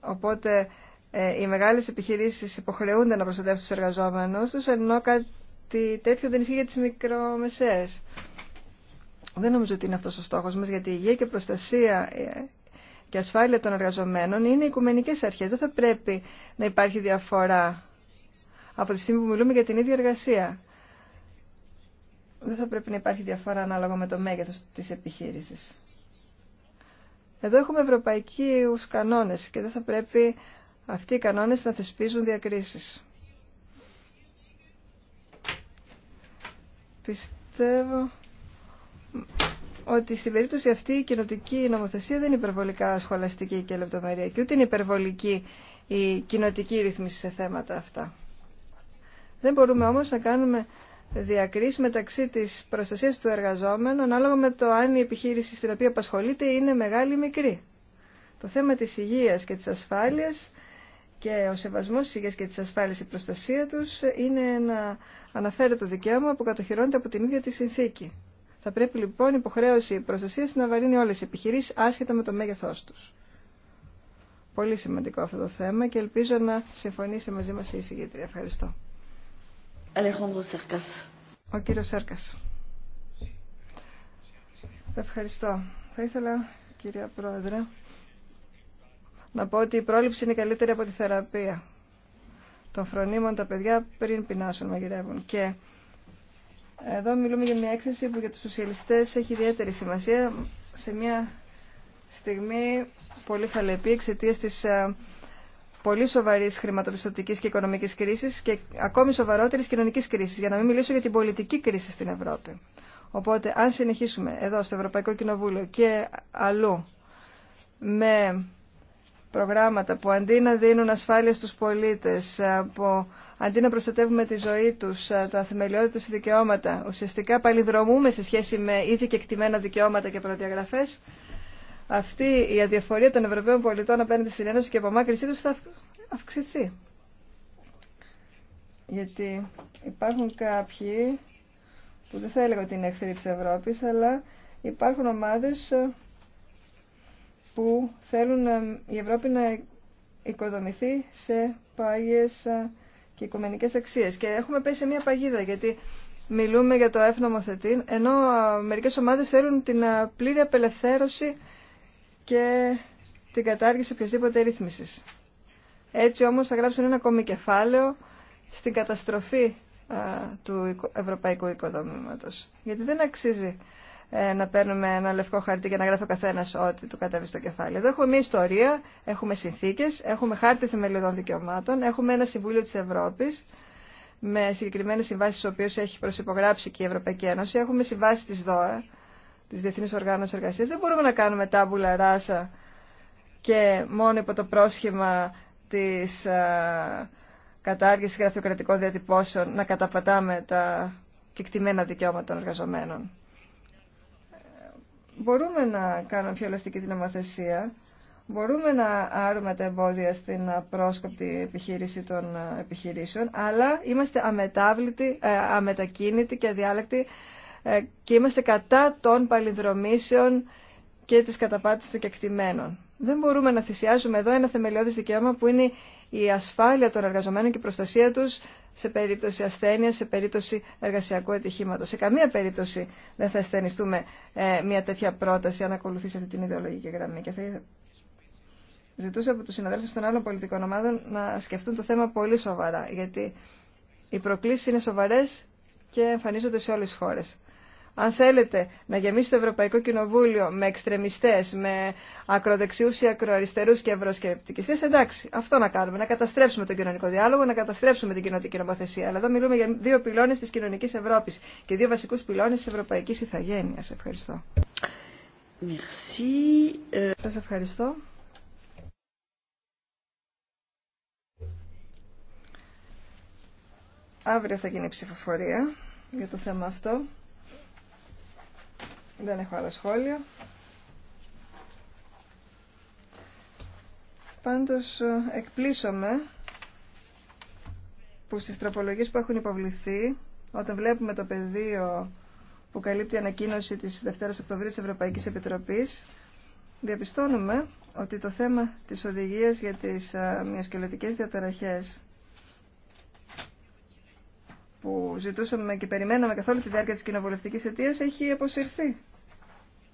Οπότε ε, οι μεγάλες επιχειρήσεις υποχρεούνται να προστατεύσουν τους εργαζόμενους τους, ενώ κάτι τέτοιο δεν ισχύει για τις μικρομεσαίες. Δεν νομίζω ότι είναι αυτός ο στόχος μας, γιατί η υγεία και προστασία ε, και ασφάλεια των εργαζομένων είναι οικουμενικές αρχές. Δεν θα πρέπει να υπάρχει διαφορά από τη στιγμή που μιλούμε για την ίδια εργασία δεν θα πρέπει να υπάρχει διαφορά ανάλογα με το μέγεθος της επιχείρησης. Εδώ έχουμε ευρωπαϊκούς κανόνες και δεν θα πρέπει αυτοί οι κανόνες να θεσπίζουν διακρίσεις. Πιστεύω ότι στην περίπτωση αυτή η κοινοτική νομοθεσία δεν είναι υπερβολικά σχολαστική και και ούτε είναι υπερβολική η κοινοτική ρυθμίση σε θέματα αυτά. Δεν μπορούμε όμως να κάνουμε διακρίσει μεταξύ της προστασίας του εργαζόμενου ανάλογα με το αν η επιχείρηση στην οποία απασχολείται είναι μεγάλη ή μικρή. Το θέμα της υγείας και της ασφάλειας και ο σεβασμός της υγείας και της ασφάλειας η προστασία τους είναι ένα αναφέρετο δικαίωμα που κατοχυρώνεται από την ίδια τη συνθήκη. Θα πρέπει λοιπόν η υποχρέωση προστασία να βαρύνει όλε τι επιχειρήσει άσχετα με το μέγεθό του. Πολύ σημαντικό αυτό το θέμα και ελπίζω να συμφωνήσει μαζί μα η συγκεκριά. Ευχαριστώ. Ο κύριος Σέρκας. Ευχαριστώ. Θα ήθελα, κυρία Πρόεδρε, να πω ότι η πρόληψη είναι καλύτερη από τη θεραπεία. Των φρονίμων τα παιδιά πριν πεινάσουν μαγειρεύουν. Και εδώ μιλούμε για μια έκθεση που για τους σοσιαλιστές έχει ιδιαίτερη σημασία σε μια στιγμή πολύ χαλεπή εξαιτία της ε, πολύ σοβαρή χρηματοπιστωτική και οικονομική κρίση και ακόμη σοβαρότερη κοινωνική κρίση, για να μην μιλήσω για την πολιτική κρίση στην Ευρώπη. Οπότε, αν συνεχίσουμε εδώ στο Ευρωπαϊκό Κοινοβούλιο και αλλού με προγράμματα που αντί να δίνουν ασφάλεια στους πολίτες, ε, που αντί να προστατεύουμε τη ζωή τους, ε, τα θεμελιώδη τους δικαιώματα, ουσιαστικά παλιδρομούμε σε σχέση με ήδη κεκτημένα δικαιώματα και προδιαγραφέ, αυτή η αδιαφορία των Ευρωπαίων πολιτών απέναντι στην Ένωση και η απομάκρυνσή του θα αυξηθεί. Γιατί υπάρχουν κάποιοι που δεν θα έλεγα ότι είναι εχθροί της Ευρώπης, αλλά υπάρχουν ομάδες που θέλουν ε, η Ευρώπη να οικοδομηθεί σε πάγιες ε, και οικουμενικέ αξίες. Και έχουμε πέσει σε μια παγίδα, γιατί μιλούμε για το εύνομο θετήν, ενώ ε, μερικές ομάδες θέλουν την πλήρη απελευθέρωση και την κατάργηση οποιασδήποτε ρύθμιση. Έτσι όμως θα γράψουν ένα ακόμη κεφάλαιο στην καταστροφή α, του ευρωπαϊκού οικοδομήματος. Γιατί δεν αξίζει ε, να παίρνουμε ένα λευκό χαρτί και να γράφει ο καθένας ό,τι του κατέβει στο κεφάλι. Εδώ έχουμε μια ιστορία, έχουμε συνθήκες, έχουμε χάρτη θεμελιωδών δικαιωμάτων, έχουμε ένα Συμβούλιο της Ευρώπης με συγκεκριμένες συμβάσεις τις οποίες έχει προσυπογράψει και η Ευρωπαϊκή Ένωση, έχουμε συμβάσει τη ΔΟΕ, Τη διεθνή οργάνωση εργασία. Δεν μπορούμε να κάνουμε τάμπουλα ράσα και μόνο υπό το πρόσχημα της ε, κατάργηση γραφειοκρατικών διατυπώσεων να καταπατάμε τα κεκτημένα δικαιώματα των εργαζομένων. Ε, μπορούμε να κάνουμε πιο ελαστική την νομοθεσία, μπορούμε να άρουμε τα εμπόδια στην απρόσκοπτη επιχείρηση των ε, επιχειρήσεων, αλλά είμαστε αμετάβλητοι, αμετακίνητοι και αδιάλεκτοι ε, και είμαστε κατά των παλινδρομήσεων και της καταπάτησης των κεκτημένων. Δεν μπορούμε να θυσιάζουμε εδώ ένα θεμελιώδης δικαίωμα που είναι η ασφάλεια των εργαζομένων και η προστασία τους σε περίπτωση ασθένειας, σε περίπτωση εργασιακού ατυχήματο. Σε καμία περίπτωση δεν θα ασθενιστούμε ε, μια τέτοια πρόταση αν ακολουθήσει αυτή την ιδεολογική γραμμή. Και θα ζητούσα από τους συναδέλφους των άλλων πολιτικών ομάδων να σκεφτούν το θέμα πολύ σοβαρά, γιατί οι προκλήσεις είναι σοβαρές και εμφανίζονται σε όλες τις χώρες. Αν θέλετε να γεμίσει το Ευρωπαϊκό Κοινοβούλιο με εξτρεμιστέ, με ακροδεξιού ή ακροαριστερού και ευρωσκεπτικιστέ, εντάξει, αυτό να κάνουμε. Να καταστρέψουμε τον κοινωνικό διάλογο, να καταστρέψουμε την κοινωτική νομοθεσία. Αλλά εδώ μιλούμε για δύο πυλώνε τη κοινωνική Ευρώπη και δύο βασικού πυλώνε τη ευρωπαϊκή ηθαγένεια. Ευχαριστώ. Merci. ευχαριστώ. Αύριο θα γίνει ψηφοφορία για το θέμα αυτό. Δεν έχω άλλα σχόλια. Πάντως ε, εκπλήσωμε που στις τροπολογίες που έχουν υποβληθεί, όταν βλέπουμε το πεδίο που καλύπτει η ανακοίνωση της Δευτέρας Οκτωβρίου της Ευρωπαϊκής Επιτροπής, διαπιστώνουμε ότι το θέμα της οδηγίας για τις ε, μυοσκελετικές διαταραχές που ζητούσαμε και περιμέναμε καθ' τη διάρκεια της κοινοβουλευτικής αιτίας έχει αποσυρθεί.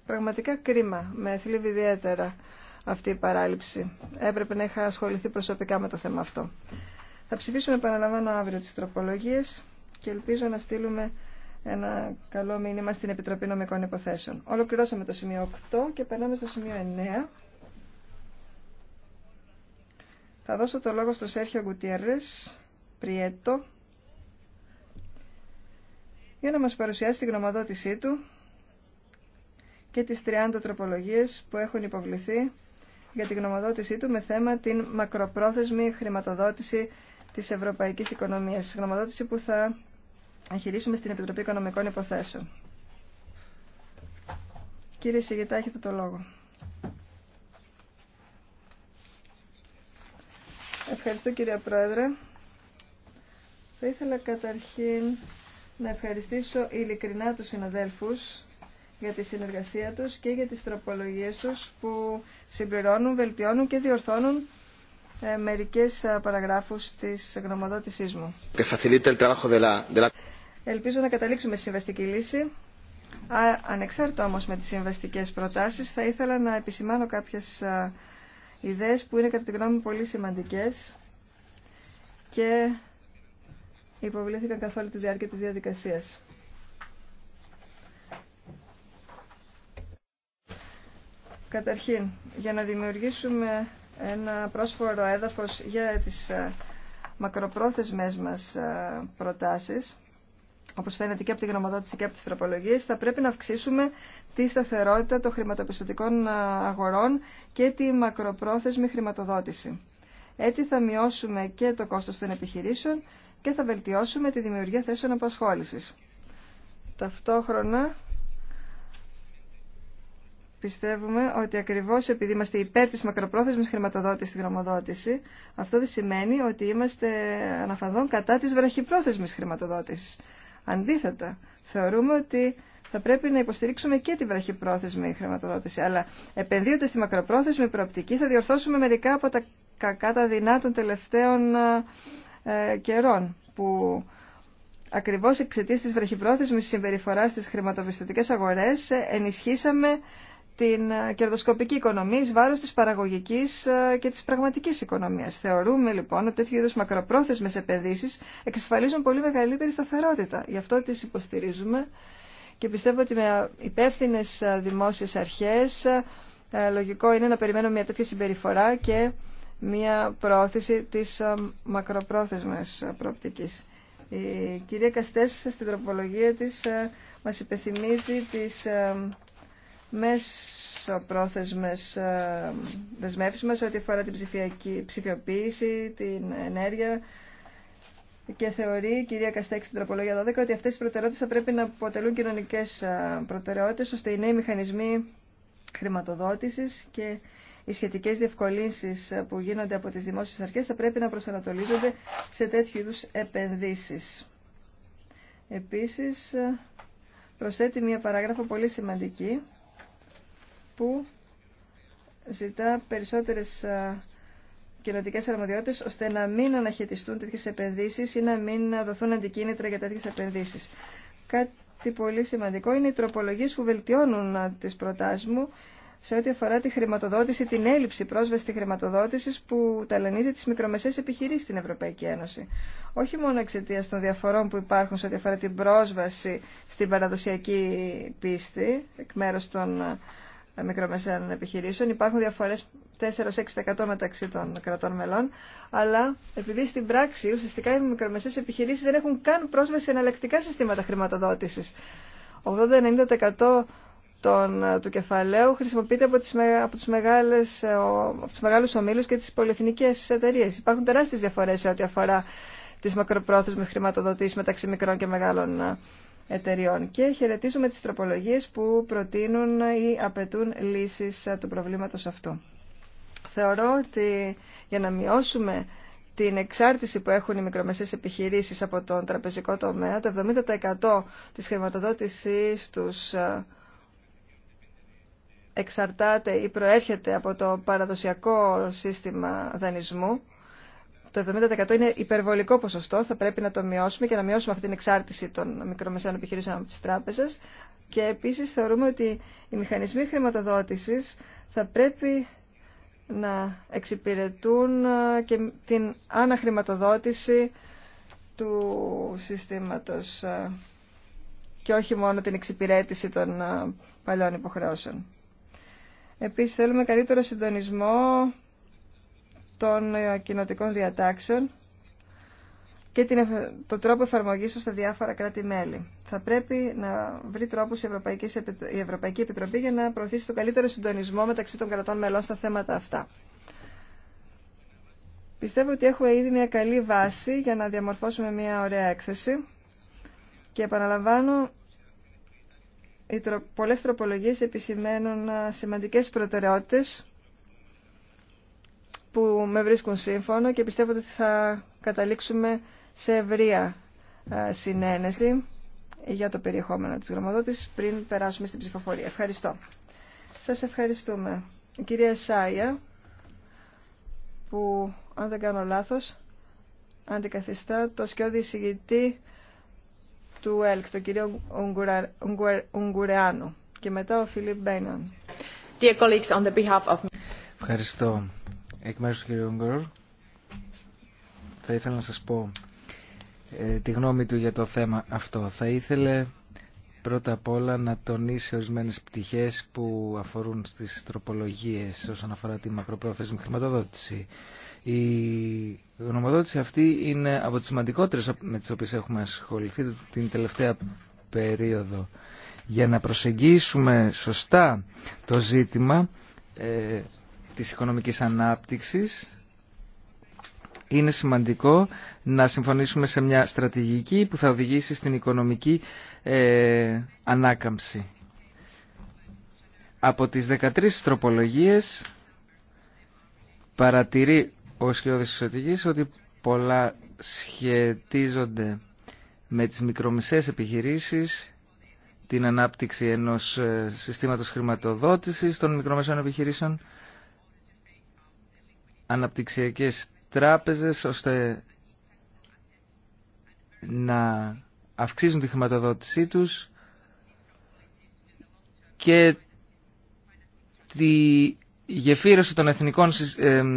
Πραγματικά κρίμα. Με θλίβει ιδιαίτερα αυτή η παράληψη. Έπρεπε να είχα ασχοληθεί προσωπικά με το θέμα αυτό. Θα ψηφίσουμε, επαναλαμβάνω, αύριο τις τροπολογίες και ελπίζω να στείλουμε ένα καλό μήνυμα στην Επιτροπή Νομικών Υποθέσεων. Ολοκληρώσαμε το σημείο 8 και περνάμε στο σημείο 9. Θα δώσω το λόγο στο Σέρχιο Γκουτιέρες, Πριέτο, για να μας παρουσιάσει την γνωμοδότησή του και τις 30 τροπολογίες που έχουν υποβληθεί για την γνωμοδότησή του με θέμα την μακροπρόθεσμη χρηματοδότηση της ευρωπαϊκής οικονομίας. Γνωμοδότηση που θα εγχειρήσουμε στην Επιτροπή Οικονομικών Υποθέσεων. Κύριε Σιγητά, έχετε το λόγο. Ευχαριστώ κύριε Πρόεδρε. Θα ήθελα καταρχήν να ευχαριστήσω ειλικρινά τους συναδέλφους για τη συνεργασία τους και για τις τροπολογίες τους που συμπληρώνουν, βελτιώνουν και διορθώνουν ε, μερικές παραγράφους της γνωμοδότησής μου. Ελπίζω να καταλήξουμε στη συμβαστική λύση. Ανεξάρτητα όμως με τις συμβαστικές προτάσεις θα ήθελα να επισημάνω κάποιες ιδέες που είναι κατά τη γνώμη μου πολύ σημαντικές και υποβλήθηκαν καθ' όλη τη διάρκεια της διαδικασίας. Καταρχήν, για να δημιουργήσουμε ένα πρόσφορο έδαφος για τις ε, μακροπρόθεσμες μας ε, προτάσεις, όπως φαίνεται και από τη γνωμοδότηση και από τις τροπολογίες, θα πρέπει να αυξήσουμε τη σταθερότητα των χρηματοπιστωτικών ε, αγορών και τη μακροπρόθεσμη χρηματοδότηση. Έτσι θα μειώσουμε και το κόστος των επιχειρήσεων και θα βελτιώσουμε τη δημιουργία θέσεων απασχόλησης. Ταυτόχρονα πιστεύουμε ότι ακριβώς επειδή είμαστε υπέρ της μακροπρόθεσμης χρηματοδότησης στη χρηματοδότηση, αυτό δεν σημαίνει ότι είμαστε αναφαδόν κατά της βραχυπρόθεσμης χρηματοδότησης. Αντίθετα, θεωρούμε ότι θα πρέπει να υποστηρίξουμε και τη βραχυπρόθεσμη χρηματοδότηση. Αλλά επενδύοντας τη μακροπρόθεσμη προοπτική θα διορθώσουμε μερικά από τα κακά τα δεινά των τελευταίων ε, καιρών που ακριβώς εξαιτίας της βραχυπρόθεσμης συμπεριφοράς στις χρηματοπιστωτικές αγορές ε, ενισχύσαμε την ε, κερδοσκοπική οικονομία εις βάρος της παραγωγικής και της πραγματικής οικονομίας. Θεωρούμε λοιπόν ότι τέτοιου είδους μακροπρόθεσμες επενδύσεις εξασφαλίζουν πολύ μεγαλύτερη σταθερότητα. Γι' αυτό τις υποστηρίζουμε και πιστεύω ότι με υπεύθυνε δημόσιες αρχές λογικό είναι να περιμένουμε μια τέτοια συμπεριφορά και μία πρόθεση της ε, μακροπρόθεσμας ε, προοπτικής. Η κυρία Καστές στην τροπολογία της ε, μας υπεθυμίζει τις μέσοπρόθεσμες δεσμεύσεις μας ό,τι αφορά την ψηφιακή, ψηφιοποίηση, την ενέργεια και θεωρεί η κυρία Καστέξη στην τροπολογία 12 ότι αυτές οι προτεραιότητες θα πρέπει να αποτελούν κοινωνικές προτεραιότητες ώστε οι νέοι μηχανισμοί χρηματοδότησης και οι σχετικέ διευκολύνσει που γίνονται από τι δημόσιε αρχέ θα πρέπει να προσανατολίζονται σε τέτοιου είδου επενδύσει. Επίση, προσθέτει μία παράγραφο πολύ σημαντική που ζητά περισσότερες κοινοτικέ αρμοδιότητε ώστε να μην αναχαιτιστούν τέτοιε επενδύσει ή να μην δοθούν αντικίνητρα για τέτοιε επενδύσει. Κάτι πολύ σημαντικό είναι οι τροπολογίε που βελτιώνουν τι προτάσει μου σε ό,τι αφορά τη χρηματοδότηση, την έλλειψη πρόσβαση στη χρηματοδότηση που ταλανίζει τι μικρομεσαίε επιχειρήσει στην Ευρωπαϊκή Ένωση. Όχι μόνο εξαιτία των διαφορών που υπάρχουν σε ό,τι αφορά την πρόσβαση στην παραδοσιακή πίστη εκ μέρου των ε, μικρομεσαίων επιχειρήσεων, υπάρχουν διαφορέ 4-6% μεταξύ των κρατών μελών, αλλά επειδή στην πράξη ουσιαστικά οι μικρομεσαίε επιχειρήσει δεν έχουν καν πρόσβαση σε εναλλακτικά συστήματα χρηματοδότηση των, ε, του κεφαλαίου χρησιμοποιείται από τις, από, τους μεγάλες, ε, από τους μεγάλους ομίλους και τις πολυεθνικές εταιρείε. Υπάρχουν τεράστιες διαφορές σε ό,τι αφορά τις μακροπρόθεσμες χρηματοδοτήσεις μεταξύ μικρών και μεγάλων ε, εταιριών και χαιρετίζουμε τις τροπολογίες που προτείνουν ή απαιτούν λύσεις του προβλήματος αυτού. Θεωρώ ότι για να μειώσουμε την εξάρτηση που έχουν οι μικρομεσαίες επιχειρήσεις από τον τραπεζικό τομέα, το 70% της χρηματοδότησής τους εξαρτάται ή προέρχεται από το παραδοσιακό σύστημα δανεισμού, το 70% είναι υπερβολικό ποσοστό, θα πρέπει να το μειώσουμε και να μειώσουμε αυτή την εξάρτηση των μικρομεσαίων επιχειρήσεων από τις τράπεζες. Και επίσης θεωρούμε ότι οι μηχανισμοί χρηματοδότησης θα πρέπει να εξυπηρετούν ε, και την αναχρηματοδότηση του συστήματος ε, και όχι μόνο την εξυπηρέτηση των ε, παλιών υποχρεώσεων. Επίσης θέλουμε καλύτερο συντονισμό των ε, κοινοτικών διατάξεων και την, το τρόπο εφαρμογής του στα διάφορα κράτη-μέλη. Θα πρέπει να βρει τρόπους η Ευρωπαϊκή, η Ευρωπαϊκή Επιτροπή για να προωθήσει το καλύτερο συντονισμό μεταξύ των κρατών μελών στα θέματα αυτά. Πιστεύω ότι έχουμε ήδη μια καλή βάση για να διαμορφώσουμε μια ωραία έκθεση και επαναλαμβάνω οι τρο, πολλές τροπολογίες επισημαίνουν σημαντικές προτεραιότητες που με βρίσκουν σύμφωνο και πιστεύω ότι θα καταλήξουμε σε ευρεία συνένεση για το περιεχόμενο της γραμματότησης πριν περάσουμε στην ψηφοφορία. Ευχαριστώ. Σας ευχαριστούμε. κυρία Σάια, που αν δεν κάνω λάθος, αντικαθιστά το σκιώδη εισηγητή του ΕΛΚ, τον κύριο Και μετά ο Φιλίπ Μπέινον. Ευχαριστώ. Εκ μέρους του κύριου Ουγγουρ, θα ήθελα να σας πω ε, τη γνώμη του για το θέμα αυτό. Θα ήθελε πρώτα απ' όλα να τονίσει ορισμένε πτυχές που αφορούν στις τροπολογίες όσον αφορά τη μακροπρόθεσμη χρηματοδότηση. Η γνωμοδότηση αυτή είναι από τις σημαντικότερες με τις οποίες έχουμε ασχοληθεί την τελευταία περίοδο. Για να προσεγγίσουμε σωστά το ζήτημα ε, της οικονομικής ανάπτυξης είναι σημαντικό να συμφωνήσουμε σε μια στρατηγική που θα οδηγήσει στην οικονομική ε, ανάκαμψη. Από τις 13 τροπολογίες παρατηρεί ο σκιώδης εξωτικής ότι πολλά σχετίζονται με τις μικρομεσαίες επιχειρήσεις, την ανάπτυξη ενός ε, συστήματος χρηματοδότησης των μικρομεσαίων επιχειρήσεων, αναπτυξιακές τράπεζες ώστε να αυξήσουν τη χρηματοδότησή τους και τη η γεφύρωση των εθνικών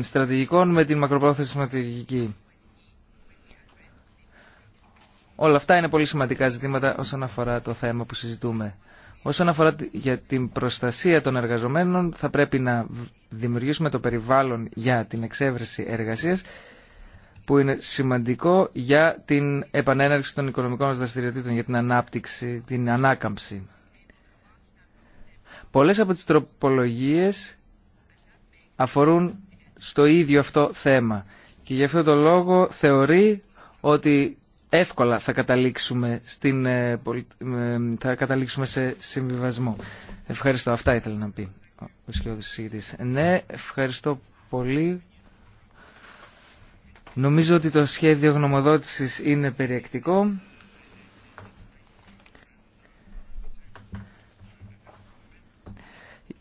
στρατηγικών με την μακροπρόθεση στρατηγική. Όλα αυτά είναι πολύ σημαντικά ζητήματα όσον αφορά το θέμα που συζητούμε. Όσον αφορά για την προστασία των εργαζομένων θα πρέπει να δημιουργήσουμε το περιβάλλον για την εξέβρεση εργασίας που είναι σημαντικό για την επανέναρξη των οικονομικών δραστηριοτήτων, για την ανάπτυξη, την ανάκαμψη. Πολλές από τις τροπολογίες αφορούν στο ίδιο αυτό θέμα. Και γι' αυτό το λόγο θεωρεί ότι εύκολα θα καταλήξουμε, στην, ε, ε, θα καταλήξουμε σε συμβιβασμό. Ευχαριστώ. Αυτά ήθελα να πει ο Σκιώδης Συγητής. Ναι, ευχαριστώ πολύ. Νομίζω ότι το σχέδιο γνωμοδότησης είναι περιεκτικό.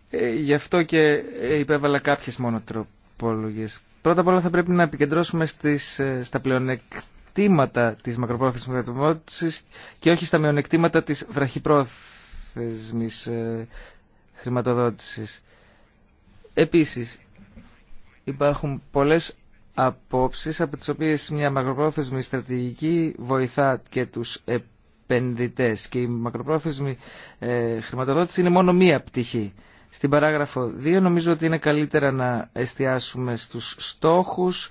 Ε, γι' αυτό και ε, υπέβαλα κάποιες μόνο τροπολογίες. Πρώτα απ' όλα θα πρέπει να επικεντρώσουμε στις, ε, στα πλεονεκτήματα της μακροπρόθεσμης χρηματοδότησης και όχι στα μειονεκτήματα της βραχυπρόθεσμης χρηματοδότησης. Επίσης, υπάρχουν πολλές απόψεις από τις οποίες μια μακροπρόθεσμη στρατηγική βοηθά και τους επενδυτές και η μακροπρόθεσμη χρηματοδότηση είναι μόνο μία πτυχή στην παράγραφο 2 νομίζω ότι είναι καλύτερα να εστιάσουμε στους στόχους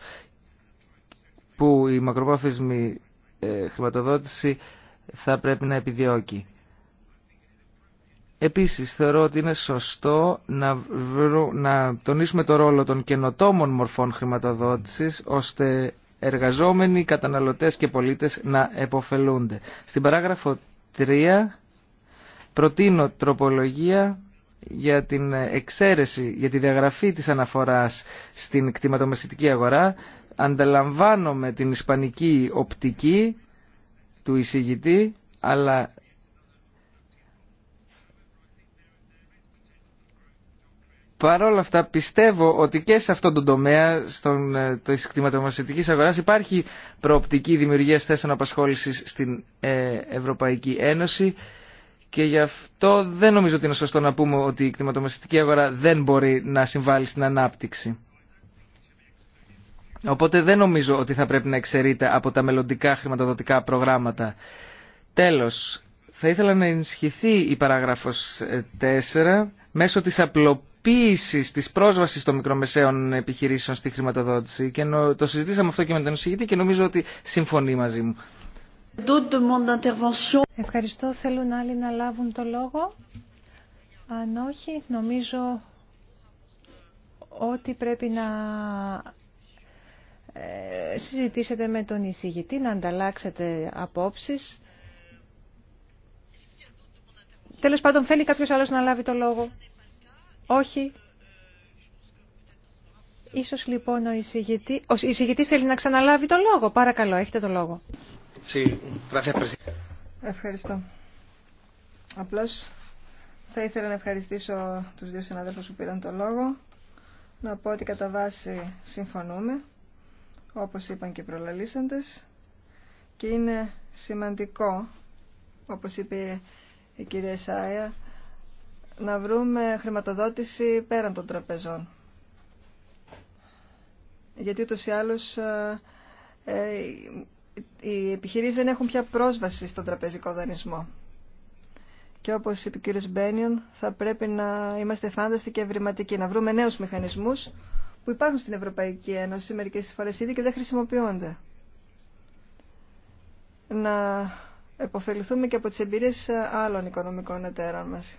που η μακροπρόθεσμη ε, χρηματοδότηση θα πρέπει να επιδιώκει. Επίσης θεωρώ ότι είναι σωστό να, να τονίσουμε το ρόλο των καινοτόμων μορφών χρηματοδότησης ώστε εργαζόμενοι, καταναλωτές και πολίτες να επωφελούνται. Στην παράγραφο 3 προτείνω τροπολογία για την εξαίρεση, για τη διαγραφή της αναφοράς στην κτηματομεσητική αγορά, ανταλαμβάνομαι την ισπανική οπτική του εισηγητή, αλλά παρόλα αυτά πιστεύω ότι και σε αυτόν τον τομέα στον, ε, της αγορά αγοράς υπάρχει προοπτική δημιουργίας θέσεων απασχόλησης στην ε, Ευρωπαϊκή Ένωση και γι' αυτό δεν νομίζω ότι είναι σωστό να πούμε ότι η κτηματομεσιστική αγορά δεν μπορεί να συμβάλλει στην ανάπτυξη. Οπότε δεν νομίζω ότι θα πρέπει να εξαιρείται από τα μελλοντικά χρηματοδοτικά προγράμματα. Τέλος, θα ήθελα να ενισχυθεί η παράγραφος 4 μέσω της απλοποίησης της πρόσβασης των μικρομεσαίων επιχειρήσεων στη χρηματοδότηση. Και το συζητήσαμε αυτό και με τον εισηγητή και νομίζω ότι συμφωνεί μαζί μου. Ευχαριστώ. Θέλουν άλλοι να λάβουν το λόγο. Αν όχι, νομίζω ότι πρέπει να ε, συζητήσετε με τον εισηγητή, να ανταλλάξετε απόψεις. Τέλος πάντων, θέλει κάποιος άλλος να λάβει το λόγο. Όχι. Ίσως λοιπόν ο εισηγητής, ο εισηγητής θέλει να ξαναλάβει το λόγο. Παρακαλώ, έχετε το λόγο. Ευχαριστώ. Απλώς θα ήθελα να ευχαριστήσω τους δύο συναδέλφους που πήραν το λόγο. Να πω ότι κατά βάση συμφωνούμε, όπως είπαν και οι προλαλήσαντες. Και είναι σημαντικό, όπως είπε η κυρία Σάια, να βρούμε χρηματοδότηση πέραν των τραπεζών. Γιατί ούτως ή άλλως ε, οι επιχειρήσεις δεν έχουν πια πρόσβαση στον τραπεζικό δανεισμό. Και όπως είπε ο κύριος Μπένιον, θα πρέπει να είμαστε φάνταστοι και ευρηματικοί, να βρούμε νέους μηχανισμούς που υπάρχουν στην Ευρωπαϊκή Ένωση μερικές φορές ήδη και δεν χρησιμοποιούνται. Να επωφεληθούμε και από τις εμπειρίες άλλων οικονομικών εταίρων μας.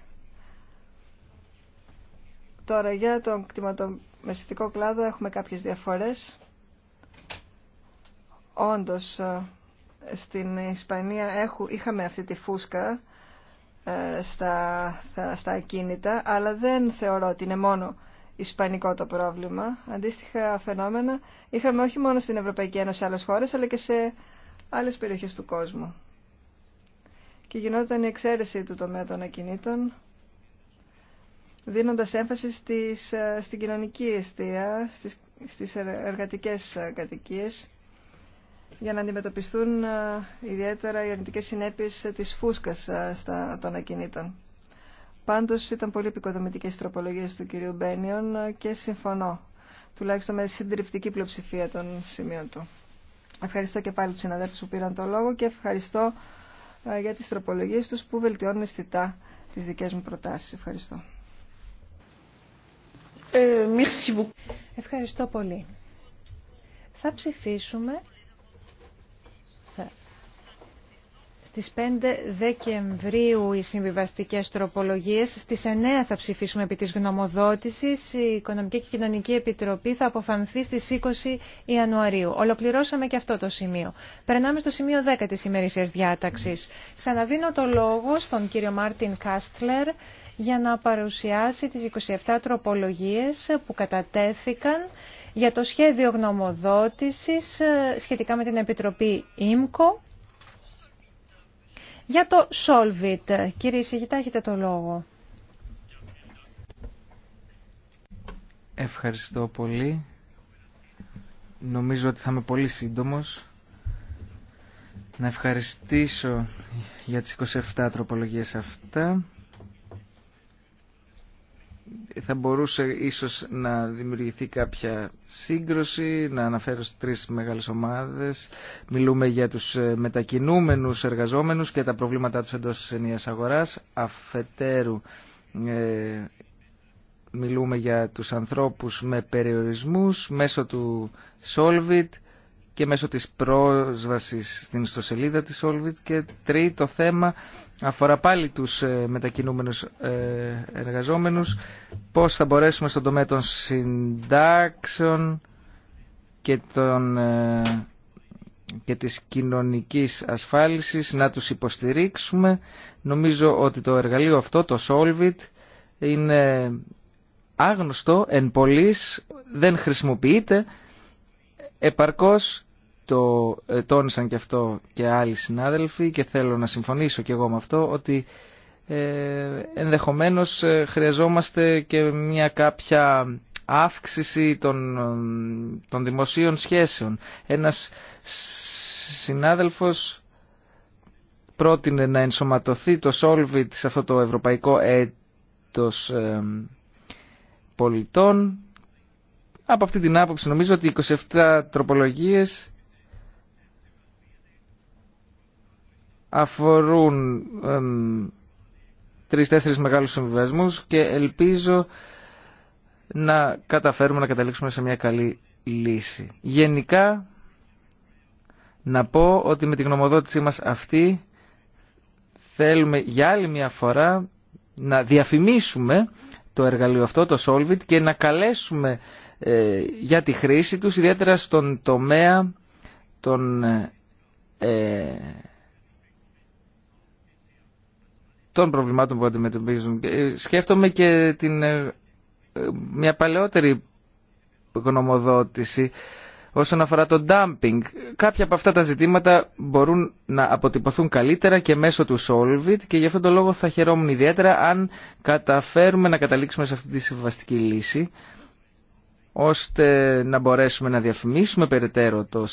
Τώρα για τον κτηματομεσητικό κλάδο έχουμε κάποιες διαφορές. Όντως, ε, στην Ισπανία είχαμε αυτή τη φούσκα ε, στα, στα ακίνητα, αλλά δεν θεωρώ ότι είναι μόνο ισπανικό το πρόβλημα. Αντίστοιχα φαινόμενα είχαμε όχι μόνο στην Ευρωπαϊκή Ένωση, σε άλλες χώρες, αλλά και σε άλλες περιοχές του κόσμου. Και γινόταν η εξαίρεση του τομέα των ακινήτων, δίνοντας έμφαση στις, ε, στην κοινωνική αιστεία, στις, στις εργατικές κατοικίες, για να αντιμετωπιστούν ε, ιδιαίτερα οι αρνητικές συνέπειες της φούσκας ε, στα, των ακινήτων. Πάντως ήταν πολύ επικοδομητικές οι τροπολογίες του κυρίου Μπένιον ε, και συμφωνώ, τουλάχιστον με συντριπτική πλειοψηφία των σημείων του. Ευχαριστώ και πάλι τους συναδέλφους που πήραν το λόγο και ευχαριστώ για τις τροπολογίες τους που βελτιώνουν αισθητά τις δικές μου προτάσεις. Ευχαριστώ. Ευχαριστώ πολύ. Θα ψηφίσουμε Στις 5 Δεκεμβρίου οι συμβιβαστικές τροπολογίες. Στις 9 θα ψηφίσουμε επί της γνωμοδότησης. Η Οικονομική και Κοινωνική Επιτροπή θα αποφανθεί στις 20 Ιανουαρίου. Ολοκληρώσαμε και αυτό το σημείο. Περνάμε στο σημείο 10 της ημερησίας διάταξης. Ξαναδίνω το λόγο στον κύριο Μάρτιν Κάστλερ για να παρουσιάσει τις 27 τροπολογίες που κατατέθηκαν για το σχέδιο γνωμοδότησης ε, σχετικά με την Επιτροπή ΙΜΚΟ για το Solvit, κύριε Σιγητά, έχετε το λόγο. Ευχαριστώ πολύ. Νομίζω ότι θα είμαι πολύ σύντομος. Να ευχαριστήσω για τις 27 τροπολογίες αυτά θα μπορούσε ίσως να δημιουργηθεί κάποια σύγκρουση, να αναφέρω στις τρεις μεγάλες ομάδες. Μιλούμε για τους ε, μετακινούμενους εργαζόμενους και τα προβλήματά τους εντός της ενίας αγοράς. Αφετέρου ε, μιλούμε για τους ανθρώπους με περιορισμούς μέσω του Solvit και μέσω της πρόσβασης στην ιστοσελίδα της Solvit και τρίτο θέμα αφορά πάλι τους ε, μετακινούμενους ε, εργαζόμενους πώς θα μπορέσουμε στον τομέα των συντάξεων και, των, ε, και της κοινωνικής ασφάλισης να τους υποστηρίξουμε νομίζω ότι το εργαλείο αυτό το Solvit είναι άγνωστο εν πολλής δεν χρησιμοποιείται επαρκώς το ε, τόνισαν και αυτό και άλλοι συνάδελφοι και θέλω να συμφωνήσω και εγώ με αυτό ότι ε, ενδεχομένως ε, χρειαζόμαστε και μια κάποια αύξηση των, ε, των δημοσίων σχέσεων. Ένας συνάδελφος πρότεινε να ενσωματωθεί το Solvit σε αυτό το ευρωπαϊκό έτος πολιτών. Από αυτή την άποψη νομίζω ότι 27 τροπολογίες αφορούν τρεις-τέσσερις μεγάλους συμβιβασμούς και ελπίζω να καταφέρουμε να καταλήξουμε σε μια καλή λύση. Γενικά να πω ότι με την γνωμοδότησή μας αυτή θέλουμε για άλλη μια φορά να διαφημίσουμε το εργαλείο αυτό, το Solvit, και να καλέσουμε ε, για τη χρήση τους, ιδιαίτερα στον τομέα των ε, των προβλημάτων που αντιμετωπίζουν. Ε, σκέφτομαι και την, ε, ε, μια παλαιότερη γνωμοδότηση όσον αφορά το dumping. Κάποια από αυτά τα ζητήματα μπορούν να αποτυπωθούν καλύτερα και μέσω του Solvit και γι' αυτόν τον λόγο θα χαιρόμουν ιδιαίτερα αν καταφέρουμε να καταλήξουμε σε αυτή τη συμβαστική λύση ώστε να μπορέσουμε να διαφημίσουμε περαιτέρω το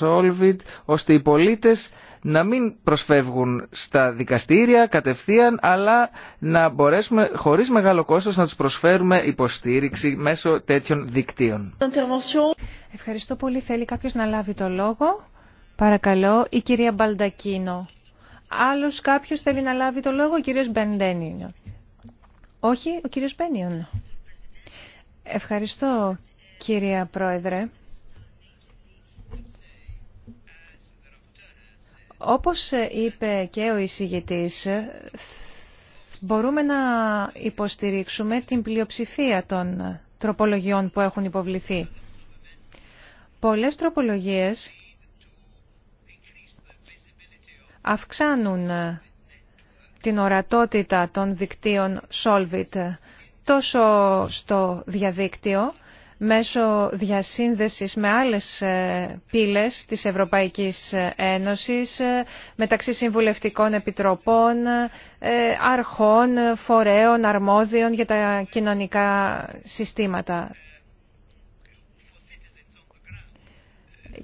Solvit, ώστε οι πολίτες να μην προσφεύγουν στα δικαστήρια κατευθείαν αλλά να μπορέσουμε χωρίς μεγάλο κόστος να τους προσφέρουμε υποστήριξη μέσω τέτοιων δικτύων. Ευχαριστώ πολύ. Θέλει κάποιος να λάβει το λόγο. Παρακαλώ, η κυρία Μπαλντακίνο. Άλλος κάποιος θέλει να λάβει το λόγο, ο κύριος Μπεντένιον. Όχι, ο κύριος Μπένιον. Ευχαριστώ, κυρία Πρόεδρε. Όπως ε, είπε και ο εισηγητής, ε, μπορούμε να υποστηρίξουμε την πλειοψηφία των ε, τροπολογιών που έχουν υποβληθεί. Πολλές τροπολογίες αυξάνουν την ορατότητα των δικτύων Solvit τόσο στο διαδίκτυο μέσω διασύνδεσης με άλλες ε, πύλες της Ευρωπαϊκής Ένωσης, ε, μεταξύ συμβουλευτικών επιτροπών, ε, αρχών, φορέων, αρμόδιων για τα κοινωνικά συστήματα.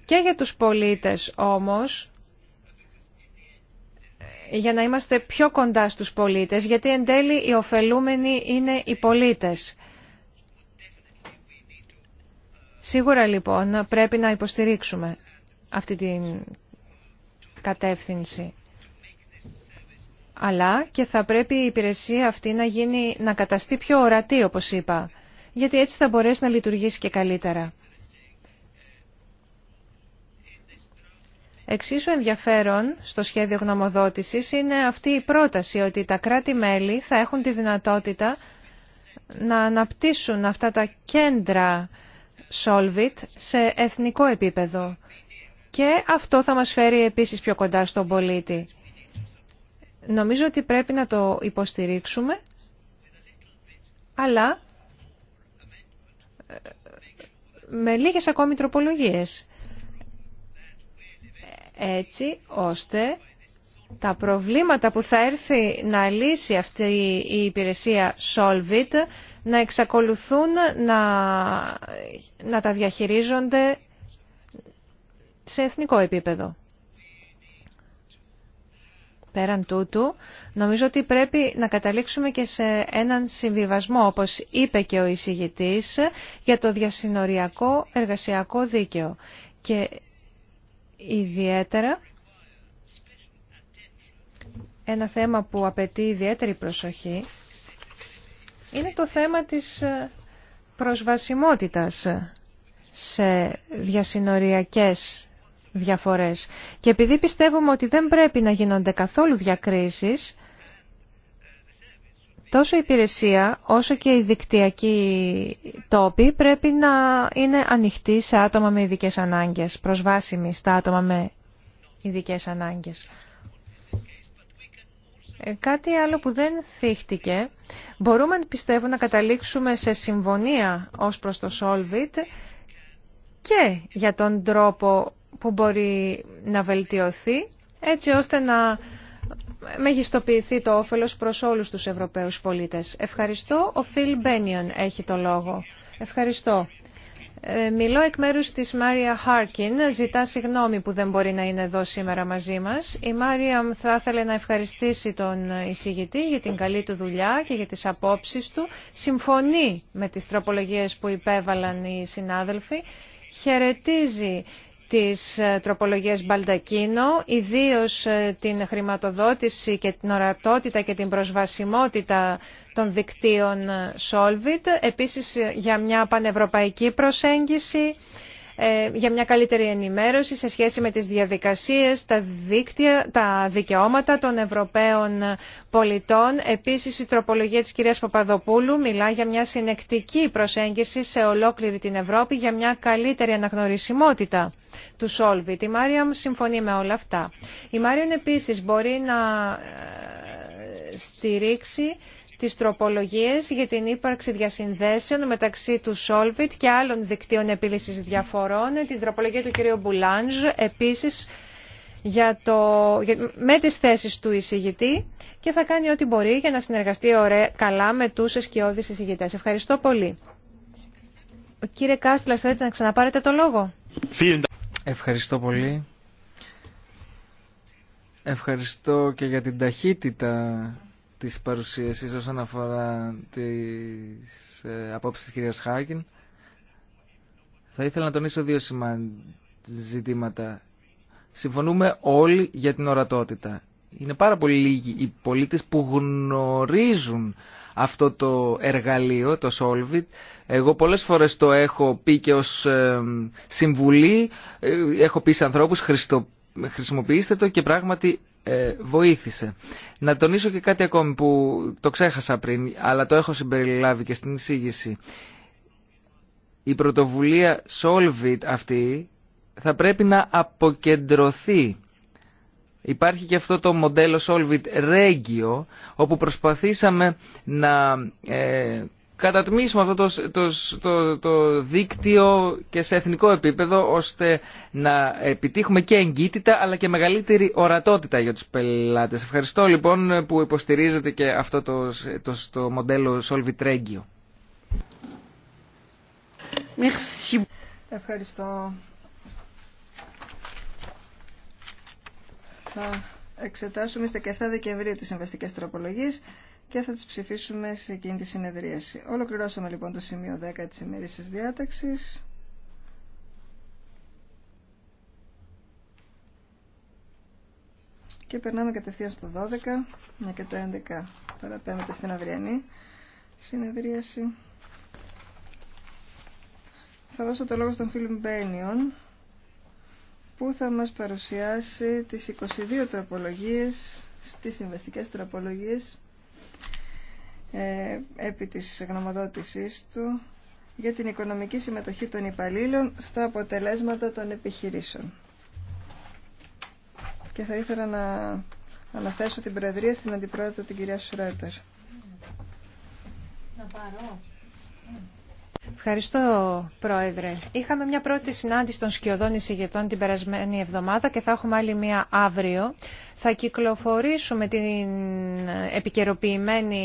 Και για τους πολίτες όμως, για να είμαστε πιο κοντά στους πολίτες, γιατί εν τέλει οι ωφελούμενοι είναι οι πολίτες. Σίγουρα λοιπόν πρέπει να υποστηρίξουμε αυτή την κατεύθυνση. Αλλά και θα πρέπει η υπηρεσία αυτή να, γίνει, να καταστεί πιο ορατή, όπως είπα, γιατί έτσι θα μπορέσει να λειτουργήσει και καλύτερα. Εξίσου ενδιαφέρον στο σχέδιο γνωμοδότησης είναι αυτή η πρόταση ότι τα κράτη-μέλη θα έχουν τη δυνατότητα να αναπτύσσουν αυτά τα κέντρα Solvit σε εθνικό επίπεδο. Και αυτό θα μας φέρει επίσης πιο κοντά στον πολίτη. Νομίζω ότι πρέπει να το υποστηρίξουμε, αλλά ε, με λίγες ακόμη τροπολογίες. Έτσι ώστε τα προβλήματα που θα έρθει να λύσει αυτή η υπηρεσία Solvit να εξακολουθούν να, τα διαχειρίζονται σε εθνικό επίπεδο. Πέραν τούτου, νομίζω ότι πρέπει να καταλήξουμε και σε έναν συμβιβασμό, όπως είπε και ο εισηγητής, για το διασυνοριακό εργασιακό δίκαιο. Και ιδιαίτερα ένα θέμα που απαιτεί ιδιαίτερη προσοχή είναι το θέμα της ε, προσβασιμότητας σε διασυνοριακές διαφορές. Και επειδή πιστεύουμε ότι δεν πρέπει να γίνονται καθόλου διακρίσεις, τόσο η υπηρεσία όσο και οι δικτυακοί τόποι πρέπει να είναι ανοιχτοί σε άτομα με ειδικές ανάγκες, προσβάσιμοι στα άτομα με ειδικές ανάγκες. Ε, κάτι άλλο που δεν θύχτηκε, μπορούμε πιστεύω να καταλήξουμε σε συμφωνία ως προς το Solvit και για τον τρόπο που μπορεί να βελτιωθεί έτσι ώστε να μεγιστοποιηθεί το όφελος προς όλους τους Ευρωπαίους πολίτες. Ευχαριστώ. Ο Φιλ Μπένιον έχει το λόγο. Ευχαριστώ. Ε, μιλώ εκ μέρους της Μάρια Χάρκιν. Ζητά συγγνώμη που δεν μπορεί να είναι εδώ σήμερα μαζί μας. Η Μάρια θα ήθελε να ευχαριστήσει τον εισηγητή για την καλή του δουλειά και για τις απόψεις του. Συμφωνεί με τις τροπολογίες που υπέβαλαν οι συνάδελφοι. Χαιρετίζει τις ε, τροπολογίες Μπαλτακίνο, ιδίως ε, την χρηματοδότηση και την ορατότητα και την προσβασιμότητα των δικτύων ε, Solvit, επίσης για μια πανευρωπαϊκή προσέγγιση ε, για μια καλύτερη ενημέρωση σε σχέση με τις διαδικασίες, τα, δίκτυα, τα δικαιώματα των Ευρωπαίων πολιτών. Επίσης, η τροπολογία της κυρίας Παπαδοπούλου μιλά για μια συνεκτική προσέγγιση σε ολόκληρη την Ευρώπη για μια καλύτερη αναγνωρισιμότητα του Solvit. Η Μάρια συμφωνεί με όλα αυτά. Η Μάρια, επίσης μπορεί να ε, στηρίξει τις τροπολογίες για την ύπαρξη διασυνδέσεων μεταξύ του Solvit και άλλων δικτύων επίλυσης διαφορών, την τροπολογία του κ. Μπουλάνζ, επίσης για το, με τις θέσεις του εισηγητή και θα κάνει ό,τι μπορεί για να συνεργαστεί ωραία, καλά με τους εσκιώδεις εισηγητές. Ευχαριστώ πολύ. κύριε Κάστλα, θέλετε να ξαναπάρετε το λόγο. Ευχαριστώ πολύ. Ευχαριστώ και για την ταχύτητα της παρουσίασης όσον αφορά τις ε, απόψεις της κυρίας Χάκιν. Θα ήθελα να τονίσω δύο ζητήματα. Συμφωνούμε όλοι για την ορατότητα. Είναι πάρα πολύ λίγοι οι πολίτες που γνωρίζουν αυτό το εργαλείο, το Solvit. Εγώ πολλές φορές το έχω πει και ως ε, συμβουλή, ε, έχω πει σε ανθρώπους χρησιμοποιήστε το και πράγματι ε, βοήθησε. Να τονίσω και κάτι ακόμη που το ξέχασα πριν, αλλά το έχω συμπεριλάβει και στην εισήγηση. Η πρωτοβουλία Solvit αυτή θα πρέπει να αποκεντρωθεί. Υπάρχει και αυτό το μοντέλο Solvit Regio, όπου προσπαθήσαμε να ε, κατατμήσουμε αυτό το, το, το, δίκτυο και σε εθνικό επίπεδο ώστε να επιτύχουμε και εγκύτητα αλλά και μεγαλύτερη ορατότητα για τους πελάτες. Ευχαριστώ λοιπόν που υποστηρίζετε και αυτό το, το, το μοντέλο Solvitregio. Ευχαριστώ. Θα εξετάσουμε στα 17 Δεκεμβρίου τις συμβαστικές τροπολογίες και θα τις ψηφίσουμε σε εκείνη τη συνεδρίαση. Ολοκληρώσαμε λοιπόν το σημείο 10 της ημέρης της διάταξης. Και περνάμε κατευθείαν στο 12, μια και το 11 παραπέμπεται στην αυριανή συνεδρίαση. Θα δώσω το λόγο στον φίλο Μπένιον που θα μας παρουσιάσει τις 22 τροπολογίες, στις συμβαστικές τροπολογίες ε, επί της γνωμοδότησής του για την οικονομική συμμετοχή των υπαλλήλων στα αποτελέσματα των επιχειρήσεων. Και θα ήθελα να αναθέσω την Προεδρία στην Αντιπρόεδρο την κυρία Σουρέτερ. Να Ευχαριστώ, Πρόεδρε. Είχαμε μια πρώτη συνάντηση των σκιωδών εισηγητών την περασμένη εβδομάδα και θα έχουμε άλλη μια αύριο. Θα κυκλοφορήσουμε την επικαιροποιημένη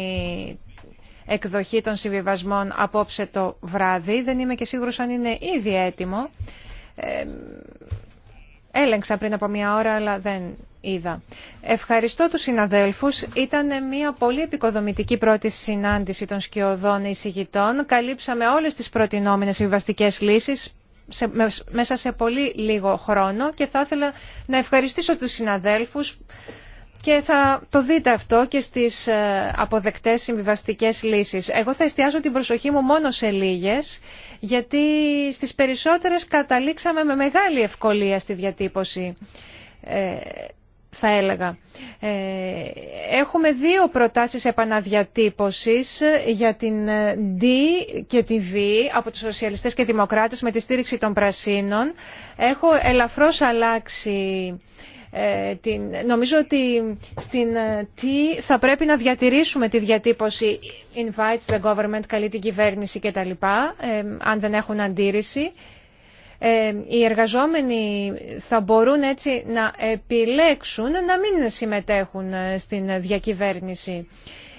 εκδοχή των συμβιβασμών απόψε το βράδυ. Δεν είμαι και σίγουρος αν είναι ήδη έτοιμο. Ε, Έλεγξα πριν από μια ώρα, αλλά δεν είδα. Ευχαριστώ τους συναδέλφους. Ήταν μια πολύ επικοδομητική πρώτη συνάντηση των σκιωδών εισηγητών. Καλύψαμε όλες τις προτινόμενες συμβαστικές λύσεις μέσα σε πολύ λίγο χρόνο και θα ήθελα να ευχαριστήσω τους συναδέλφους και θα το δείτε αυτό και στις ε, αποδεκτές συμβιβαστικές λύσεις. Εγώ θα εστιάσω την προσοχή μου μόνο σε λίγες, γιατί στις περισσότερες καταλήξαμε με μεγάλη ευκολία στη διατύπωση. Ε, θα έλεγα. Ε, έχουμε δύο προτάσεις επαναδιατύπωσης για την ε, D και τη V από τους σοσιαλιστές και δημοκράτες με τη στήριξη των πρασίνων. Έχω ελαφρώς αλλάξει ε, την... Νομίζω ότι στην T θα πρέπει να διατηρήσουμε τη διατύπωση invites the government, «Καλή την κυβέρνηση κτλ. αν δεν έχουν αντίρρηση. Ε, οι εργαζόμενοι θα μπορούν έτσι να επιλέξουν να μην συμμετέχουν ε, στην διακυβέρνηση.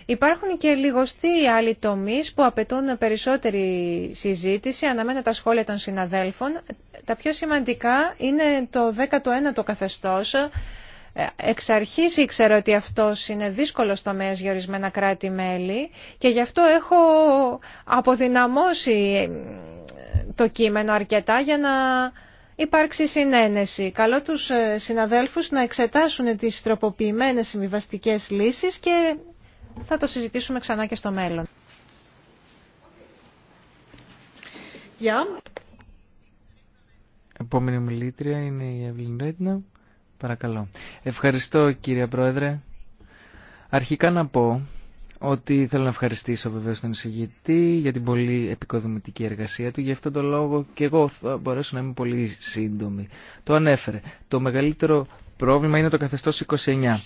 Υπάρχουν και λιγοστοί άλλοι τομεί που απαιτούν περισσότερη συζήτηση. Αναμένω τα σχόλια των συναδέλφων. Τα πιο σημαντικά είναι το 19ο καθεστώ. Ε, εξ αρχή ήξερα ότι αυτό είναι δύσκολος τομέα για ορισμένα κράτη-μέλη και γι' αυτό έχω αποδυναμώσει το κείμενο αρκετά για να υπάρξει συνένεση. Καλώ τους ε, συναδέλφους να εξετάσουν τις τροποποιημένες συμβιβαστικέ λύσεις και θα το συζητήσουμε ξανά και στο μέλλον. Yeah. Επόμενη μιλήτρια είναι η Εύλην Παρακαλώ. Ευχαριστώ κύριε Πρόεδρε. Αρχικά να πω ότι θέλω να ευχαριστήσω βεβαίως τον εισηγητή για την πολύ επικοδομητική εργασία του. Γι' αυτόν τον λόγο και εγώ θα μπορέσω να είμαι πολύ σύντομη. Το ανέφερε. Το μεγαλύτερο πρόβλημα είναι το καθεστώς 29.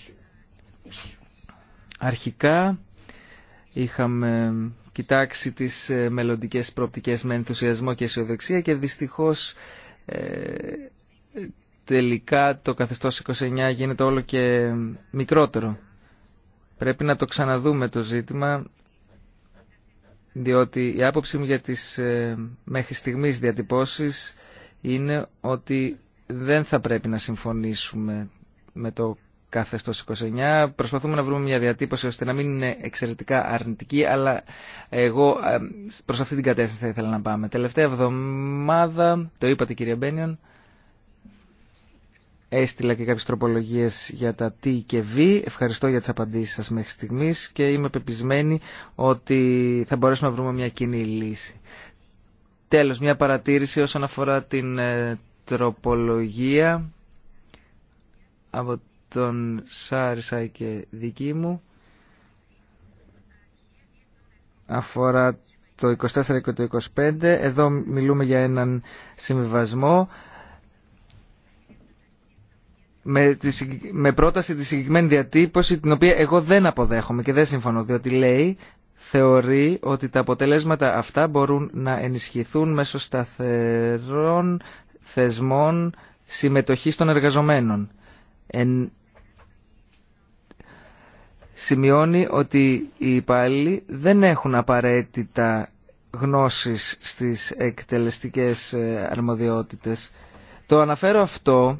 Αρχικά είχαμε κοιτάξει τις ε, μελλοντικές προοπτικές με ενθουσιασμό και αισιοδοξία και δυστυχώς ε, τελικά το καθεστώς 29 γίνεται όλο και μικρότερο Πρέπει να το ξαναδούμε το ζήτημα, διότι η άποψή μου για τις ε, μέχρι στιγμής διατυπώσεις είναι ότι δεν θα πρέπει να συμφωνήσουμε με το καθεστώς 29. Προσπαθούμε να βρούμε μια διατύπωση ώστε να μην είναι εξαιρετικά αρνητική, αλλά εγώ ε, προς αυτή την κατεύθυνση θα ήθελα να πάμε. Τελευταία εβδομάδα, το είπατε κύριε Μπένιον, Έστειλα και κάποιες τροπολογίες για τα T και V. Ευχαριστώ για τις απαντήσεις σας μέχρι στιγμής και είμαι πεπισμένη ότι θα μπορέσουμε να βρούμε μια κοινή λύση. Τέλος, μια παρατήρηση όσον αφορά την ε, τροπολογία από τον Σάρισα και δική μου αφορά το 24 και το 25. Εδώ μιλούμε για έναν συμβιβασμό με, πρόταση τη συγκεκριμένη διατύπωση την οποία εγώ δεν αποδέχομαι και δεν συμφωνώ διότι λέει θεωρεί ότι τα αποτελέσματα αυτά μπορούν να ενισχυθούν μέσω σταθερών θεσμών συμμετοχής των εργαζομένων. Εν... Σημειώνει ότι οι υπάλληλοι δεν έχουν απαραίτητα γνώσεις στις εκτελεστικές ε, αρμοδιότητες. Το αναφέρω αυτό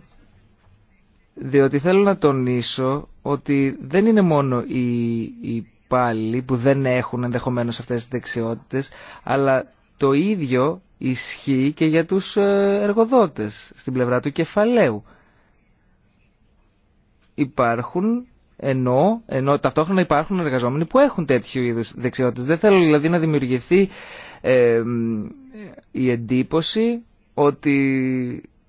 διότι θέλω να τονίσω ότι δεν είναι μόνο οι, υπάλληλοι πάλι που δεν έχουν ενδεχομένως αυτές τις δεξιότητες, αλλά το ίδιο ισχύει και για τους ε, εργοδότες στην πλευρά του κεφαλαίου. Υπάρχουν ενώ, ενώ ταυτόχρονα υπάρχουν εργαζόμενοι που έχουν τέτοιου είδους δεξιότητες. Δεν θέλω δηλαδή να δημιουργηθεί ε, η εντύπωση ότι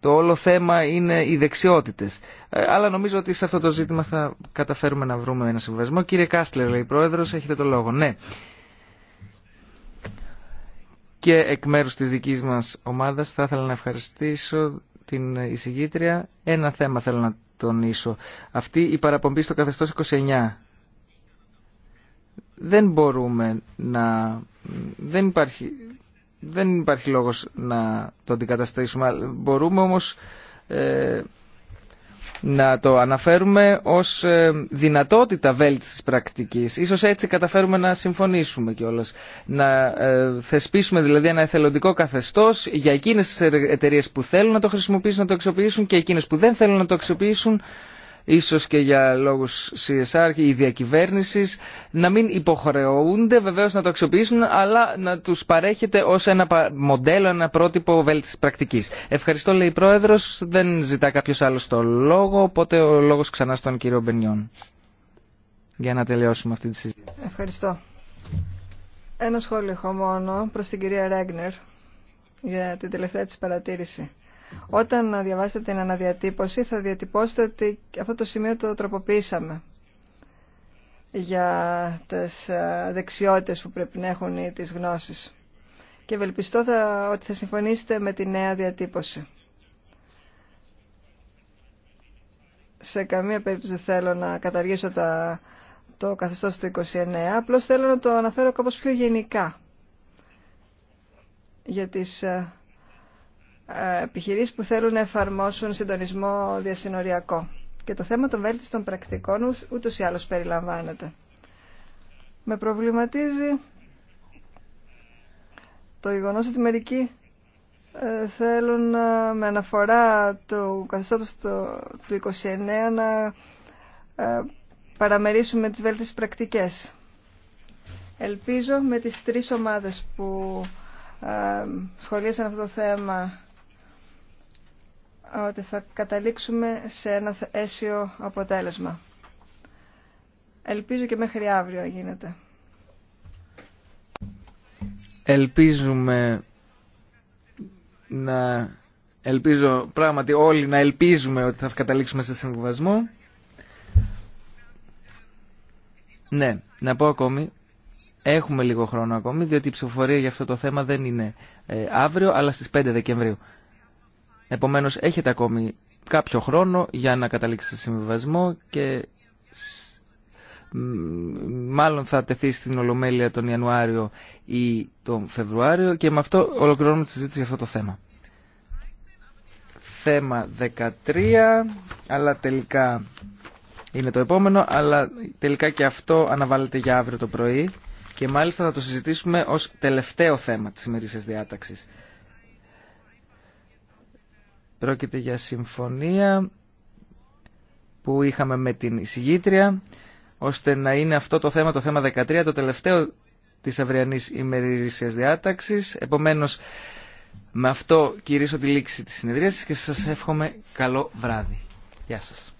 το όλο θέμα είναι οι δεξιότητες. Ε, αλλά νομίζω ότι σε αυτό το ζήτημα θα καταφέρουμε να βρούμε ένα συμβασμό. Κύριε Κάστλερ, λέει πρόεδρος, έχετε το λόγο. Ναι. Και εκ μέρου τη δικής μας ομάδας θα ήθελα να ευχαριστήσω την εισηγήτρια. Ένα θέμα θέλω να τονίσω. Αυτή η παραπομπή στο καθεστώς 29. Δεν μπορούμε να... Δεν υπάρχει δεν υπάρχει λόγος να το αντικαταστήσουμε. Μπορούμε όμως ε, να το αναφέρουμε ως ε, δυνατότητα βέλτιστης πρακτικής. Ίσως έτσι καταφέρουμε να συμφωνήσουμε κιόλας. Να ε, θεσπίσουμε δηλαδή ένα εθελοντικό καθεστώς για εκείνες τις εταιρείες που θέλουν να το χρησιμοποιήσουν, να το αξιοποιήσουν και εκείνες που δεν θέλουν να το αξιοποιήσουν ίσως και για λόγους CSR ή διακυβέρνησης, να μην υποχρεούνται βεβαίως να το αξιοποιήσουν, αλλά να τους παρέχεται ως ένα μοντέλο, ένα πρότυπο βέλτιστης πρακτικής. Ευχαριστώ, λέει η Πρόεδρος, δεν ζητά κάποιος άλλος το λόγο, οπότε ο λόγος ξανά στον κύριο Μπενιόν. Για να τελειώσουμε αυτή τη συζήτηση. Ευχαριστώ. Ένα σχόλιο έχω μόνο προς την κυρία Ρέγνερ για την τελευταία της παρατήρηση. Όταν διαβάσετε την αναδιατύπωση θα διατυπώσετε ότι αυτό το σημείο το τροποποίησαμε για τις ε, δεξιότητες που πρέπει να έχουν οι τις γνώσεις. Και ευελπιστώ ότι θα συμφωνήσετε με τη νέα διατύπωση. Σε καμία περίπτωση θέλω να καταργήσω το καθεστώς του 29, απλώς θέλω να το αναφέρω κάπως πιο γενικά για τις ε, ε, επιχειρήσεις που θέλουν να εφαρμόσουν συντονισμό διασυνοριακό. Και το θέμα των βέλτιστων πρακτικών ούτω ή άλλως περιλαμβάνεται. Με προβληματίζει το γεγονό ότι μερικοί ε, θέλουν ε, με αναφορά του καθεστώτος του 29 να παραμερίσουμε τις βέλτιστες πρακτικές. Ελπίζω με τις τρεις ομάδες που σχολίασαν αυτό το θέμα ότι θα καταλήξουμε σε ένα αίσιο αποτέλεσμα. Ελπίζω και μέχρι αύριο γίνεται. Ελπίζουμε να... Ελπίζω πράγματι όλοι να ελπίζουμε ότι θα καταλήξουμε σε συμβουβασμό. Ναι, να πω ακόμη, έχουμε λίγο χρόνο ακόμη, διότι η ψηφοφορία για αυτό το θέμα δεν είναι ε, αύριο, αλλά στις 5 Δεκεμβρίου. Επομένως έχετε ακόμη κάποιο χρόνο για να καταλήξετε σε συμβιβασμό και μάλλον θα τεθεί στην Ολομέλεια τον Ιανουάριο ή τον Φεβρουάριο και με αυτό ολοκληρώνουμε τη συζήτηση για αυτό το θέμα. Θέμα 13, αλλά τελικά είναι το επόμενο, αλλά τελικά και αυτό αναβάλλεται για αύριο το πρωί και μάλιστα θα το συζητήσουμε ως τελευταίο θέμα της ημερήσιας διάταξης. Πρόκειται για συμφωνία που είχαμε με την εισηγήτρια, ώστε να είναι αυτό το θέμα, το θέμα 13, το τελευταίο της αυριανής ημερήσιας διάταξης. Επομένως, με αυτό κηρύσω τη λήξη της συνεδρίασης και σας εύχομαι καλό βράδυ. Γεια σας.